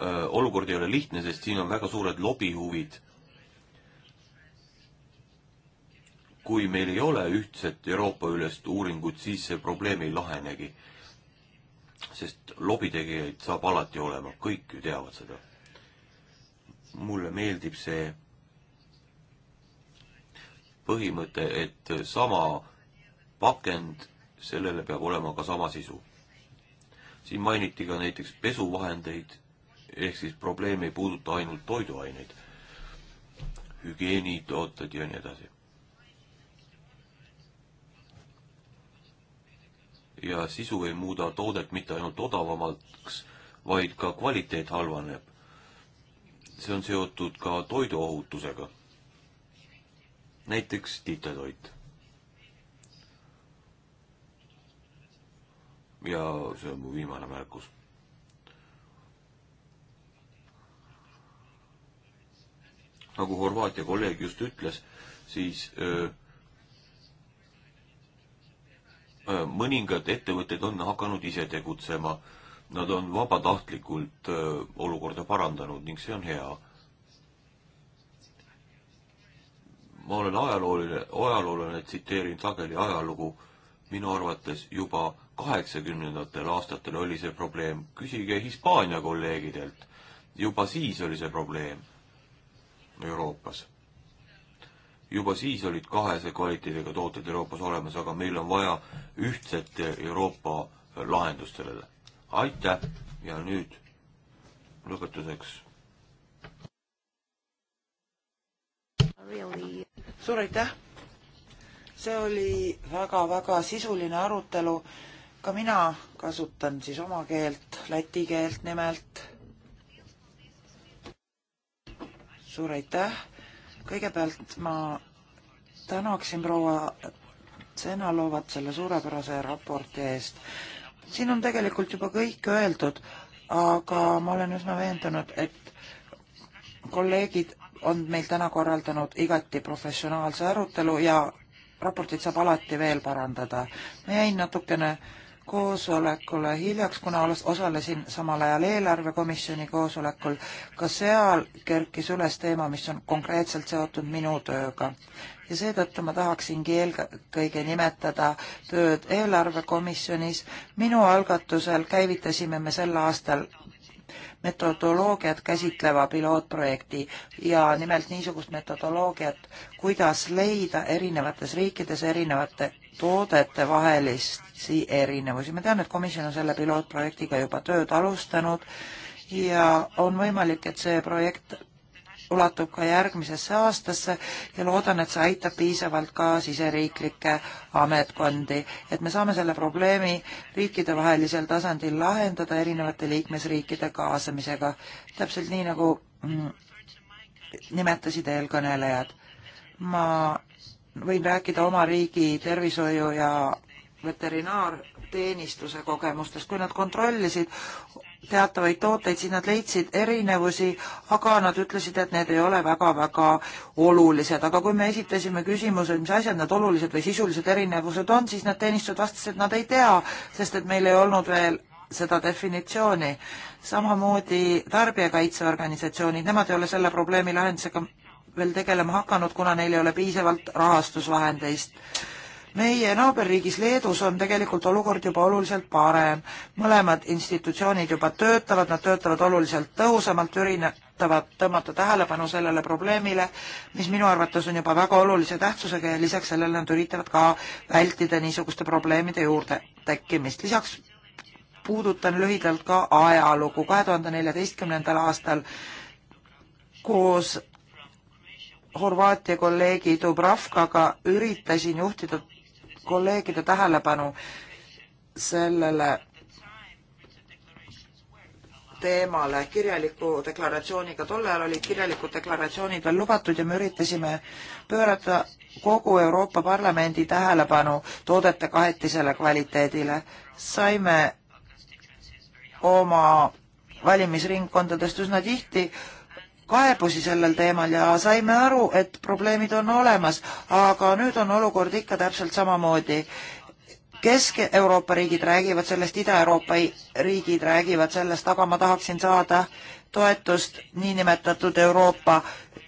öö, olukord ei ole lihtne, sest siin on väga suured lobihuvid. kui meil ei ole ühtset Euroopa-ülest uuringut, siis see probleem ei lahenegi. sest lobitegijaid saab alati olema, kõik ju teavad seda. mulle meeldib see põhimõte, et sama pakend, sellele peab olema ka sama sisu. siin mainiti ka näiteks pesuvahendeid, ehk siis probleem ei puuduta ainult toiduaineid, hügieenitooted ja nii edasi. ja sisu ei muuda toodet mitte ainult odavamaks, vaid ka kvaliteet halvaneb. see on seotud ka toiduohutusega näiteks tiitletoit. ja see on mu viimane märkus. nagu Horvaatia kolleeg just ütles, siis öö, äh, äh, mõningad ettevõtted on hakanud ise tegutsema. Nad on vabatahtlikult öö, äh, olukorda parandanud ning see on hea ma olen ajalooline, ajaloolane, tsiteerin sageli ajalugu. minu arvates juba kaheksakümnendatel aastatel oli see probleem. küsige Hispaania kolleegidelt. juba siis oli see probleem Euroopas. juba siis olid kahese kvaliteediga tooted Euroopas olemas, aga meil on vaja ühtset Euroopa lahendust sellele. aitäh ja nüüd lõpetuseks really... suur aitäh! see oli väga-väga sisuline arutelu. ka mina kasutan siis oma keelt, läti keelt nimelt. suur aitäh! kõigepealt ma tänaksin proua Senalovat selle suurepärase raporti eest. siin on tegelikult juba kõik öeldud, aga ma olen üsna veendunud, et kolleegid on meil täna korraldanud igati professionaalse arutelu ja raportit saab alati veel parandada. ma jäin natukene koosolekule hiljaks, kuna osalesin samal ajal eelarvekomisjoni koosolekul. ka seal kerkis üles teema, mis on konkreetselt seotud minu tööga. ja seetõttu ma tahaksingi eelkõige nimetada tööd eelarvekomisjonis. minu algatusel käivitasime me sel aastal metodoloogiat käsitleva pilootprojekti ja nimelt niisugust metodoloogiat, kuidas leida erinevates riikides erinevate toodete vahelisi erinevusi. ma tean, et komisjon on selle pilootprojektiga juba tööd alustanud ja on võimalik, et see projekt ulatub ka järgmisesse aastasse ja loodan, et see aitab piisavalt ka siseriiklikke ametkondi, et me saame selle probleemi riikidevahelisel tasandil lahendada erinevate liikmesriikide kaasamisega, täpselt nii, nagu mm, nimetasid eelkõnelejad. ma võin rääkida oma riigi tervishoiu ja veterinaarteenistuse kogemustest, kui nad kontrollisid teatavaid tooteid, siis nad leidsid erinevusi, aga nad ütlesid, et need ei ole väga-väga olulised, aga kui me esitasime küsimuse, mis asjad need olulised või sisulised erinevused on, siis nad teenistused vastasid, et nad ei tea, sest et meil ei olnud veel seda definitsiooni. samamoodi tarbijakaitseorganisatsioonid, nemad ei ole selle probleemi lahendusega veel tegelema hakanud, kuna neil ei ole piisavalt rahastusvahendeid meie naaberriigis Leedus on tegelikult olukord juba oluliselt parem. mõlemad institutsioonid juba töötavad, nad töötavad oluliselt tõhusamalt, üritavad tõmmata tähelepanu sellele probleemile, mis minu arvates on juba väga olulise tähtsusega ja lisaks sellele nad üritavad ka vältida niisuguste probleemide juurde tekkimist. lisaks puudutan lühidalt ka ajalugu. kahe tuhande neljateistkümnendal aastal koos Horvaatia kolleegi Dubravkaga üritasin juhtida kolleegide tähelepanu sellele teemale kirjaliku deklaratsiooniga. Tol ajal olid kirjalikud deklaratsioonid veel lubatud ja me üritasime pöörata kogu Euroopa Parlamendi tähelepanu toodete kahetisele kvaliteedile. Saime oma valimisringkondadest üsna tihti kaebusi sellel teemal ja saime aru, et probleemid on olemas, aga nüüd on olukord ikka täpselt samamoodi. Kesk-Euroopa riigid räägivad sellest, Ida-Euroopa riigid räägivad sellest, aga ma tahaksin saada toetust niinimetatud Euroopa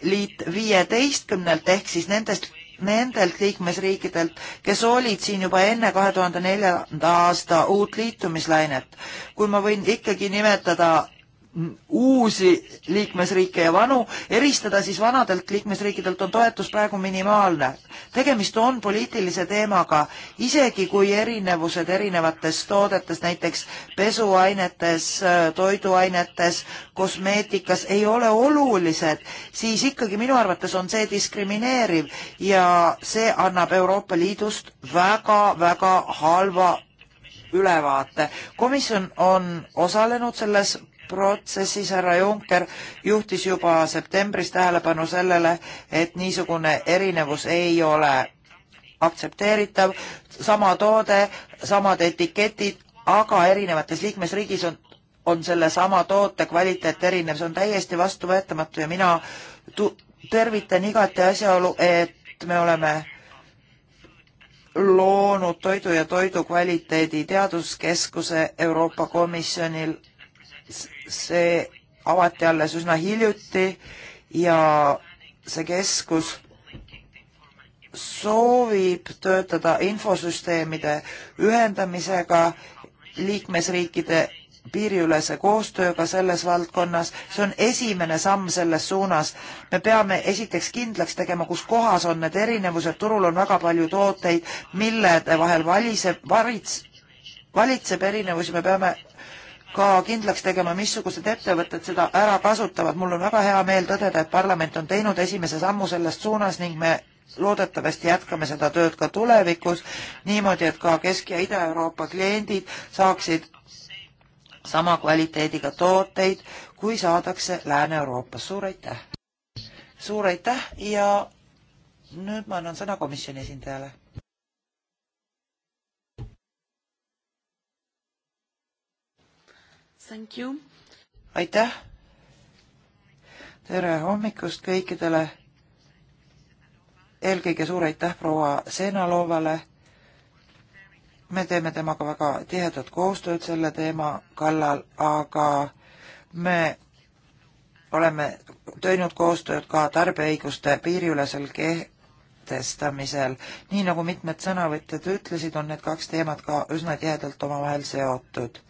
Liit viieteistkümnelt ehk siis nendest nendelt liikmesriikidelt, kes olid siin juba enne kahe tuhande neljanda aasta uut liitumislainet. kui ma võin ikkagi nimetada uusi liikmesriike ja vanu, eristada siis vanadelt liikmesriikidelt on toetus praegu minimaalne. tegemist on poliitilise teemaga, isegi kui erinevused erinevates toodetes, näiteks pesuainetes, toiduainetes, kosmeetikas ei ole olulised, siis ikkagi minu arvates on see diskrimineeriv ja see annab Euroopa Liidust väga-väga halva ülevaate. komisjon on osalenud selles protsessis härra Juncker juhtis juba septembris tähelepanu sellele, et niisugune erinevus ei ole aktsepteeritav, sama toode, samad etiketid, aga erinevates liikmesriigis on, on sellesama toote kvaliteet erinev, see on täiesti vastuvõetamatu ja mina tu-, tervitan igati asjaolu, et me oleme loonud toidu ja toidu kvaliteedi teaduskeskuse Euroopa Komisjonil see avati alles üsna hiljuti ja see keskus soovib töötada infosüsteemide ühendamisega liikmesriikide piiriülese koostööga selles valdkonnas. See on esimene samm selles suunas. Me peame esiteks kindlaks tegema, kus kohas on need erinevused. Turul on väga palju tooteid, mille vahel valiseb, varits, valitseb erinevusi. Me peame ka kindlaks tegema, missugused ettevõtted seda ära kasutavad. mul on väga hea meel tõdeda, et parlament on teinud esimese sammu selles suunas ning me loodetavasti jätkame seda tööd ka tulevikus niimoodi, et ka Kesk- ja Ida-Euroopa kliendid saaksid sama kvaliteediga tooteid, kui saadakse Lääne-Euroopas. suur aitäh! suur aitäh ja nüüd ma annan sõna komisjoni esindajale Thank you. aitäh. tere hommikust kõikidele. eelkõige suur aitäh proua Seenaloovale. me teeme temaga väga tihedat koostööd selle teema kallal, aga me oleme teinud koostööd ka tarbijaõiguste piiriülesel kehtestamisel. nii nagu mitmed sõnavõtjad ütlesid, on need kaks teemat ka üsna tihedalt omavahel seotud.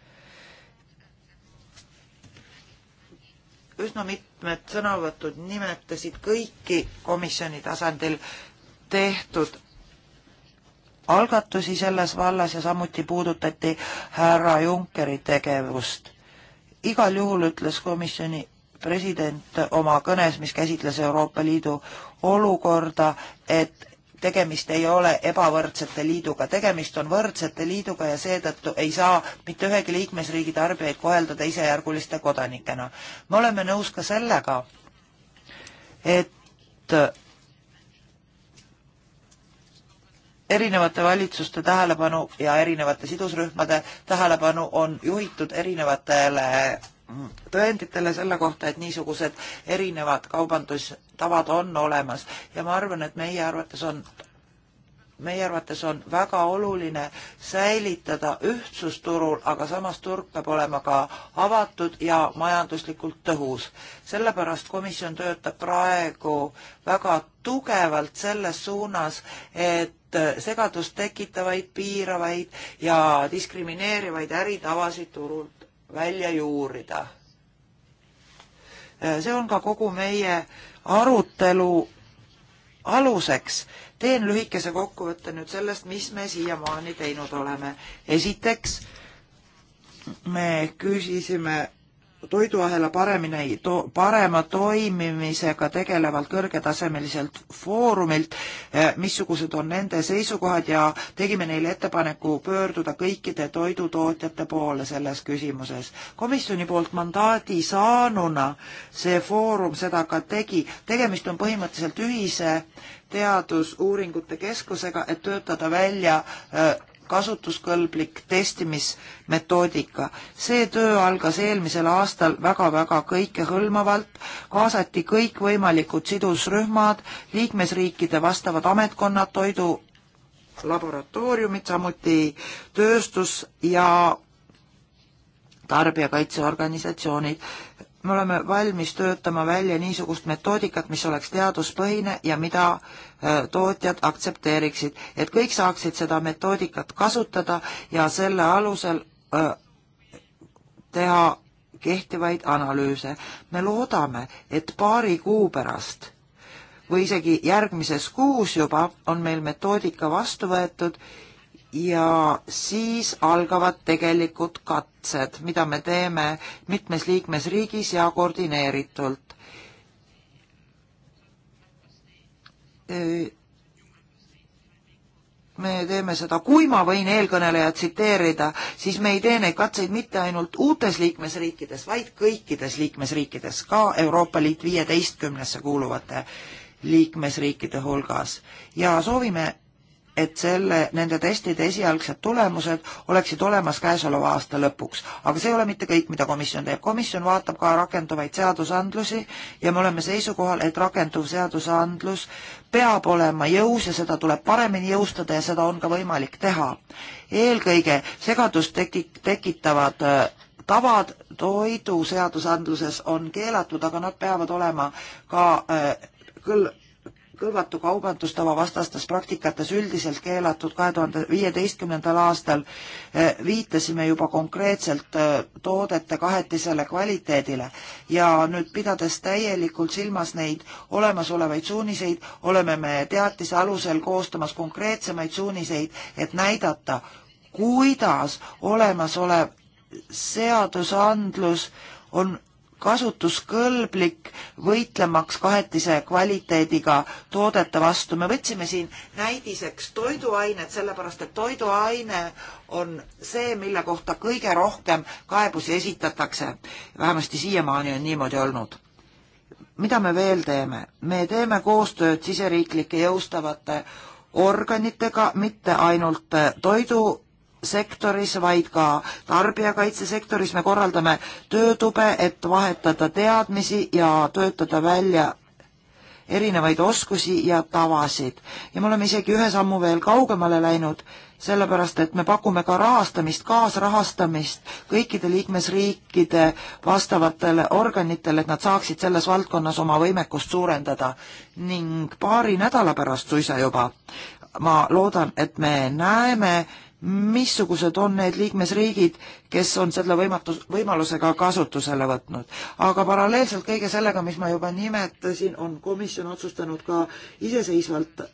üsna mitmed sõnavõtud nimetasid kõiki komisjoni tasandil tehtud algatusi selles vallas ja samuti puudutati härra Junckeri tegevust. igal juhul ütles komisjoni president oma kõnes, mis käsitles Euroopa Liidu olukorda, et tegemist ei ole ebavõrdsete liiduga, tegemist on võrdsete liiduga ja seetõttu ei saa mitte ühegi liikmesriigi tarbijaid kohelda teisejärguliste kodanikena. me oleme nõus ka sellega, et erinevate valitsuste tähelepanu ja erinevate sidusrühmade tähelepanu on juhitud erinevatele tõenditele selle kohta, et niisugused erinevad kaubandustavad on olemas ja ma arvan, et meie arvates on meie arvates on väga oluline säilitada ühtsus turul, aga samas turg peab olema ka avatud ja majanduslikult tõhus. sellepärast komisjon töötab praegu väga tugevalt selles suunas, et segadust tekitavaid, piiravaid ja diskrimineerivaid äritavasid turul välja juurida. see on ka kogu meie arutelu aluseks. teen lühikese kokkuvõtte nüüd sellest, mis me siiamaani teinud oleme. esiteks me küsisime toiduahela paremini to,, parema toimimisega tegelevalt kõrgetasemeliselt foorumilt, eh, missugused on nende seisukohad ja tegime neile ettepaneku pöörduda kõikide toidutootjate poole selles küsimuses. komisjoni poolt mandaadi saanuna see foorum seda ka tegi, tegemist on põhimõtteliselt ühise teadusuuringute keskusega, et töötada välja eh, kasutuskõlblik testimismetoodika. see töö algas eelmisel aastal väga-väga kõikehõlmavalt, kaasati kõikvõimalikud sidusrühmad, liikmesriikide vastavad ametkonnad, toidulaboratooriumid, samuti tööstus ja tarbijakaitseorganisatsioonid me oleme valmis töötama välja niisugust metoodikat, mis oleks teaduspõhine ja mida äh, tootjad aktsepteeriksid, et kõik saaksid seda metoodikat kasutada ja selle alusel äh, teha kehtivaid analüüse. me loodame, et paari kuu pärast või isegi järgmises kuus juba on meil metoodika vastu võetud ja siis algavad tegelikud katsed, mida me teeme mitmes liikmesriigis ja koordineeritult. me teeme seda, kui ma võin eelkõneleja tsiteerida, siis me ei tee neid katseid mitte ainult uutes liikmesriikides, vaid kõikides liikmesriikides, ka Euroopa Liit viieteistkümnesse kuuluvate liikmesriikide hulgas ja soovime et selle, nende testide esialgsed tulemused oleksid olemas käesoleva aasta lõpuks. aga see ei ole mitte kõik, mida komisjon teeb. komisjon vaatab ka rakenduvaid seadusandlusi ja me oleme seisukohal, et rakenduv seadusandlus peab olema jõus ja seda tuleb paremini jõustada ja seda on ka võimalik teha. eelkõige segadust tekik-, tekitavad äh, tavad toiduseadusandluses on keelatud, aga nad peavad olema ka äh, küll kõlvatu kaubandustava vastastes praktikates üldiselt keelatud kahe tuhande viieteistkümnendal aastal eh, viitasime juba konkreetselt eh, toodete kahetisele kvaliteedile ja nüüd pidades täielikult silmas neid olemasolevaid suuniseid, oleme me teatise alusel koostamas konkreetsemaid suuniseid, et näidata, kuidas olemasolev seadusandlus on kasutuskõlblik võitlemaks kahetise kvaliteediga toodete vastu. me võtsime siin näidiseks toiduained, sellepärast et toiduaine on see, mille kohta kõige rohkem kaebusi esitatakse. vähemasti siiamaani on niimoodi olnud. mida me veel teeme? me teeme koostööd siseriiklike jõustavate organitega, mitte ainult toidu sektoris, vaid ka tarbijakaitsesektoris me korraldame töötube, et vahetada teadmisi ja töötada välja erinevaid oskusi ja tavasid. ja me oleme isegi ühe sammu veel kaugemale läinud, sellepärast et me pakume ka rahastamist, kaasrahastamist kõikide liikmesriikide vastavatele organitele, et nad saaksid selles valdkonnas oma võimekust suurendada. ning paari nädala pärast suisa juba ma loodan, et me näeme, missugused on need liikmesriigid, kes on selle võimatus, võimalusega kasutusele võtnud. aga paralleelselt kõige sellega, mis ma juba nimetasin, on komisjon otsustanud ka iseseisvalt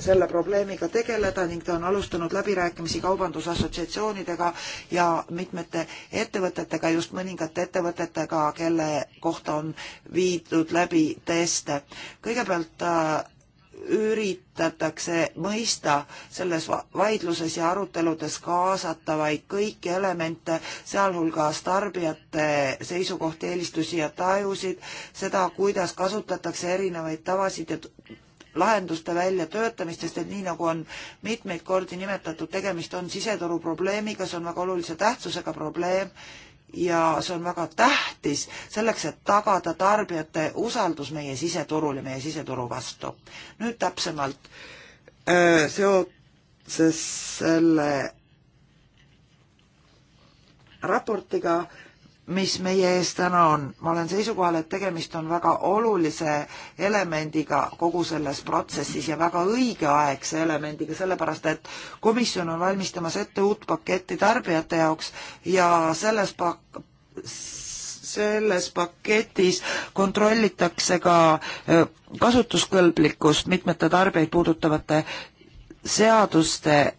selle probleemiga tegeleda ning ta on alustanud läbirääkimisi kaubandusassotsiatsioonidega ja mitmete ettevõtetega, just mõningate ettevõtetega, kelle kohta on viidud läbi teste. kõigepealt äh, üritatakse mõista selles vaidluses ja aruteludes kaasatavaid kõiki elemente, sealhulgas tarbijate seisukohti, eelistusi ja tajusid, seda, kuidas kasutatakse erinevaid tavasid ja lahenduste väljatöötamist, sest et nii nagu on mitmeid kordi nimetatud, tegemist on siseturu probleemiga, see on väga olulise tähtsusega probleem ja see on väga tähtis selleks, et tagada tarbijate usaldus meie siseturul ja meie siseturu vastu. nüüd täpsemalt äh, seoses selle raportiga mis meie ees täna on. ma olen seisukohal, et tegemist on väga olulise elemendiga kogu selles protsessis ja väga õigeaegse elemendiga, sellepärast et komisjon on valmistamas ette uut paketti tarbijate jaoks ja selles pak-, selles paketis kontrollitakse ka äh, kasutuskõlblikkust mitmete tarbijaid puudutavate seaduste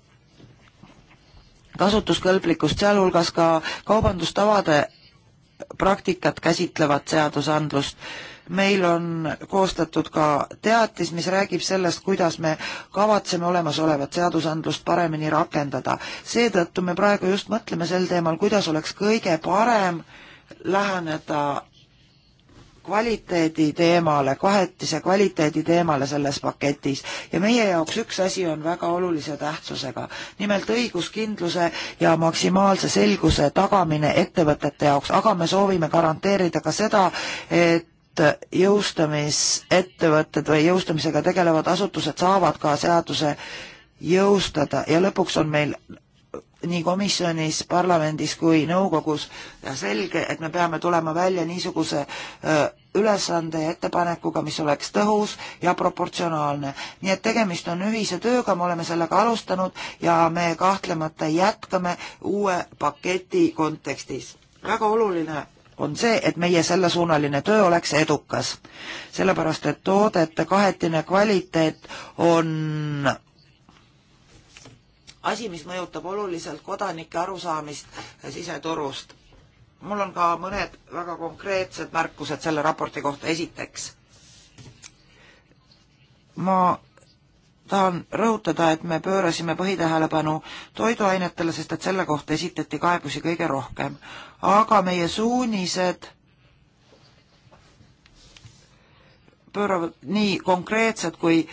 kasutuskõlblikkust, sealhulgas ka kaubandustavade praktikat käsitlevat seadusandlust. meil on koostatud ka teatis, mis räägib sellest, kuidas me kavatseme olemasolevat seadusandlust paremini rakendada. seetõttu me praegu just mõtleme sel teemal, kuidas oleks kõige parem läheneda kvaliteedi teemale, kahetise kvaliteedi teemale selles paketis ja meie jaoks üks asi on väga olulise tähtsusega. nimelt õiguskindluse ja maksimaalse selguse tagamine ettevõtete jaoks, aga me soovime garanteerida ka seda, et jõustamisettevõtted või jõustamisega tegelevad asutused saavad ka seaduse jõustada ja lõpuks on meil nii komisjonis, parlamendis kui nõukogus selge, et me peame tulema välja niisuguse äh, ülesande ja ettepanekuga, mis oleks tõhus ja proportsionaalne. nii et tegemist on ühise tööga, me oleme sellega alustanud ja me kahtlemata jätkame uue paketi kontekstis. väga oluline on see, et meie sellesuunaline töö oleks edukas. sellepärast, et toodete kahetine kvaliteet on asi, mis mõjutab oluliselt kodanike arusaamist siseturust. mul on ka mõned väga konkreetsed märkused selle raporti kohta. esiteks, ma tahan rõhutada, et me pöörasime põhitähelepanu toiduainetele, sest et selle kohta esitati kaebusi kõige rohkem. aga meie suunised pööravad nii konkreetsed kui,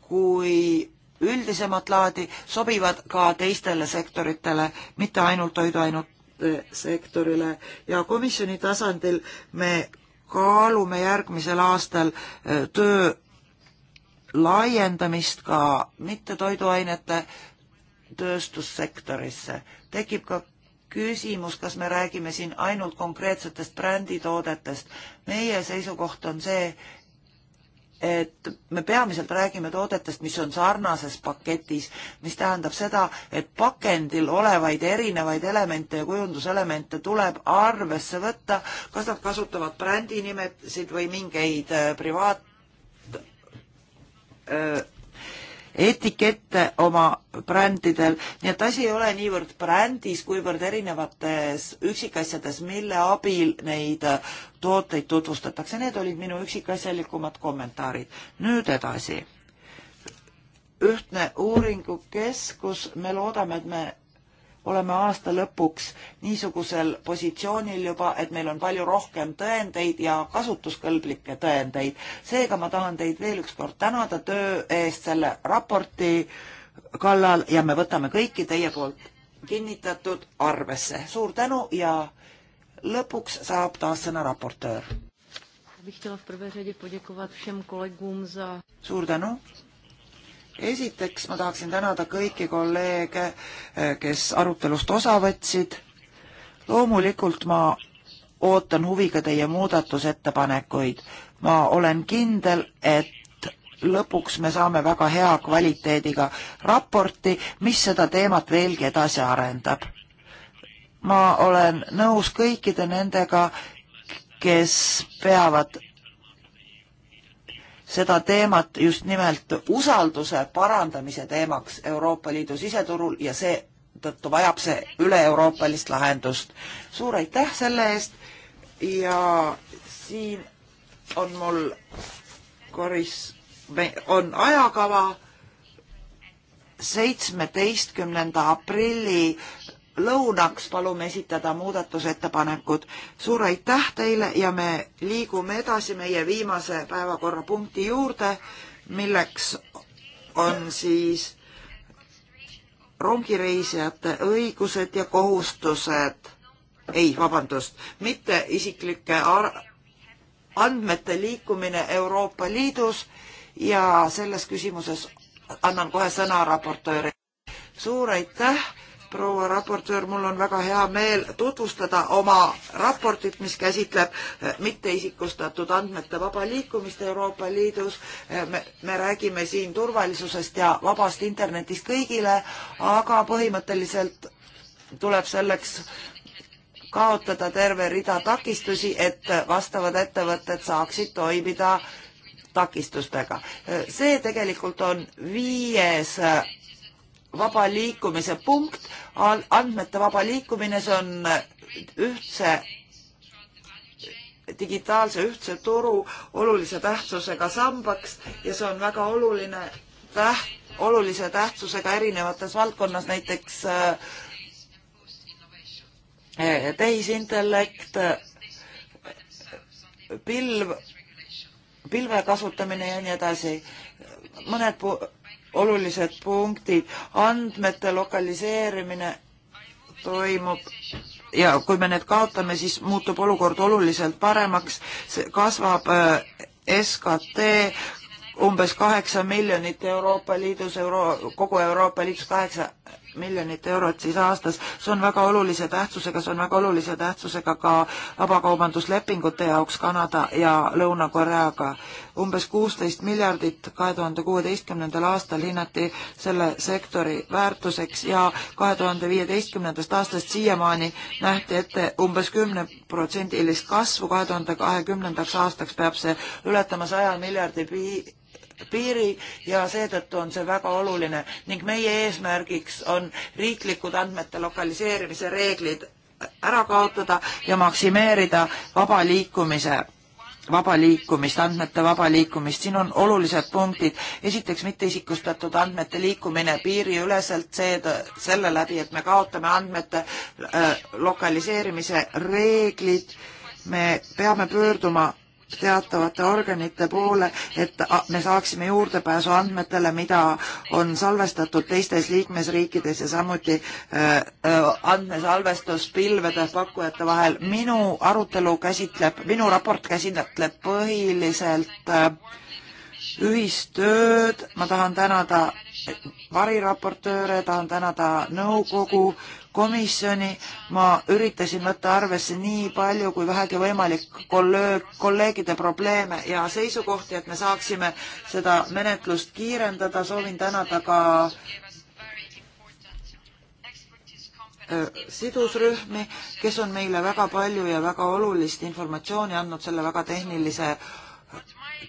kui üldisemat laadi, sobivad ka teistele sektoritele, mitte ainult toiduainete eh, sektorile ja komisjoni tasandil me kaalume järgmisel aastal eh, töö laiendamist ka mittetoiduainete tööstussektorisse. tekib ka küsimus, kas me räägime siin ainult konkreetsetest bränditoodetest. meie seisukoht on see, et me peamiselt räägime toodetest, mis on sarnases paketis, mis tähendab seda, et pakendil olevaid erinevaid elemente ja kujunduselemente tuleb arvesse võtta, kas nad kasutavad brändinimesid või mingeid äh, privaat äh, etikette oma brändidel, nii et asi ei ole niivõrd brändis, kuivõrd erinevates üksikasjades, mille abil neid tooteid tutvustatakse. Need olid minu üksikasjalikumad kommentaarid. nüüd edasi. ühtne uuringukeskus, me loodame, et me oleme aasta lõpuks niisugusel positsioonil juba, et meil on palju rohkem tõendeid ja kasutuskõlblikke tõendeid. seega ma tahan teid veel ükskord tänada töö eest selle raporti kallal ja me võtame kõiki teie poolt kinnitatud arvesse. suur tänu ja lõpuks saab taas sõna raportöör. suur tänu esiteks ma tahaksin tänada kõiki kolleege, eh, kes arutelust osa võtsid. loomulikult ma ootan huviga teie muudatusettepanekuid. ma olen kindel, et lõpuks me saame väga hea kvaliteediga raporti, mis seda teemat veelgi edasi arendab. ma olen nõus kõikide nendega, kes peavad seda teemat just nimelt usalduse parandamise teemaks Euroopa Liidu siseturul ja seetõttu vajab see üle-euroopalist lahendust. suur aitäh selle eest ja siin on mul koris, on ajakava seitsmeteistkümnenda aprilli lõunaks palume esitada muudatusettepanekud. suur aitäh teile ja me liigume edasi meie viimase päevakorrapunkti juurde, milleks on siis rongireisijate õigused ja kohustused, ei, vabandust, mitte isiklike andmete liikumine Euroopa Liidus ja selles küsimuses annan kohe sõna raportööri. suur aitäh proua raportöör, mul on väga hea meel tutvustada oma raportit, mis käsitleb eh, mitteisikustatud andmete vaba liikumist Euroopa Liidus. Eh, me, me räägime siin turvalisusest ja vabast internetist kõigile, aga põhimõtteliselt tuleb selleks kaotada terve rida takistusi, et vastavad ettevõtted saaksid toimida takistustega. Eh, see tegelikult on viies vaba liikumise punkt, andmete vaba liikumine, see on ühtse digitaalse ühtse turu olulise tähtsusega sambaks ja see on väga oluline täht, olulise tähtsusega erinevates valdkonnas, näiteks äh, tehisintellekt, pilv, pilve kasutamine ja nii edasi mõned. mõned olulised punktid, andmete lokaliseerimine toimub ja kui me need kaotame, siis muutub olukord oluliselt paremaks, kasvab äh, SKT umbes kaheksa miljonit Euroopa Liidus, euro, kogu Euroopa Liidus kaheksa miljonit eurot siis aastas. see on väga olulise tähtsusega, see on väga olulise tähtsusega ka vabakaubanduslepingute jaoks Kanada ja Lõuna-Koreaga. umbes kuusteist miljardit kahe tuhande kuueteistkümnendal aastal hinnati selle sektori väärtuseks ja kahe tuhande viieteistkümnendast aastast siiamaani nähti ette umbes kümneprotsendilist kasvu, kahe tuhande kahekümnendaks aastaks peab see ületama saja miljardi pi-, piiri ja seetõttu on see väga oluline ning meie eesmärgiks on riiklikud andmete lokaliseerimise reeglid ära kaotada ja maksimeerida vaba liikumise vaba liikumist, andmete vaba liikumist, siin on olulised punktid. esiteks mitteisikustatud andmete liikumine piiriüleselt see, selle läbi, et me kaotame andmete äh, lokaliseerimise reeglid. me peame pöörduma teatavate organite poole, et me saaksime juurdepääsu andmetele, mida on salvestatud teistes liikmesriikides ja samuti äh, äh, andmesalvestuspilvede pakkujate vahel. minu arutelu käsitleb, minu raport käsitleb põhiliselt äh, ühistööd, ma tahan tänada variraportööre, tahan tänada nõukogu komisjoni. ma üritasin võtta arvesse nii palju kui vähegi võimalik kolleegide probleeme ja seisukohti, et me saaksime seda menetlust kiirendada. soovin tänada ka sidusrühmi, kes on meile väga palju ja väga olulist informatsiooni andnud selle väga tehnilise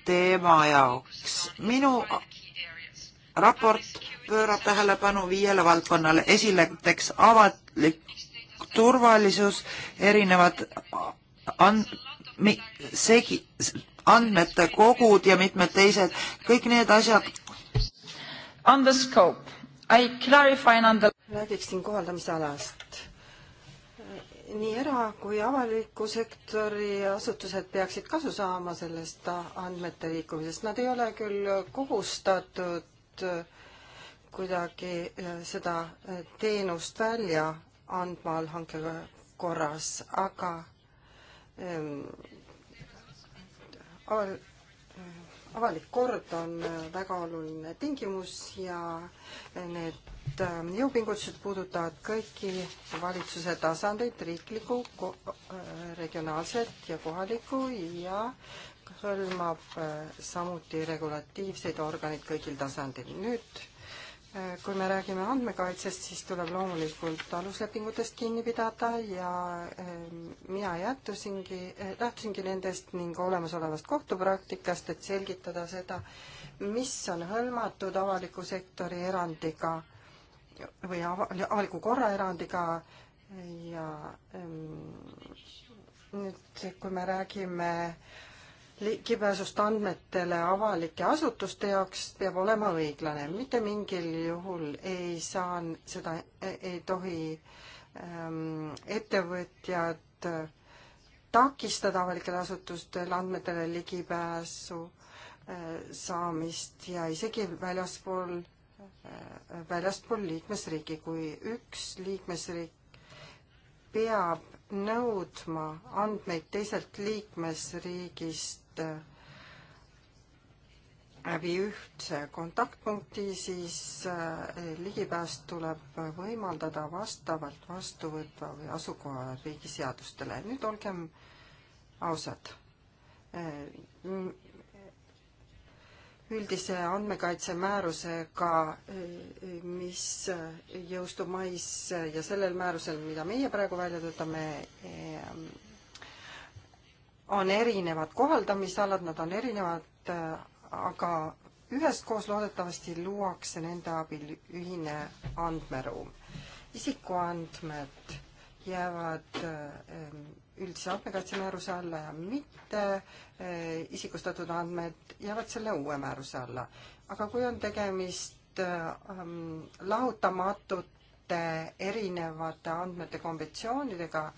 teema jaoks. minu raport pöörab tähelepanu viiele valdkonnale. Esileks avalik turvalisus, erinevad and, mi, segi, andmete kogud ja mitmed teised, kõik need asjad. On the scope, I clarify on the. räägiksin kohaldamisalast. nii era- kui avaliku sektori asutused peaksid kasu saama sellest andmete liikumisest, nad ei ole küll kohustatud Äh, kuidagi äh, seda äh, teenust välja andma allhanke korras, aga ähm, aval-, avalik kord on väga oluline tingimus ja need ähm, jõupingutused puudutavad kõiki valitsuse tasandeid, riiklikku, regionaalset ja kohalikku ja hõlmab äh, samuti regulatiivseid organeid kõigil tasandil. nüüd äh, kui me räägime andmekaitsest, siis tuleb loomulikult aluslepingutest kinni pidada ja ähm, mina jättusingi, äh, lähtusingi nendest ning olemasolevast kohtupraktikast, et selgitada seda, mis on hõlmatud avaliku sektori erandiga või avaliku korra erandiga ja ähm, nüüd, kui me räägime äh, ligipääsust andmetele avalike asutuste jaoks peab olema õiglane, mitte mingil juhul ei saa seda, ei tohi ähm, ettevõtjad äh, takistada avalikel asutustel andmetele ligipääsu äh, saamist ja isegi väljaspool äh,, väljaspool liikmesriiki, kui üks liikmesriik peab nõudma andmeid teiselt liikmesriigist Äh, läbi ühtse kontaktpunkti, siis äh, ligipääs tuleb võimaldada vastavalt vastuvõtva või asukohariigi seadustele. nüüd olgem ausad. Äh, üldise andmekaitsemäärusega, mis jõustub mais ja sellel määrusel, mida meie praegu välja töötame, on erinevad kohaldamisalad, nad on erinevad, äh, aga üheskoos loodetavasti luuakse nende abil ühine andmeruum. isikuandmed jäävad äh, üldise andmekaitse määruse alla ja mitte äh, isikustatud andmed jäävad selle uue määruse alla. aga kui on tegemist ähm, lahutamatute erinevate andmete konventsioonidega,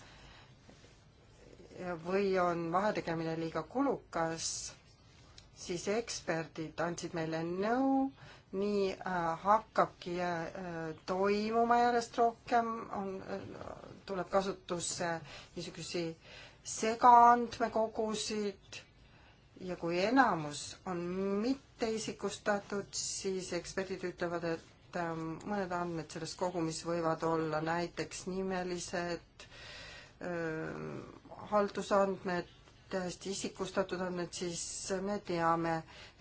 või on vahetegemine liiga kulukas, siis eksperdid andsid meile nõu, nii äh, hakkabki äh, toimuma järjest rohkem, on, äh, tuleb kasutusse niisugusi segaandmekogusid ja kui enamus on mitteisikustatud, siis eksperdid ütlevad, et ähm, mõned andmed selles kogumis võivad olla näiteks nimelised, ähm, haldusandmed, täiesti isikustatud andmed, siis me teame,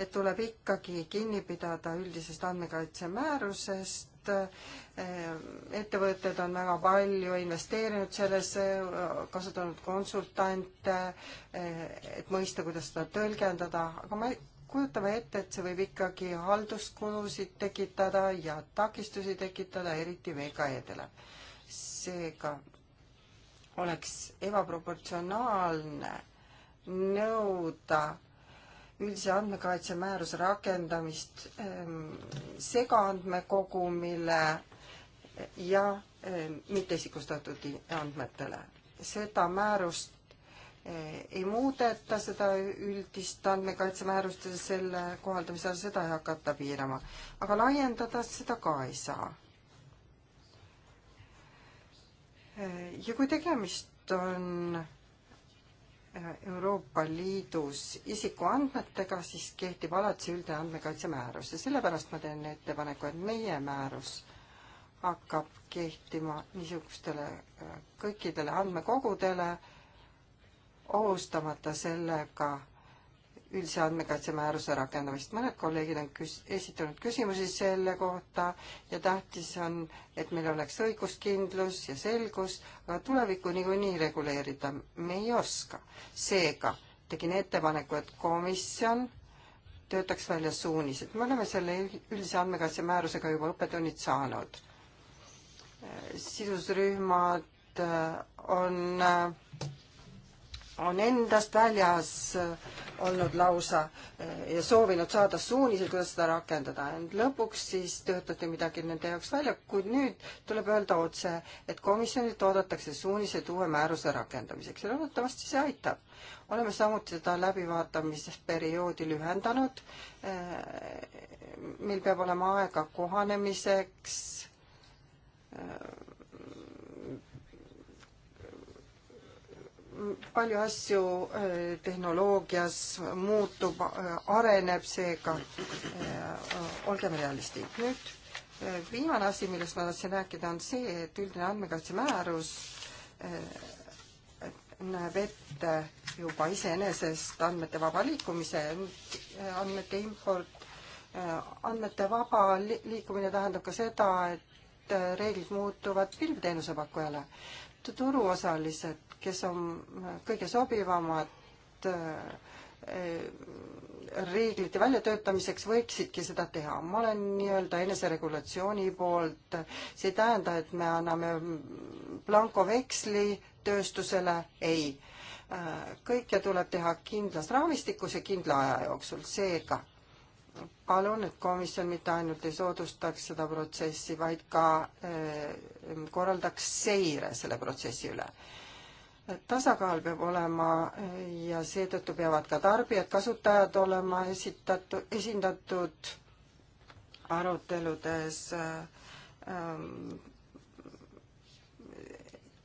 et tuleb ikkagi kinni pidada üldisest andmekaitsemäärusest, eh, ettevõtted on väga palju investeerinud sellesse, kasutanud konsultante, eh, et mõista, kuidas seda tõlgendada, aga me kujutame ette, et see võib ikkagi halduskulusid tekitada ja takistusi tekitada, eriti VKE-dele. seega oleks ebaproportsionaalne nõuda üldise andmekaitse määruse rakendamist ähm, segaandmekogumile ja ähm, mitteisikustatud andmetele. seda määrust äh, ei muudeta, seda üldist andmekaitse määrust ja selle kohaldamise all seda ei hakata piirama, aga laiendada seda ka ei saa ja kui tegemist on äh, Euroopa Liidus isikuandmetega, siis kehtib alati üldine andmekaitse määrus ja sellepärast ma teen ettepaneku, et meie määrus hakkab kehtima niisugustele äh, kõikidele andmekogudele, ohustamata sellega üldise andmekaitsemääruse rakendamist. mõned kolleegid on küs-, esitanud küsimusi selle kohta ja tähtis on, et meil oleks õiguskindlus ja selgus, aga tulevikku niikuinii reguleerida me ei oska. seega tegin ettepaneku, et komisjon töötaks välja suunised. me oleme selle üldise andmekaitsemäärusega juba õppetunnid saanud. sidusrühmad äh, on äh, on endast väljas äh, olnud lausa äh, ja soovinud saada suuniseid, kuidas seda rakendada. ent lõpuks siis töötati midagi nende jaoks välja, kuid nüüd tuleb öelda otse, et komisjonilt oodatakse suuniseid uue määruse rakendamiseks ja loodetavasti see aitab. oleme samuti seda läbivaatamisperioodi lühendanud. Äh, meil peab olema aega kohanemiseks palju asju eh, tehnoloogias muutub, eh, areneb, seega eh, olgem realistid. nüüd viimane asi, millest ma tahtsin rääkida, on see, et üldine andmekaitse määrus näeb ette juba iseenesest andmete vaba liikumise, andmete import, andmete vaba liikumine tähendab ka seda, et reeglid muutuvad filmiteenuse pakkujale turuosalised, kes on kõige sobivamad eh, reeglite väljatöötamiseks võiksidki seda teha. ma olen nii-öelda eneseregulatsiooni poolt, see ei tähenda, et me anname blankoveksli tööstusele, ei. kõike tuleb teha kindlas raamistikus ja kindla aja jooksul, seega palun, et komisjon mitte ainult ei soodustaks seda protsessi, vaid ka eh, korraldaks seire selle protsessi üle. tasakaal peab olema eh, ja seetõttu peavad ka tarbijad, kasutajad olema esitatud, esindatud aruteludes ähm,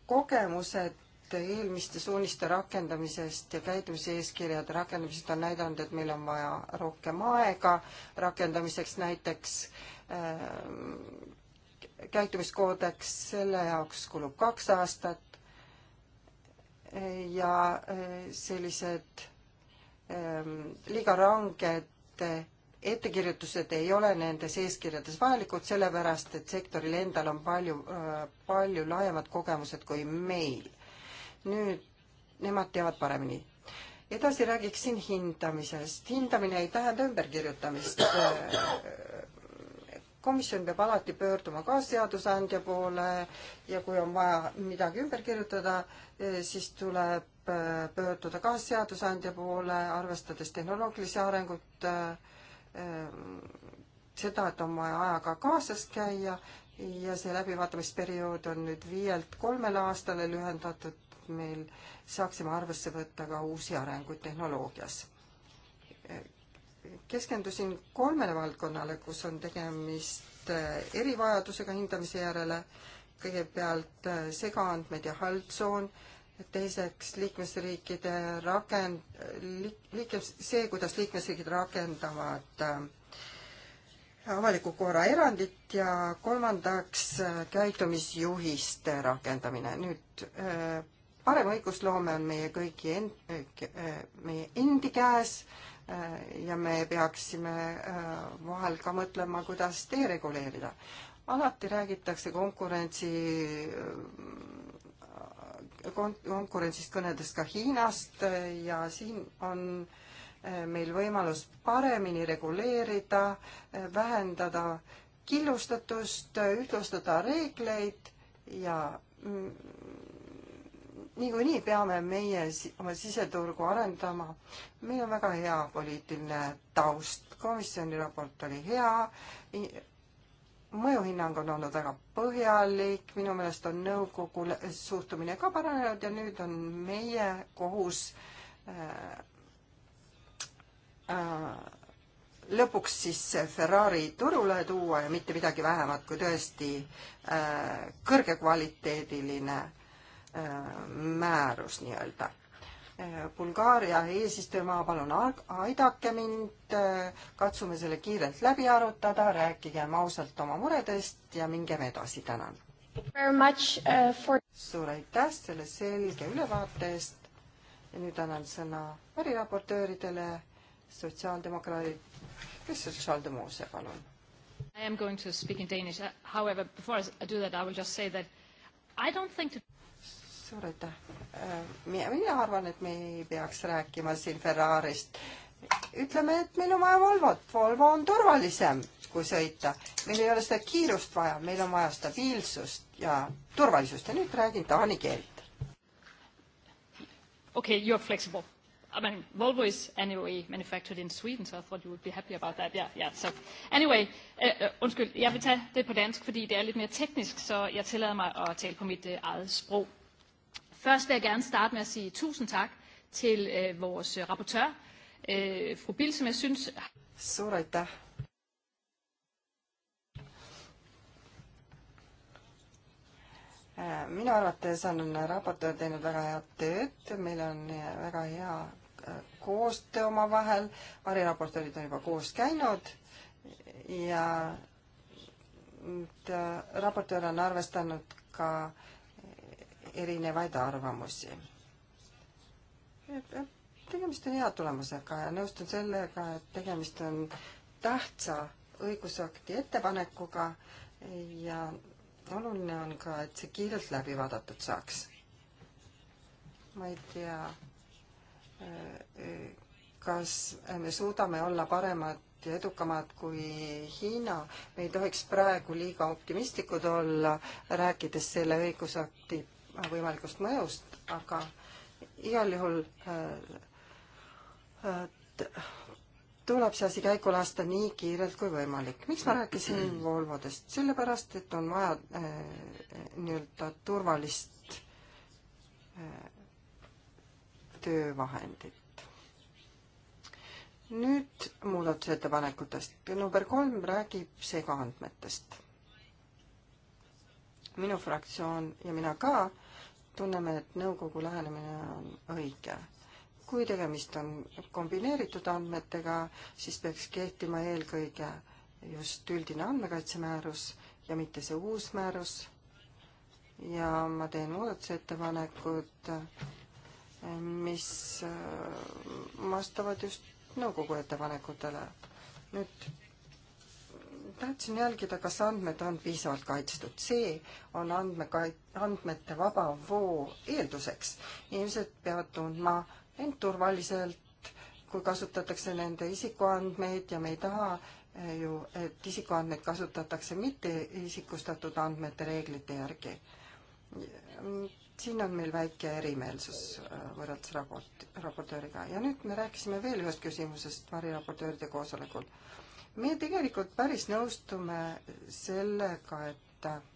kogemused et eelmiste suuniste rakendamisest ja käitumiseeskirjade rakendamisest on näidanud, et meil on vaja rohkem aega rakendamiseks näiteks äh, käitumiskoodeks, selle jaoks kulub kaks aastat ja äh, sellised äh, liiga ranged ettekirjutused ei ole nendes eeskirjades vajalikud, sellepärast et sektoril endal on palju, äh, palju laiemad kogemused kui meil nüüd nemad teavad paremini. edasi räägiksin hindamisest. hindamine ei tähenda ümberkirjutamist. Äh, komisjon peab alati pöörduma ka seadusandja poole ja kui on vaja midagi ümber kirjutada, äh, siis tuleb äh, pöörduda ka seadusandja poole, arvestades tehnoloogilisi arengut, seda, et on vaja ajaga kaasas käia ja see läbivaatamisperiood on nüüd viielt kolmele aastale lühendatud et meil saaksime arvesse võtta ka uusi arenguid tehnoloogias. keskendusin kolmele valdkonnale, kus on tegemist eh, erivajadusega hindamise järele, kõigepealt eh, segaandmed ja haldtsoon, teiseks liikmesriikide rakend-, liik-, liikmes-, see, kuidas liikmesriigid rakendavad äh, avaliku korra erandit ja kolmandaks käitumisjuhiste rakendamine. nüüd parem õigusloome on meie kõigi end-, eh, eh, meie endi käes eh, ja me peaksime vahel ka mõtlema, kuidas dereguleerida. alati räägitakse konkurentsi kon-, konkurentsist kõnedes ka Hiinast ja siin on meil võimalus paremini reguleerida, vähendada killustatust, ühtlustada reegleid ja mm, niikuinii peame meie oma siseturgu arendama. meil on väga hea poliitiline taust, komisjoni raport oli hea, mõjuhinnang on olnud väga põhjalik, minu meelest on nõukogu suhtumine ka paranenud ja nüüd on meie kohus äh, äh, lõpuks siis Ferrari turule tuua ja mitte midagi vähemat kui tõesti äh, kõrgekvaliteediline Äh, määrus nii-öelda. Äh, Bulgaaria eesistujamaa, palun aidake mind, äh, katsume selle kiirelt läbi arutada, rääkigem ausalt oma muredest ja mingem edasi, tänan. For... suur aitäh selle selge ülevaate eest ja nüüd annan sõna variraportööridele, sotsiaaldemokraadid, kes sotsiaaldemokraadid, palun I am going to speak in Danish. However, before I do that, I will just say that I don't think to suur aitäh. Äh, mina arvan, et me ei peaks rääkima siin Ferrarist. ütleme, et meil on vaja Volvot, Volvo on turvalisem, kui sõita. meil ei ole seda kiirust vaja, meil on vaja stabiilsust ja turvalisust ja nüüd räägin taani keelt. okei okay,, you are flexible. I mean, Volvo is anyway manufactured in Sweden, so I thought you would be happy about that. Yeah, yeah. So anyway, uh, undskyld, jeg vil tage det på dansk, fordi det er lidt mere teknisk, så jeg tillader mig at tale på mit uh, eget sprog. Først vil jeg gerne starte med at sige tusind tak til øh, vores øh, rapportør, øh, fru Bill, som jeg synes... Suur aitäh! Äh, minu arvates on raportöör teinud väga head tööd, meil on äh, väga hea äh, koostöö omavahel, variraportöörid on juba koos käinud ja raportöör on arvestanud ka äh, erinevaid arvamusi. tegemist on hea tulemusega ja nõustun sellega, et tegemist on tähtsa õigusakti ettepanekuga ja oluline on ka, et see kiirelt läbi vaadatud saaks. ma ei tea, kas me suudame olla paremad ja edukamad kui Hiina. me ei tohiks praegu liiga optimistlikud olla, rääkides selle õigusakti Äh, võimalikust mõjust, aga igal juhul äh, äh, tuleb see asi käiku lasta nii kiirelt kui võimalik. miks ma rääkisin Volvodest? sellepärast, et on vaja äh, nii-öelda turvalist äh, töövahendit. nüüd muudatusettepanekutest. number kolm räägib segaandmetest. minu fraktsioon ja mina ka tunneme, et nõukogu lähenemine on õige. kui tegemist on kombineeritud andmetega, siis peaks kehtima eelkõige just üldine andmekaitsemäärus ja mitte see uus määrus. ja ma teen muudatusettepanekud, mis äh, vastavad just nõukogu ettepanekutele. nüüd tahtsin jälgida, kas andmed on piisavalt kaitstud. see on andmekait-, andmete vaba voo eelduseks. inimesed peavad tundma end turvaliselt, kui kasutatakse nende isikuandmeid ja me ei taha eh, ju, et isikuandmeid kasutatakse mitte isikustatud andmete reeglite järgi. siin on meil väike erimeelsus eh, võrreldes raport, raportööriga ja nüüd me rääkisime veel ühest küsimusest variraportööride koosolekul meie tegelikult päris nõustume sellega, et ähm,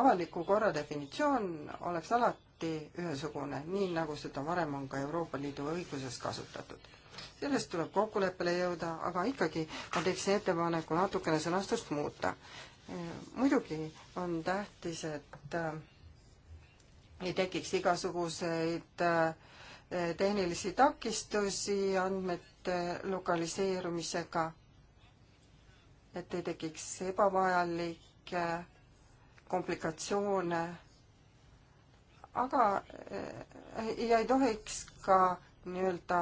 avaliku korra definitsioon oleks alati ühesugune, nii nagu seda varem on ka Euroopa Liidu õiguses kasutatud. sellest tuleb kokkuleppele jõuda, aga ikkagi ma teeksin ettepaneku natukene sõnastust muuta. Äh, muidugi on tähtis, et äh, ei tekiks igasuguseid äh, tehnilisi takistusi andmete lokaliseerumisega, et ei tekiks ebavajalikke komplikatsioone, aga eh, ja ei tohiks ka nii-öelda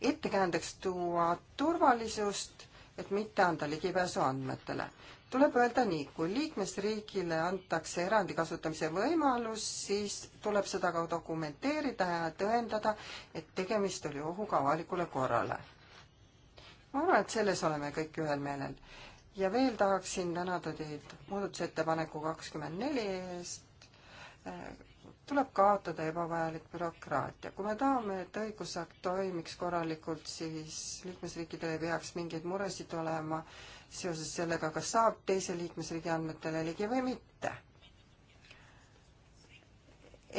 ettekäändeks tuua turvalisust, et mitte anda ligipääsu andmetele tuleb öelda nii, kui liikmesriigile antakse erandi kasutamise võimalus, siis tuleb seda ka dokumenteerida ja tõendada, et tegemist oli ohuga avalikule korrale. ma arvan, et selles oleme kõik ühel meelel. ja veel tahaksin tänada teid muudatusettepaneku kakskümmend neli eest, tuleb kaotada ebavajalik bürokraatia. kui me tahame, et õigusakt toimiks korralikult, siis liikmesriikidel ei peaks mingeid muresid olema seoses sellega, kas saab teise liikmesriigi andmetele ligi või mitte.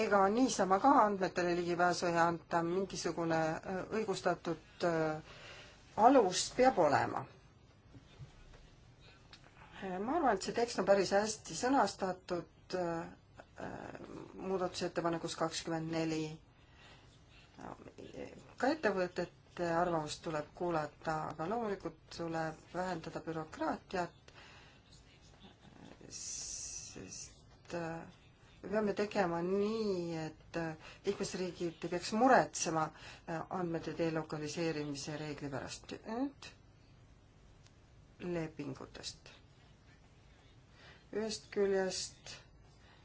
ega niisama ka andmetele ligipääsu ei anta, mingisugune äh, õigustatud äh, alus peab olema äh, ma arvan, et see tekst on päris hästi sõnastatud muudatusettepanekus kakskümmend neli. ka ettevõtete arvamust tuleb kuulata, aga loomulikult tuleb vähendada bürokraatiat, sest äh, me peame tegema nii, et äh, liikmesriigid ei peaks muretsema äh, andmete delokaliseerimise reegli pärast. nüüd lepingutest. ühest küljest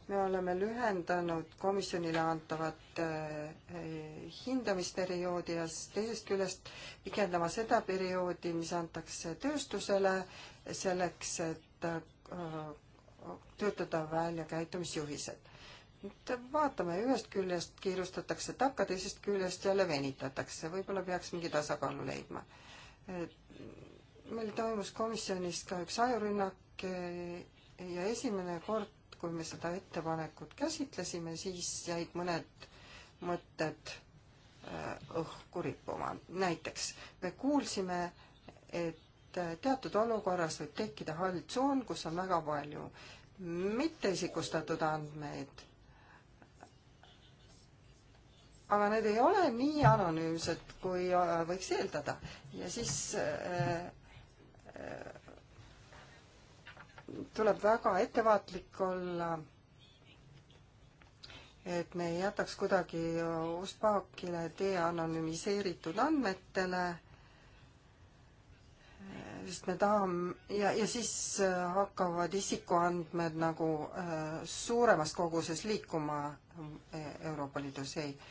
me oleme lühendanud komisjonile antavat eh, eh, hindamisperioodi ja teisest küljest pikendama seda perioodi, mis antakse tööstusele selleks, et eh, töötada välja käitumisjuhised et vaatame, ühest küljest kiirustatakse takka, teisest küljest jälle venitatakse, võib-olla peaks mingi tasakaalu leidma. meil toimus komisjonis ka üks ajurünnak ja esimene kord kui me seda ettepanekut käsitlesime, siis jäid mõned mõtted äh, õhku rippuma. näiteks me kuulsime, et äh, teatud olukorras võib tekkida hall tsoon, kus on väga palju mitteisikustatud andmeid. aga need ei ole nii anonüümsed, kui äh, võiks eeldada ja siis äh, äh, tuleb väga ettevaatlik olla, et me ei jätaks kuidagi ostpaakile tee anonüümiseeritud andmetele, sest me tahame ja, ja siis hakkavad isikuandmed nagu äh, suuremas koguses liikuma äh, Euroopa Liidus, ei äh,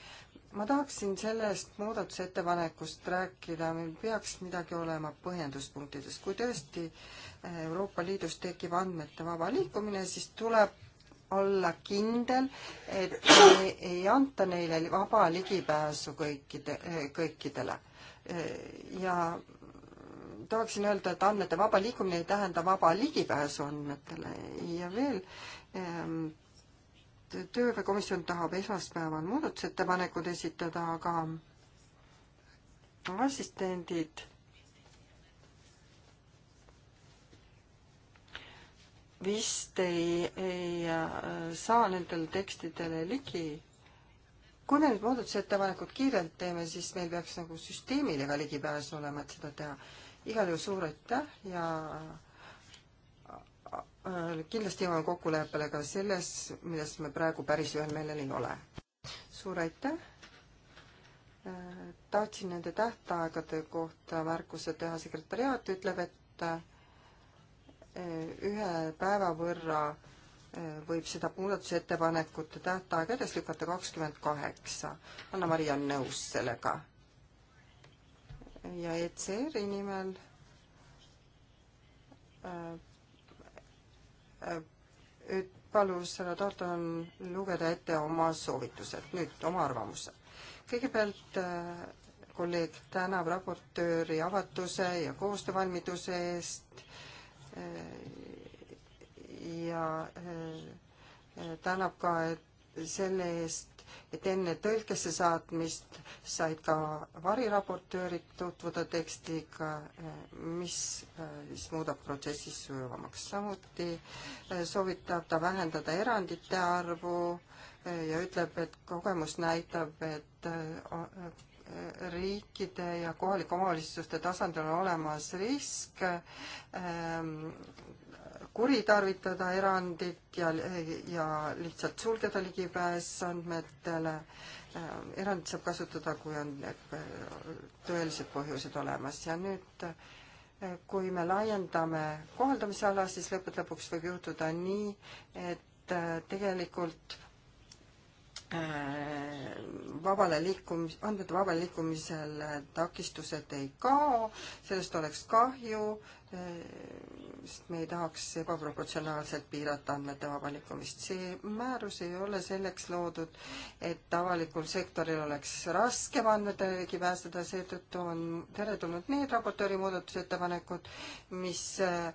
ma tahaksin sellest muudatusettepanekust rääkida, meil peaks midagi olema põhjenduspunktides. kui tõesti eh, Euroopa Liidus tekib andmete vaba liikumine, siis tuleb olla kindel, et ei, ei anta neile vaba ligipääsu kõikide, eh, kõikidele. Eh, ja tahaksin öelda, et andmete vaba liikumine ei tähenda vaba ligipääsu andmetele ja veel ähm, et tööhõivekomisjon tahab esmaspäeval muudatusettepanekud esitada, aga assistendid vist ei, ei äh, saa nendele tekstidele ligi. kui me nüüd muudatusettepanekud kiirelt teeme, siis meil peaks nagu süsteemile ka ligipääs olema, et seda teha. igal juhul suur aitäh ja Äh, kindlasti jõuame kokkuleppele ka selles, milles me praegu päris ühel meelel ei ole. suur aitäh! Äh, tahtsin nende tähtaegade kohta märkuse teha, sekretäriaat ütleb, et äh, ühe päeva võrra võib seda muudatusettepanekute tähtaega edasi lükata kakskümmend kaheksa. Anna-Maria on nõus sellega. ja ECR-i nimel Äh, palus härra Dalton lugeda ette oma soovitused, nüüd oma arvamused. kõigepealt äh, kolleeg tänab raportööri avatuse ja koostöövalmiduse eest äh, ja tänab ka selle eest, et enne tõlkesse saatmist said ka variraportöörid tutvuda tekstiga, eh, mis eh, siis muudab protsessi sujuvamaks. samuti eh, soovitab ta vähendada erandite arvu ja ütleb, et kogemus näitab, et riikide ja kohalike omavalitsuste tasandil on olemas risk kuritarvitada erandit ja, ja lihtsalt sulgeda ligipääs andmetele. erandit saab kasutada, kui on tõelised põhjused olemas ja nüüd kui me laiendame kohaldamisala, siis lõppude lõpuks võib juhtuda nii, et tegelikult Äh, vabale liikumis, andmete vabale liikumisele takistused ei kao, sellest oleks kahju, äh, sest me ei tahaks ebaproportsionaalselt piirata andmete vaba liikumist. see määrus ei ole selleks loodud, et avalikul sektoril oleks raskem andmetele ligi pääseda, seetõttu on teretulnud need raportööri muudatusettepanekud, mis äh,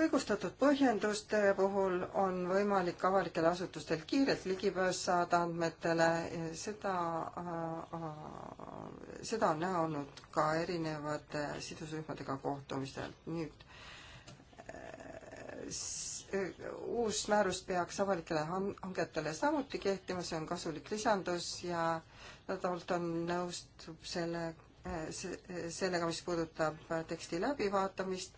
õigustatud põhjenduste puhul on võimalik avalikel asutustel kiirelt ligipääs saada andmetele, seda, äh, äh, seda on näha olnud ka erinevate sidusrühmadega kohtumistel. nüüd äh, uus määrus peaks avalikele hangetele samuti kehtima, see on kasulik lisandus ja nädalalt on nõustub selle, sellega, mis puudutab teksti läbivaatamist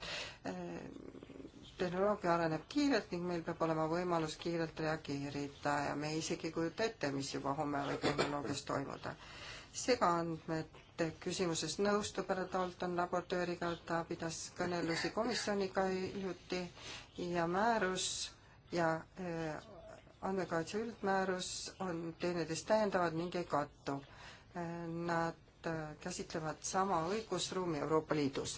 tehnoloogia areneb kiirelt ning meil peab olema võimalus kiirelt reageerida ja me ei isegi ei kujuta ette, mis juba homme võib tehnoloogias toimuda. segaandmete küsimuses nõustub härra Dalton raportööriga, ta pidas kõnelusi komisjoniga hiljuti ja määrus ja äh, andmekaitse üldmäärus on teineteist täiendavad ning ei kattu äh,. Nad äh, käsitlevad sama õigusruumi Euroopa Liidus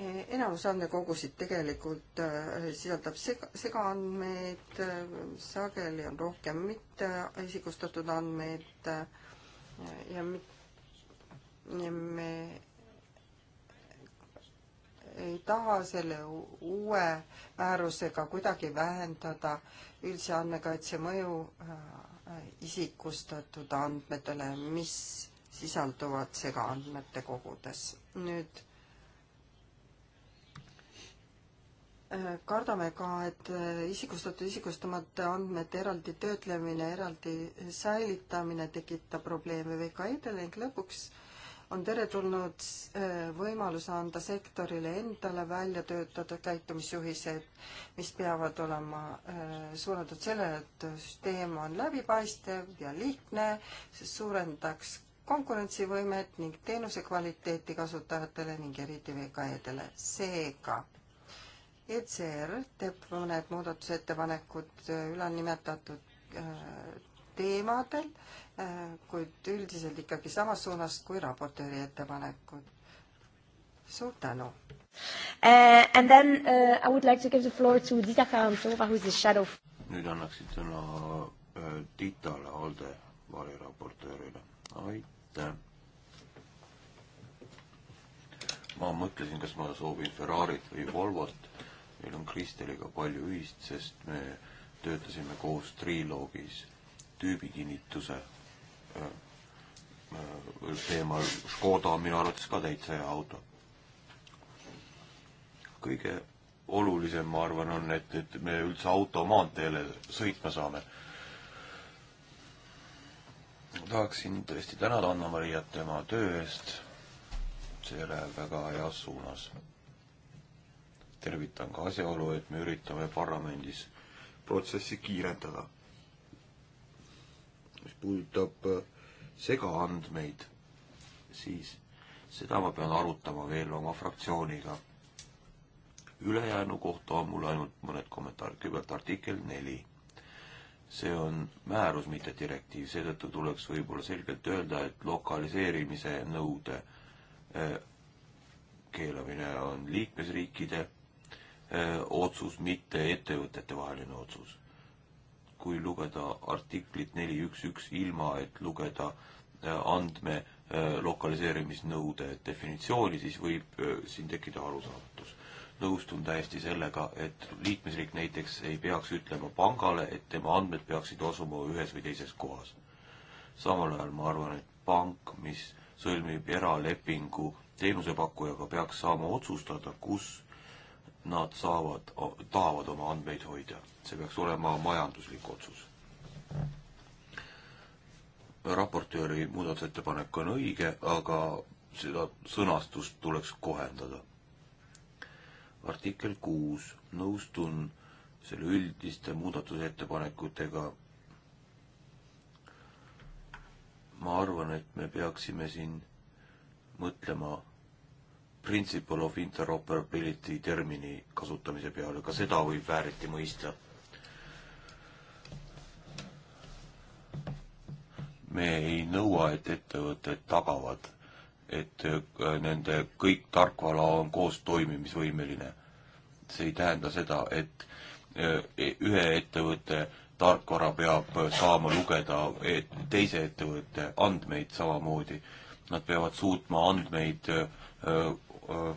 enamus andmekogusid tegelikult äh, sisaldab sega, segaandmeid, äh, sageli on rohkem mitteisikustatud andmeid äh, ja mit-, ja me ei taha selle uue määrusega kuidagi vähendada üldse andmekaitse mõju isikustatud andmetele, mis sisalduvad segaandmete kogudes. nüüd Äh, kardame ka, et äh, isikustatud, isikustamata andmete eraldi töötlemine, eraldi säilitamine tekitab probleeme VKI-dele ning lõpuks on teretulnud äh, võimalus anda sektorile endale välja töötatud käitumisjuhised, mis peavad olema suunatud sellele, et süsteem on läbipaistev ja lihtne, see suurendaks konkurentsivõimet ning teenuse kvaliteeti kasutajatele ning eriti VKE-dele. seega ECR teeb mõned muudatusettepanekud äh, ülenimetatud äh, teemadel, äh, kuid üldiselt ikkagi samas suunas kui raportööri ettepanekud. suur tänu uh,! And then uh, I would like to give the floor to Dita Karamsova, who is the shadow. nüüd annaksin sõna uh, Ditale, Alde variraportöörile. aitäh! ma mõtlesin, kas ma soovin Ferrarit või Volvot meil on Kristeliga palju ühist, sest me töötasime koos triloogis tüübikinnituse äh, äh, teemal. Škoda on minu arvates ka täitsa hea auto. kõige olulisem, ma arvan, on, et, et me üldse auto maanteele sõitma saame. tahaksin tõesti tänada Anna-Mariat tema töö eest. see läheb väga heas suunas tervitan ka asjaolu, et me üritame parlamendis protsessi kiirendada. mis puudutab äh, segaandmeid, siis seda ma pean arutama veel oma fraktsiooniga. ülejäänu kohta on mul ainult mõned kommentaarid, kõigepealt artikkel neli. see on määrus, mitte direktiiv, seetõttu tuleks võib-olla selgelt öelda, et lokaliseerimise nõude äh, keelamine on liikmesriikide otsus, mitte ettevõtete vaheline otsus. kui lugeda artiklit neli üks üks ilma, et lugeda andme lokaliseerimisnõude definitsiooni, siis võib siin tekkida arusaamatus. nõustun täiesti sellega, et liikmesriik näiteks ei peaks ütlema pangale, et tema andmed peaksid asuma ühes või teises kohas. samal ajal ma arvan, et pank, mis sõlmib eralepingu teenusepakkujaga, peaks saama otsustada, kus nad saavad, tahavad oma andmeid hoida. see peaks olema majanduslik otsus. raportööri muudatusettepanek on õige, aga seda sõnastust tuleks kohendada. artikkel kuus, nõustun selle üldiste muudatusettepanekutega. ma arvan, et me peaksime siin mõtlema principle of interoperability termini kasutamise peale, ka seda võib vääriti mõista. me ei nõua, et ettevõtted tagavad, et äh, nende kõik tarkvara on koos toimimisvõimeline. see ei tähenda seda, et äh, e-, ühe ettevõtte tarkvara peab saama lugeda e-, teise ettevõtte andmeid samamoodi. Nad peavad suutma andmeid äh, Äh,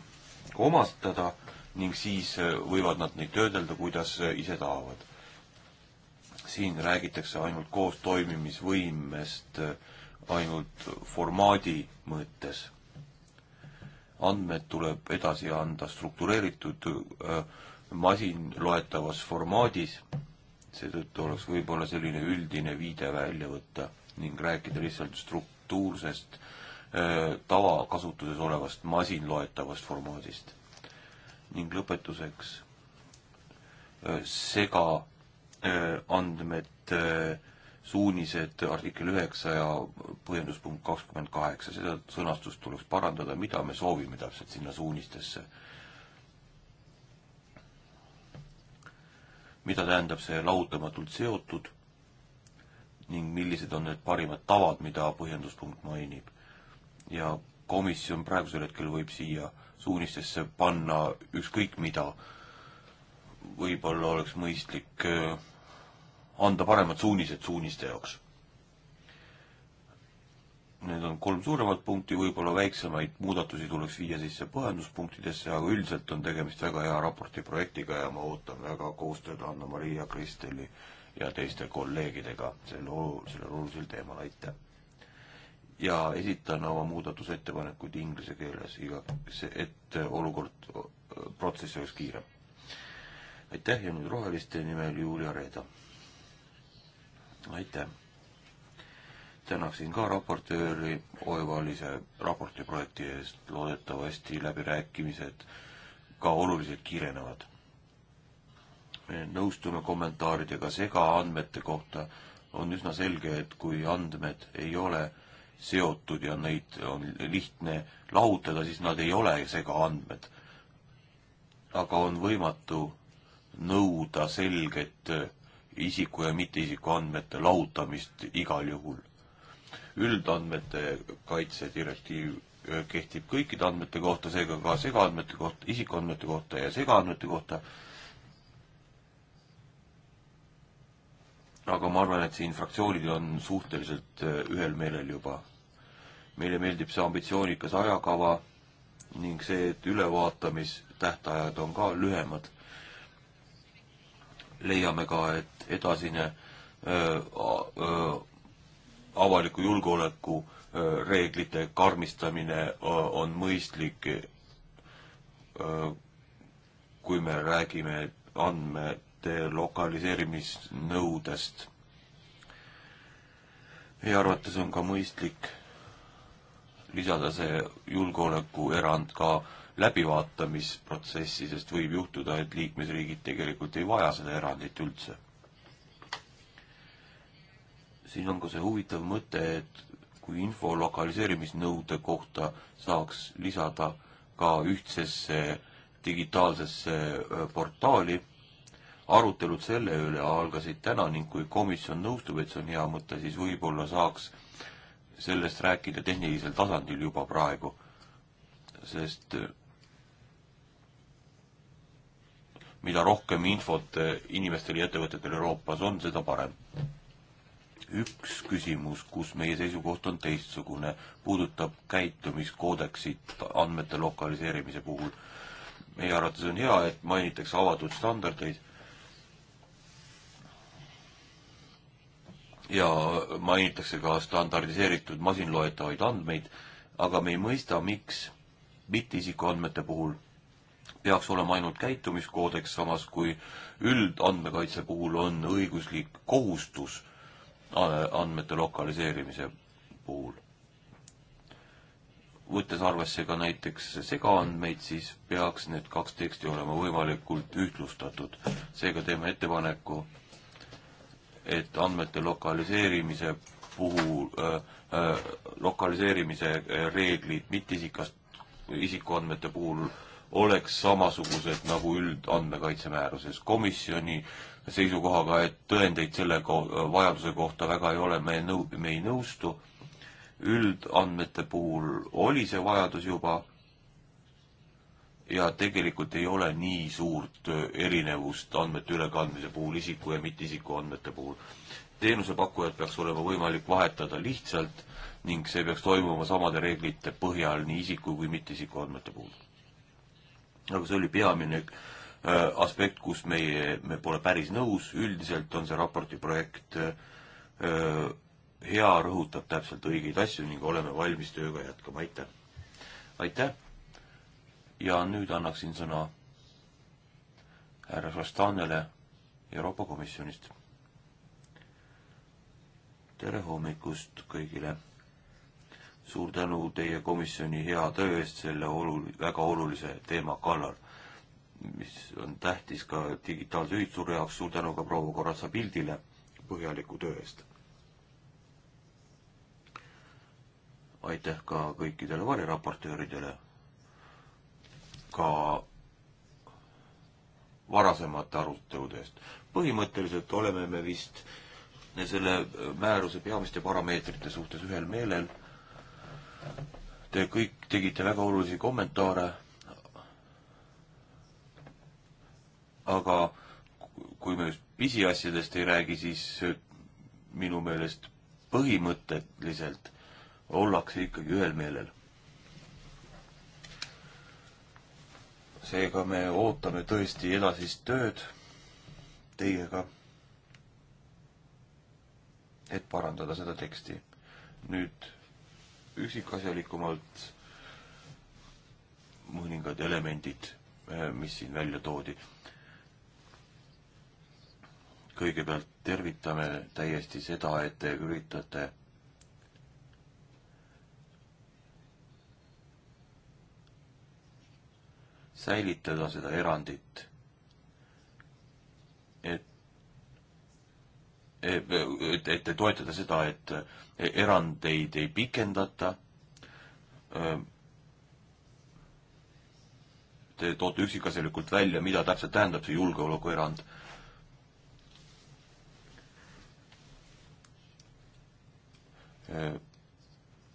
omastada ning siis äh, võivad nad neid töödelda, kuidas äh, ise tahavad. siin räägitakse ainult koostoimimisvõimest ainult formaadi mõttes. andmed tuleb edasi anda struktureeritud masinloetavas formaadis, seetõttu oleks võib-olla selline üldine viide välja võtta ning rääkida lihtsalt struktuursest äh, Äh, tavakasutuses olevast masinloetavast formaadist. ning lõpetuseks äh, segaandmed, äh, suunised artikkel üheksa ja põhjenduspunkt kakskümmend kaheksa, seda sõnastust tuleks parandada, mida me soovime täpselt sinna suunistesse. mida tähendab see lahutamatult seotud ning millised on need parimad tavad, mida põhjenduspunkt mainib ja komisjon praegusel hetkel võib siia suunistesse panna ükskõik mida. võib-olla oleks mõistlik äh, anda paremad suunised suuniste jaoks. Need on kolm suuremat punkti, võib-olla väiksemaid muudatusi tuleks viia sisse põhjenduspunktidesse, aga üldiselt on tegemist väga hea raporti projektiga ja ma ootan väga koostööd Anna-Maria Kristeli ja teiste kolleegidega sel olu-, sellel olulisel teemal, aitäh! ja esitan oma muudatusettepanekuid inglise keeles igaks, et olukord, protsess oleks kiirem. aitäh ja nüüd Roheliste nimel Julia Reeda. aitäh. tänaksin ka raportööri oevalise raporti projekti eest, loodetavasti läbirääkimised ka oluliselt kiirenevad. me nõustume kommentaaridega segaandmete kohta, on üsna selge, et kui andmed ei ole äh, seotud ja neid on lihtne lahutada, siis nad ei ole segaandmed. aga on võimatu nõuda selget isiku ja mitteisiku andmete lahutamist igal juhul. üldandmete kaitse direktiiv äh, kehtib kõikide andmete kohta, seega ka segaandmete kohta, isikuandmete kohta ja segaandmete kohta aga ma arvan, et siin fraktsioonid on suhteliselt äh, ühel meelel juba. meile meeldib see ambitsioonikas ajakava ning see, et ülevaatamistähtajad on ka lühemad. leiame ka, et edasine öö, äh, öö, äh, avaliku julgeoleku öö, reeglite karmistamine öö, on mõistlik, kui me räägime andme lokaliseerimisnõudest. meie arvates on ka mõistlik lisada see julgeolekuerand ka läbivaatamisprotsessi, sest võib juhtuda, et liikmesriigid tegelikult ei vaja seda erandit üldse. siin on ka see huvitav mõte, et kui info lokaliseerimisnõude kohta saaks lisada ka ühtsesse digitaalsesse äh, portaali arutelud selle üle algasid täna ning kui komisjon nõustub, et see on hea mõte, siis võib-olla saaks sellest rääkida tehnilisel tasandil juba praegu, sest äh, mida rohkem infot äh, inimestel ja ettevõtetel Euroopas on, seda parem. üks küsimus, kus meie seisukoht on teistsugune, puudutab käitumiskoodeksit andmete lokaliseerimise puhul. meie arvates on hea, et mainitakse avatud standardeid ja mainitakse ka standardiseeritud masinloetavaid andmeid, aga me ei mõista, miks mitteisikuandmete puhul peaks olema ainult käitumiskoodeks, samas kui üldandmekaitse puhul on õiguslik kohustus äh, andmete lokaliseerimise puhul. võttes arvesse ka näiteks segaandmeid, siis peaks need kaks teksti olema võimalikult ühtlustatud. seega teeme ettepaneku et andmete lokaliseerimise puhul äh, äh, lokaliseerimise äh, reeglid mittisikas, isikuandmete puhul oleks samasugused nagu üldandmekaitse määruses. komisjoni seisukohaga, et tõendeid selle ko vajaduse kohta väga ei ole, me nõu-, me ei nõustu. üldandmete puhul oli see vajadus juba ja tegelikult ei ole nii suurt äh, erinevust andmete ülekandmise puhul isiku ja mitteisiku andmete puhul. teenusepakkujad peaks olema võimalik vahetada lihtsalt ning see peaks toimuma samade reeglite põhjal nii isiku kui mitteisiku andmete puhul. aga see oli peamine äh, aspekt, kus meie, me pole päris nõus, üldiselt on see raporti projekt öö, äh, hea, rõhutab täpselt õigeid asju ning oleme valmis tööga jätkama, aitäh! aitäh! ja nüüd annaksin sõna härra Šastanele Euroopa Komisjonist. tere hommikust kõigile! suur tänu teie komisjoni hea töö eest selle olul-, väga olulise teema kallal, mis on tähtis ka digitaalse ühisturu jaoks, suur tänu ka proua Korratsa pildile põhjaliku töö eest. aitäh ka kõikidele variraportööridele ka varasemate arutelude eest. põhimõtteliselt oleme me vist selle määruse peamiste parameetrite suhtes ühel meelel. Te kõik tegite väga olulisi kommentaare. aga kui me just pisiasjadest ei räägi, siis minu meelest põhimõtteliselt ollakse ikkagi ühel meelel seega me ootame tõesti edasist tööd teiega, et parandada seda teksti. nüüd üksikasjalikumalt mõningad elemendid, eh, mis siin välja toodi. kõigepealt tervitame täiesti seda, et te üritate säilitada seda erandit, et et, et, et toetada seda, et erandeid ei pikendata. Te toote üksikasjalikult välja, mida täpselt tähendab see julgeolekuerand. Uh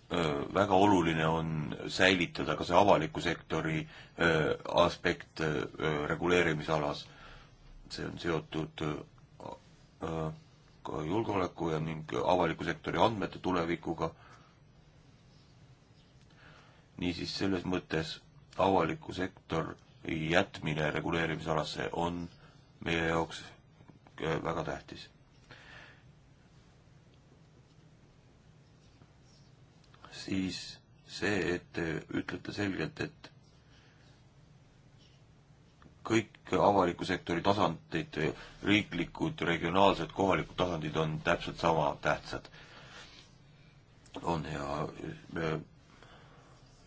väga oluline on säilitada ka see avaliku sektori aspekt reguleerimisalas. see on seotud ka julgeoleku ja ning avaliku sektori andmete tulevikuga. niisiis, selles mõttes avaliku sektor jätmine reguleerimisalasse on meie jaoks väga tähtis siis see, et te ütlete selgelt, et kõik avaliku sektori tasandid, riiklikud, regionaalsed, kohalikud tasandid on täpselt sama tähtsad. on hea äh,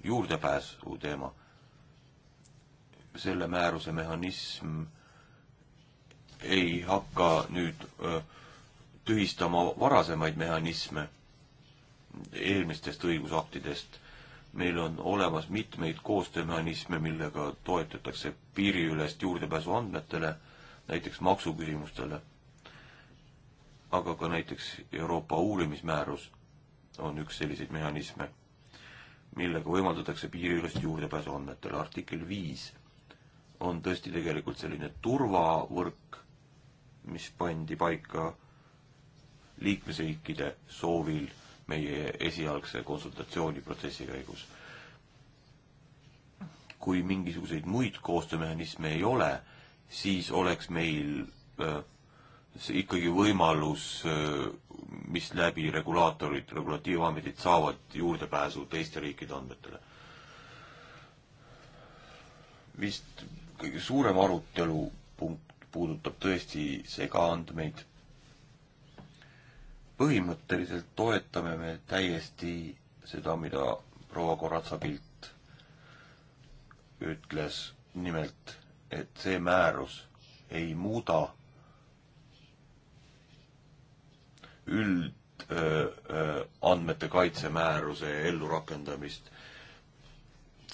juurdepääsu teema. selle määruse mehhanism ei hakka nüüd äh, tühistama varasemaid mehhanisme eelmistest õigusaktidest. meil on olemas mitmeid koostöömehhanisme, millega toetatakse piiriülest juurdepääsu andmetele, näiteks maksuküsimustele, aga ka näiteks Euroopa uurimismäärus on üks selliseid mehhanisme, millega võimaldatakse piiriülest juurdepääsu andmetele. artikkel viis on tõesti tegelikult selline turvavõrk, mis pandi paika liikmesriikide soovil meie esialgse konsultatsiooniprotsessi käigus. kui mingisuguseid muid koostöömehhanisme ei ole, siis oleks meil äh, see ikkagi võimalus, äh, mis läbi regulaatorid, regulatiivametid saavad juurdepääsu teiste riikide andmetele. vist kõige suurem arutelu punkt puudutab tõesti segaandmeid põhimõtteliselt toetame me täiesti seda, mida proua Koratsa-Pilt ütles, nimelt, et see määrus ei muuda üldandmete kaitsemääruse ellurakendamist.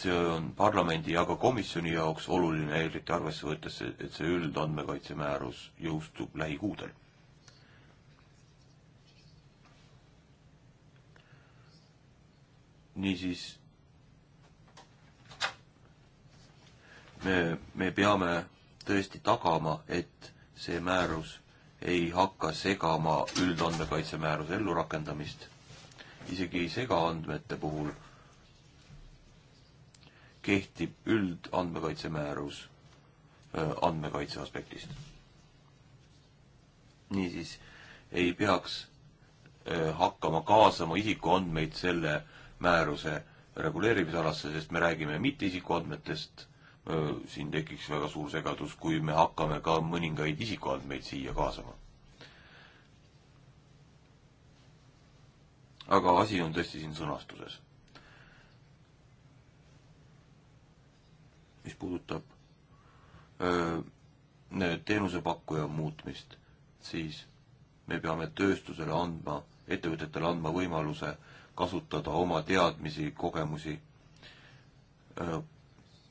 see on parlamendi ja ka komisjoni jaoks oluline, eriti arvesse võttes, et see üldandmekaitsemäärus jõustub lähikuudel niisiis me, me peame tõesti tagama, et see määrus ei hakka segama üldandmekaitse määruse ellurakendamist, isegi segaandmete puhul kehtib üldandmekaitse määrus andmekaitse aspektist. niisiis ei peaks hakkama kaasama isikuandmeid selle määruse reguleerimisalasse, sest me räägime mitteisikuandmetest, siin tekiks väga suur segadus, kui me hakkame ka mõningaid isikuandmeid siia kaasama. aga asi on tõesti siin sõnastuses. mis puudutab öö, teenusepakkuja muutmist, siis me peame tööstusele andma, ettevõtetele andma võimaluse öö, kasutada oma teadmisi, kogemusi äh,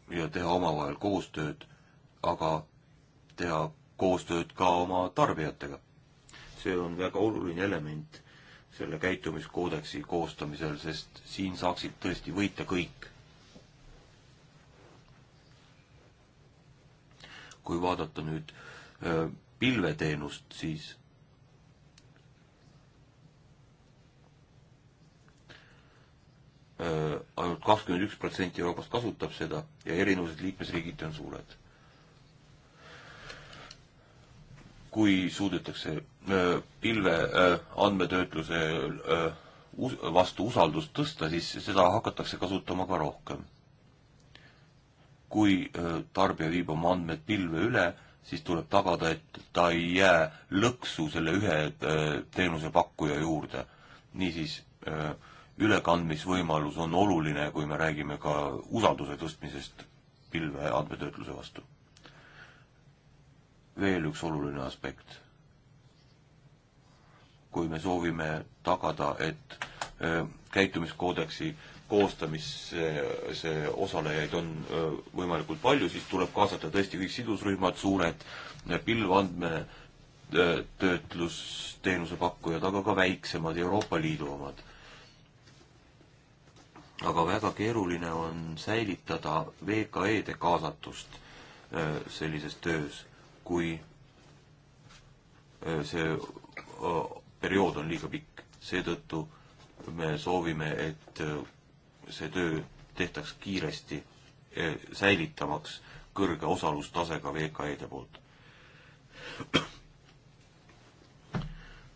ja teha omavahel koostööd, aga teha koostööd ka oma tarbijatega. see on väga oluline element selle käitumiskoodeksi koostamisel, sest siin saaksid tõesti võita kõik. kui vaadata nüüd äh, pilveteenust, siis Äh, ainult kakskümmend üks protsenti Euroopast kasutab seda ja erinevused liikmesriigiti on suured. kui suudetakse äh, pilve äh, andmetöötluse vastu usaldust tõsta, siis seda hakatakse kasutama ka rohkem. kui tarbija viib oma andmed pilve üle, siis tuleb tagada, et ta ei jää lõksu selle ühe teenusepakkuja juurde. niisiis äh, ülekandmisvõimalus on oluline, kui me räägime ka usalduse tõstmisest pilve andmetöötluse vastu. veel üks oluline aspekt. kui me soovime tagada, et äh, käitumiskoodeksi koostamisse osalejaid on äh, võimalikult palju, siis tuleb kaasata tõesti kõik sidusrühmad, suured äh, pilvandme töötlusteenuse pakkujad, aga ka väiksemad Euroopa Liidu omad aga väga keeruline on säilitada VKE-de kaasatust sellises töös, kui see periood on liiga pikk. seetõttu me soovime, et see töö tehtaks kiiresti, säilitamaks kõrge osalustasega VKE-de poolt.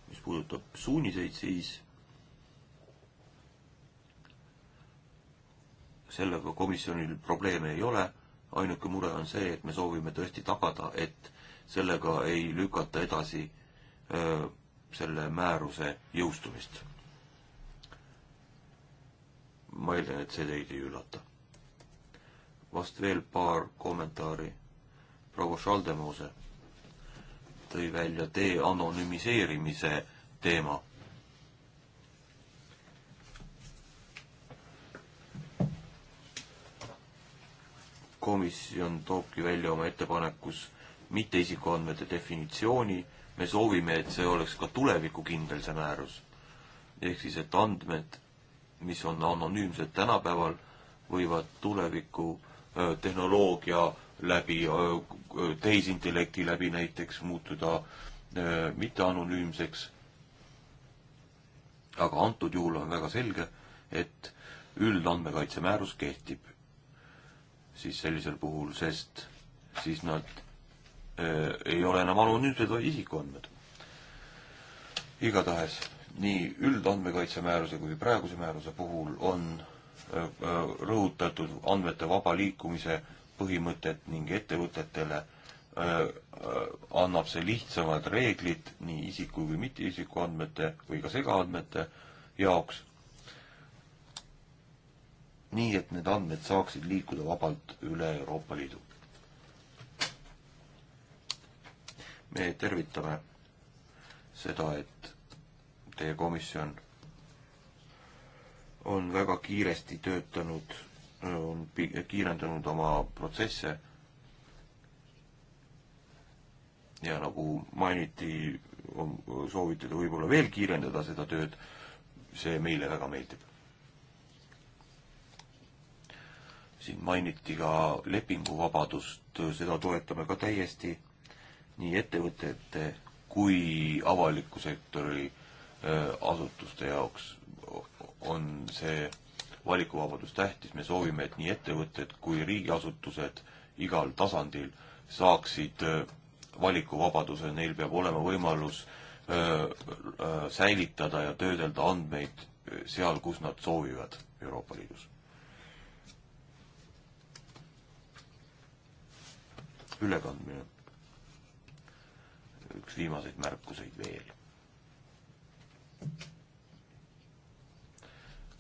mis puudutab suuniseid, siis sellega komisjonil probleeme ei ole, ainuke mure on see, et me soovime tõesti tagada, et sellega ei lükata edasi öö, selle määruse jõustumist. ma eeldan, et see teid ei üllata. vast veel paar kommentaari. proua Schaldemose tõi välja tee anonüümiseerimise teema komisjon toobki välja oma ettepanekus mitteisikuandmete definitsiooni, me soovime, et see oleks ka tulevikukindel, see määrus. ehk siis, et andmed, mis on anonüümsed tänapäeval, võivad tuleviku tehnoloogia läbi, tehisintellekti läbi näiteks muutuda mitteanonüümseks, aga antud juhul on väga selge, et üldandmekaitse määrus kehtib siis sellisel puhul, sest siis nad öö, äh, ei ole enam anonüümsed, vaid isikuandmed. igatahes nii üldandmekaitse määruse kui praeguse määruse puhul on öö, äh, äh, rõhutatud andmete vaba liikumise põhimõtet ning ettevõtetele öö, annab see lihtsamad reeglid nii isiku kui mitteisiku andmete või ka segaandmete jaoks nii et need andmed saaksid liikuda vabalt üle Euroopa Liidu. me tervitame seda, et teie komisjon on väga kiiresti töötanud, on kiirendanud oma protsesse ja nagu mainiti, on soovitada võib-olla veel kiirendada seda tööd, see meile väga meeldib. siin mainiti ka lepinguvabadust, seda toetame ka täiesti, nii ettevõtete kui avaliku sektori äh, asutuste jaoks on see valikuvabadus tähtis, me soovime, et nii ettevõtted kui riigiasutused igal tasandil saaksid äh, valikuvabaduse, neil peab olema võimalus äh, säilitada ja töödelda andmeid seal, kus nad soovivad Euroopa Liidus. ülekandmine. üks viimaseid märkuseid veel.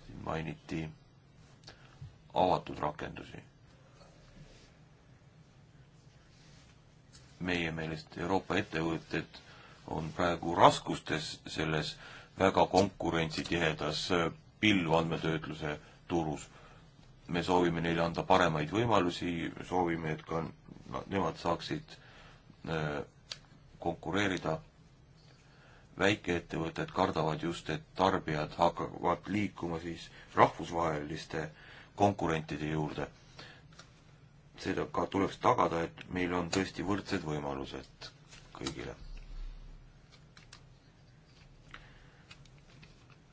siin mainiti avatud rakendusi. meie meelest Euroopa ettevõtted on praegu raskustes selles väga konkurentsitihedas pilvandmetöötluse turus. me soovime neile anda paremaid võimalusi, soovime, et ka nemad saaksid äh, konkureerida. väikeettevõtted kardavad just, et tarbijad hakkavad liikuma siis rahvusvaheliste konkurentide juurde. seda ka tuleks tagada, et meil on tõesti võrdsed võimalused kõigile.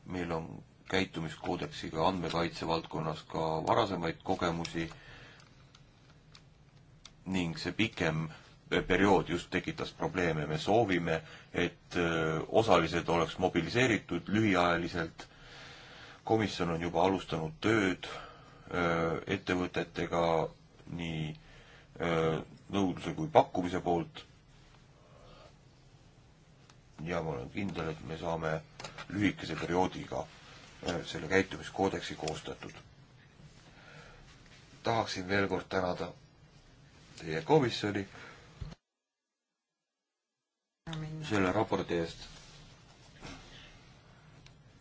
meil on käitumiskoodeksiga andmekaitse valdkonnas ka varasemaid kogemusi ning see pikem eh, periood just tekitas probleeme, me soovime, et eh, osalised oleks mobiliseeritud lühiajaliselt, komisjon on juba alustanud tööd eh, ettevõtetega nii nõudluse kui pakkumise poolt. ja ma olen kindel, et me saame lühikese perioodiga selle käitumiskoodeksi koostatud. tahaksin veel kord tänada teie komisjoni selle raporti eest.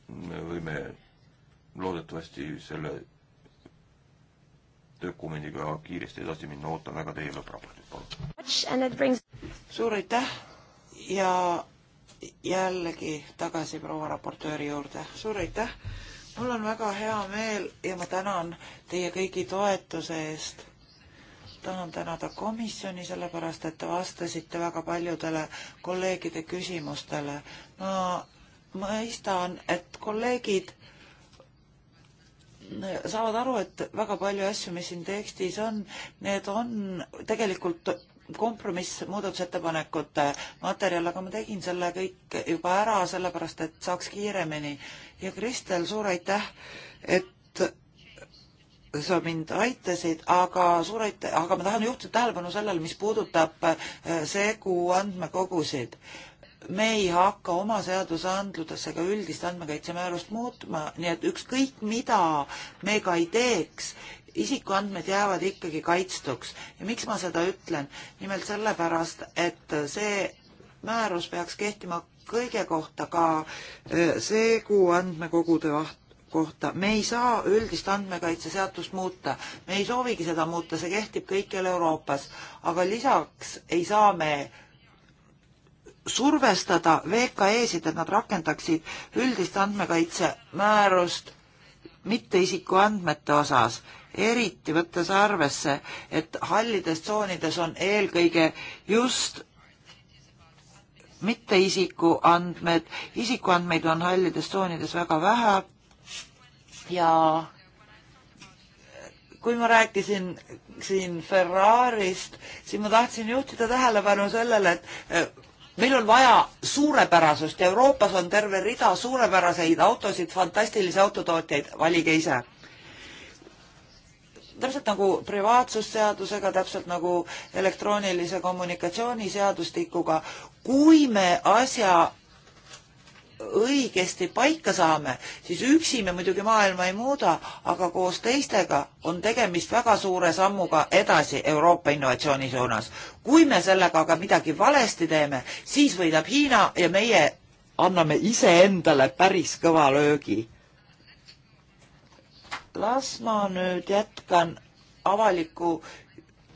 me võime loodetavasti selle dokumendiga kiiresti edasi minna, ootan väga teie lõppraportit, palun. suur aitäh ja jällegi tagasi proua raportööri juurde, suur aitäh. mul on väga hea meel ja ma tänan teie kõigi toetuse eest tahan tänada komisjoni sellepärast, et te vastasite väga paljudele kolleegide küsimustele. ma mõistan, et kolleegid saavad aru, et väga palju asju, mis siin tekstis on, need on tegelikult kompromiss muudatusettepanekute materjal, aga ma tegin selle kõik juba ära, sellepärast et saaks kiiremini. ja Kristel, suur aitäh, et sa mind aitasid, aga suur aitäh, aga ma tahan juhtida tähelepanu sellele, mis puudutab äh, segu andmekogusid. me ei hakka oma seadusandludesse ega üldist andmekaitsemäärust muutma, nii et ükskõik, mida me ka ei teeks, isikuandmed jäävad ikkagi kaitstuks. ja miks ma seda ütlen? nimelt sellepärast, et see määrus peaks kehtima kõige kohta ka äh, segu andmekogude vaht-, kohta. me ei saa üldist andmekaitseseadust muuta, me ei soovigi seda muuta, see kehtib kõikjal Euroopas, aga lisaks ei saa me survestada VKE-sid, et nad rakendaksid üldist andmekaitsemäärust mitteisiku andmete osas, eriti võttes arvesse, et hallides tsoonides on eelkõige just mitte isikuandmed, isikuandmeid on hallides tsoonides väga vähe ja kui ma rääkisin siin Ferrarist, siis ma tahtsin juhtida tähelepanu sellele, et meil on vaja suurepärasust, Euroopas on terve rida suurepäraseid autosid, fantastilisi autotootjaid, valige ise. täpselt nagu privaatsusseadusega, täpselt nagu elektroonilise kommunikatsiooni seadustikuga, kui me asja õigesti paika saame, siis üksi me muidugi maailma ei muuda, aga koos teistega on tegemist väga suure sammuga edasi Euroopa innovatsiooni suunas. kui me sellega aga midagi valesti teeme, siis võidab Hiina ja meie anname iseendale päris kõva löögi. las ma nüüd jätkan avaliku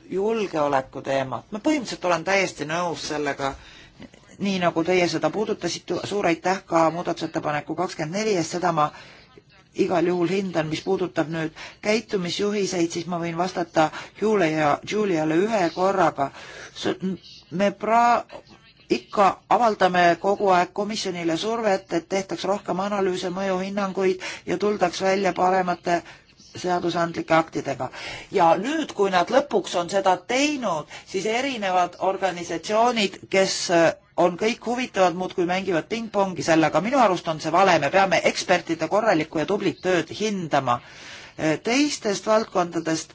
julgeoleku teemat. ma põhimõtteliselt olen täiesti nõus sellega nii nagu teie seda puudutasite, suur aitäh ka muudatusettepaneku kakskümmend neli eest, seda ma igal juhul hindan, mis puudutab nüüd käitumisjuhiseid, siis ma võin vastata Julia ja Juliale ühe korraga. me pra-, ikka avaldame kogu aeg komisjonile survet, et tehtaks rohkem analüüse, mõjuhinnanguid ja tuldaks välja paremate seadusandlike aktidega. ja nüüd, kui nad lõpuks on seda teinud, siis erinevad organisatsioonid, kes on kõik huvitavad, muudkui mängivad pingpongi sellega, minu arust on see vale, me peame ekspertide korralikku ja tublit tööd hindama. Eh, teistest valdkondadest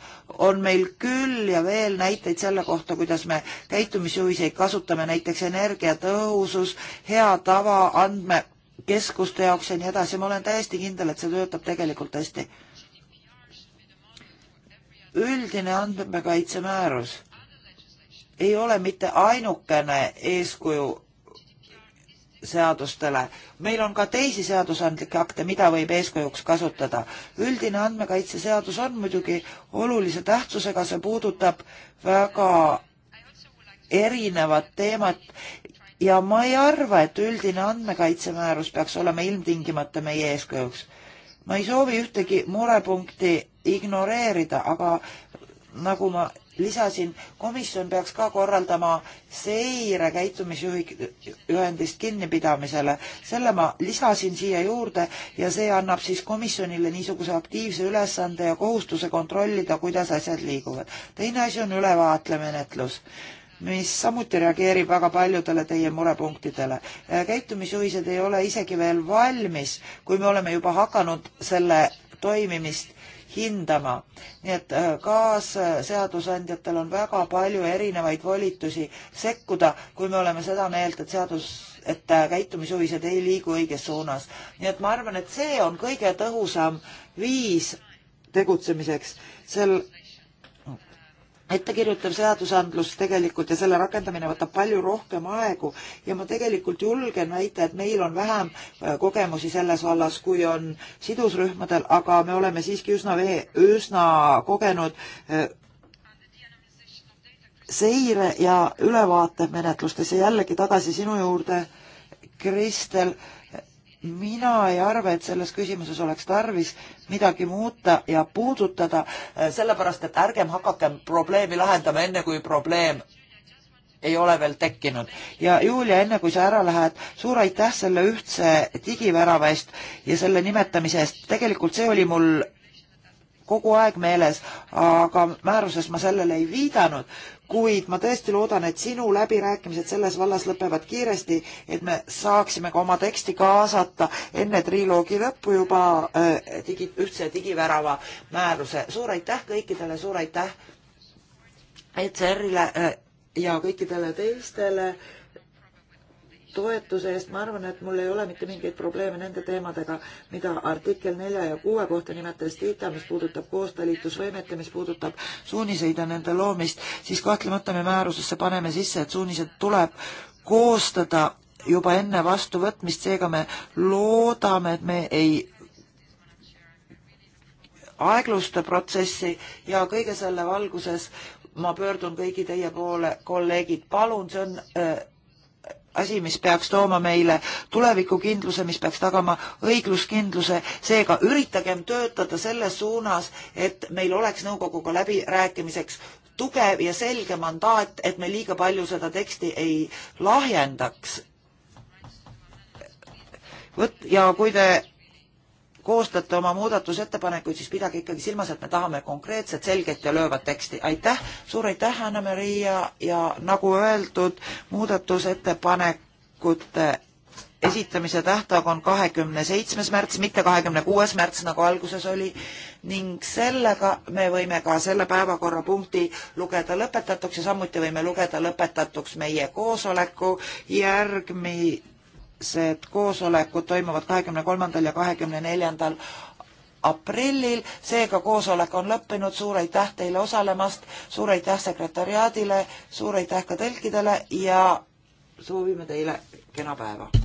on meil küll ja veel näiteid selle kohta, kuidas me käitumisjuhiseid kasutame, näiteks energiatõhusus, hea tava, andmekeskuste jaoks ja nii edasi, ma olen täiesti kindel, et see töötab tegelikult hästi. üldine andmekaitsemäärus ei ole mitte ainukene eeskuju seadustele. meil on ka teisi seadusandlikke akte, mida võib eeskujuks kasutada. üldine andmekaitseseadus on muidugi olulise tähtsusega, see puudutab väga erinevat teemat ja ma ei arva, et üldine andmekaitsemäärus peaks olema ilmtingimata meie eeskujuks. ma ei soovi ühtegi murepunkti ignoreerida, aga nagu ma lisasin, komisjon peaks ka korraldama seire käitumisjuhendist kinnipidamisele. selle ma lisasin siia juurde ja see annab siis komisjonile niisuguse aktiivse ülesande ja kohustuse kontrollida, kuidas asjad liiguvad. teine asi on ülevaatlemenetlus mis samuti reageerib väga paljudele teie murepunktidele. Äh, käitumisjuhised ei ole isegi veel valmis, kui me oleme juba hakanud selle toimimist hindama. nii et äh, kaasseadusandjatel on väga palju erinevaid volitusi sekkuda, kui me oleme seda meelt, et seadus, et äh, käitumisjuhised ei liigu õiges suunas. nii et ma arvan, et see on kõige tõhusam viis tegutsemiseks sel ettekirjutav seadusandlus tegelikult ja selle rakendamine võtab palju rohkem aegu ja ma tegelikult julgen väita, et meil on vähem äh, kogemusi selles vallas, kui on sidusrühmadel, aga me oleme siiski üsna, üsna kogenud äh, seire ja ülevaatemenetlustes ja jällegi tagasi sinu juurde, Kristel mina ei arva, et selles küsimuses oleks tarvis midagi muuta ja puudutada, äh, sellepärast et ärgem hakakem probleemi lahendama enne, kui probleem ei ole veel tekkinud. ja Julia, enne kui sa ära lähed, suur aitäh selle ühtse digivärava eest ja selle nimetamise eest. tegelikult see oli mul kogu aeg meeles, aga määruses ma sellele ei viidanud kuid ma tõesti loodan, et sinu läbirääkimised selles vallas lõpevad kiiresti, et me saaksime ka oma teksti kaasata enne triloogi lõppu juba äh, digi, ühtse digivärava määruse. suur aitäh kõikidele, suur aitäh ECR-ile äh, ja kõikidele teistele toetuse eest, ma arvan, et mul ei ole mitte mingeid probleeme nende teemadega, mida artikkel nelja ja kuue kohta nimetas Tiita, mis puudutab koostalitusvõimet ja mis puudutab suuniseid ja nende loomist, siis kahtlemata me määrusesse paneme sisse, et suunised tuleb koostada juba enne vastuvõtmist, seega me loodame, et me ei aeglusta protsessi ja kõige selle valguses ma pöördun kõigi teie poole, kolleegid, palun, see on äh, asi, mis peaks tooma meile tulevikukindluse, mis peaks tagama õigluskindluse, seega üritagem töötada selles suunas, et meil oleks nõukoguga läbirääkimiseks tugev ja selge mandaat, et me liiga palju seda teksti ei lahjendaks. vot ja kui te koostate oma muudatusettepanekuid, siis pidage ikkagi silmas, et me tahame konkreetset, selget ja löövat teksti. aitäh, suur aitäh, Anna-Maria ja nagu öeldud, muudatusettepanekute esitamise tähtaeg on kahekümne seitsmes märts, mitte kahekümne kuues märts, nagu alguses oli ning sellega me võime ka selle päevakorrapunkti lugeda lõpetatuks ja samuti võime lugeda lõpetatuks meie koosoleku järgmi-, järgmised koosolekud toimuvad kahekümne kolmandal ja kahekümne neljandal aprillil, seega koosolek on lõppenud, suur aitäh teile osalemast, suur aitäh sekretäriaadile, suur aitäh ka tõlkidele ja soovime teile kena päeva!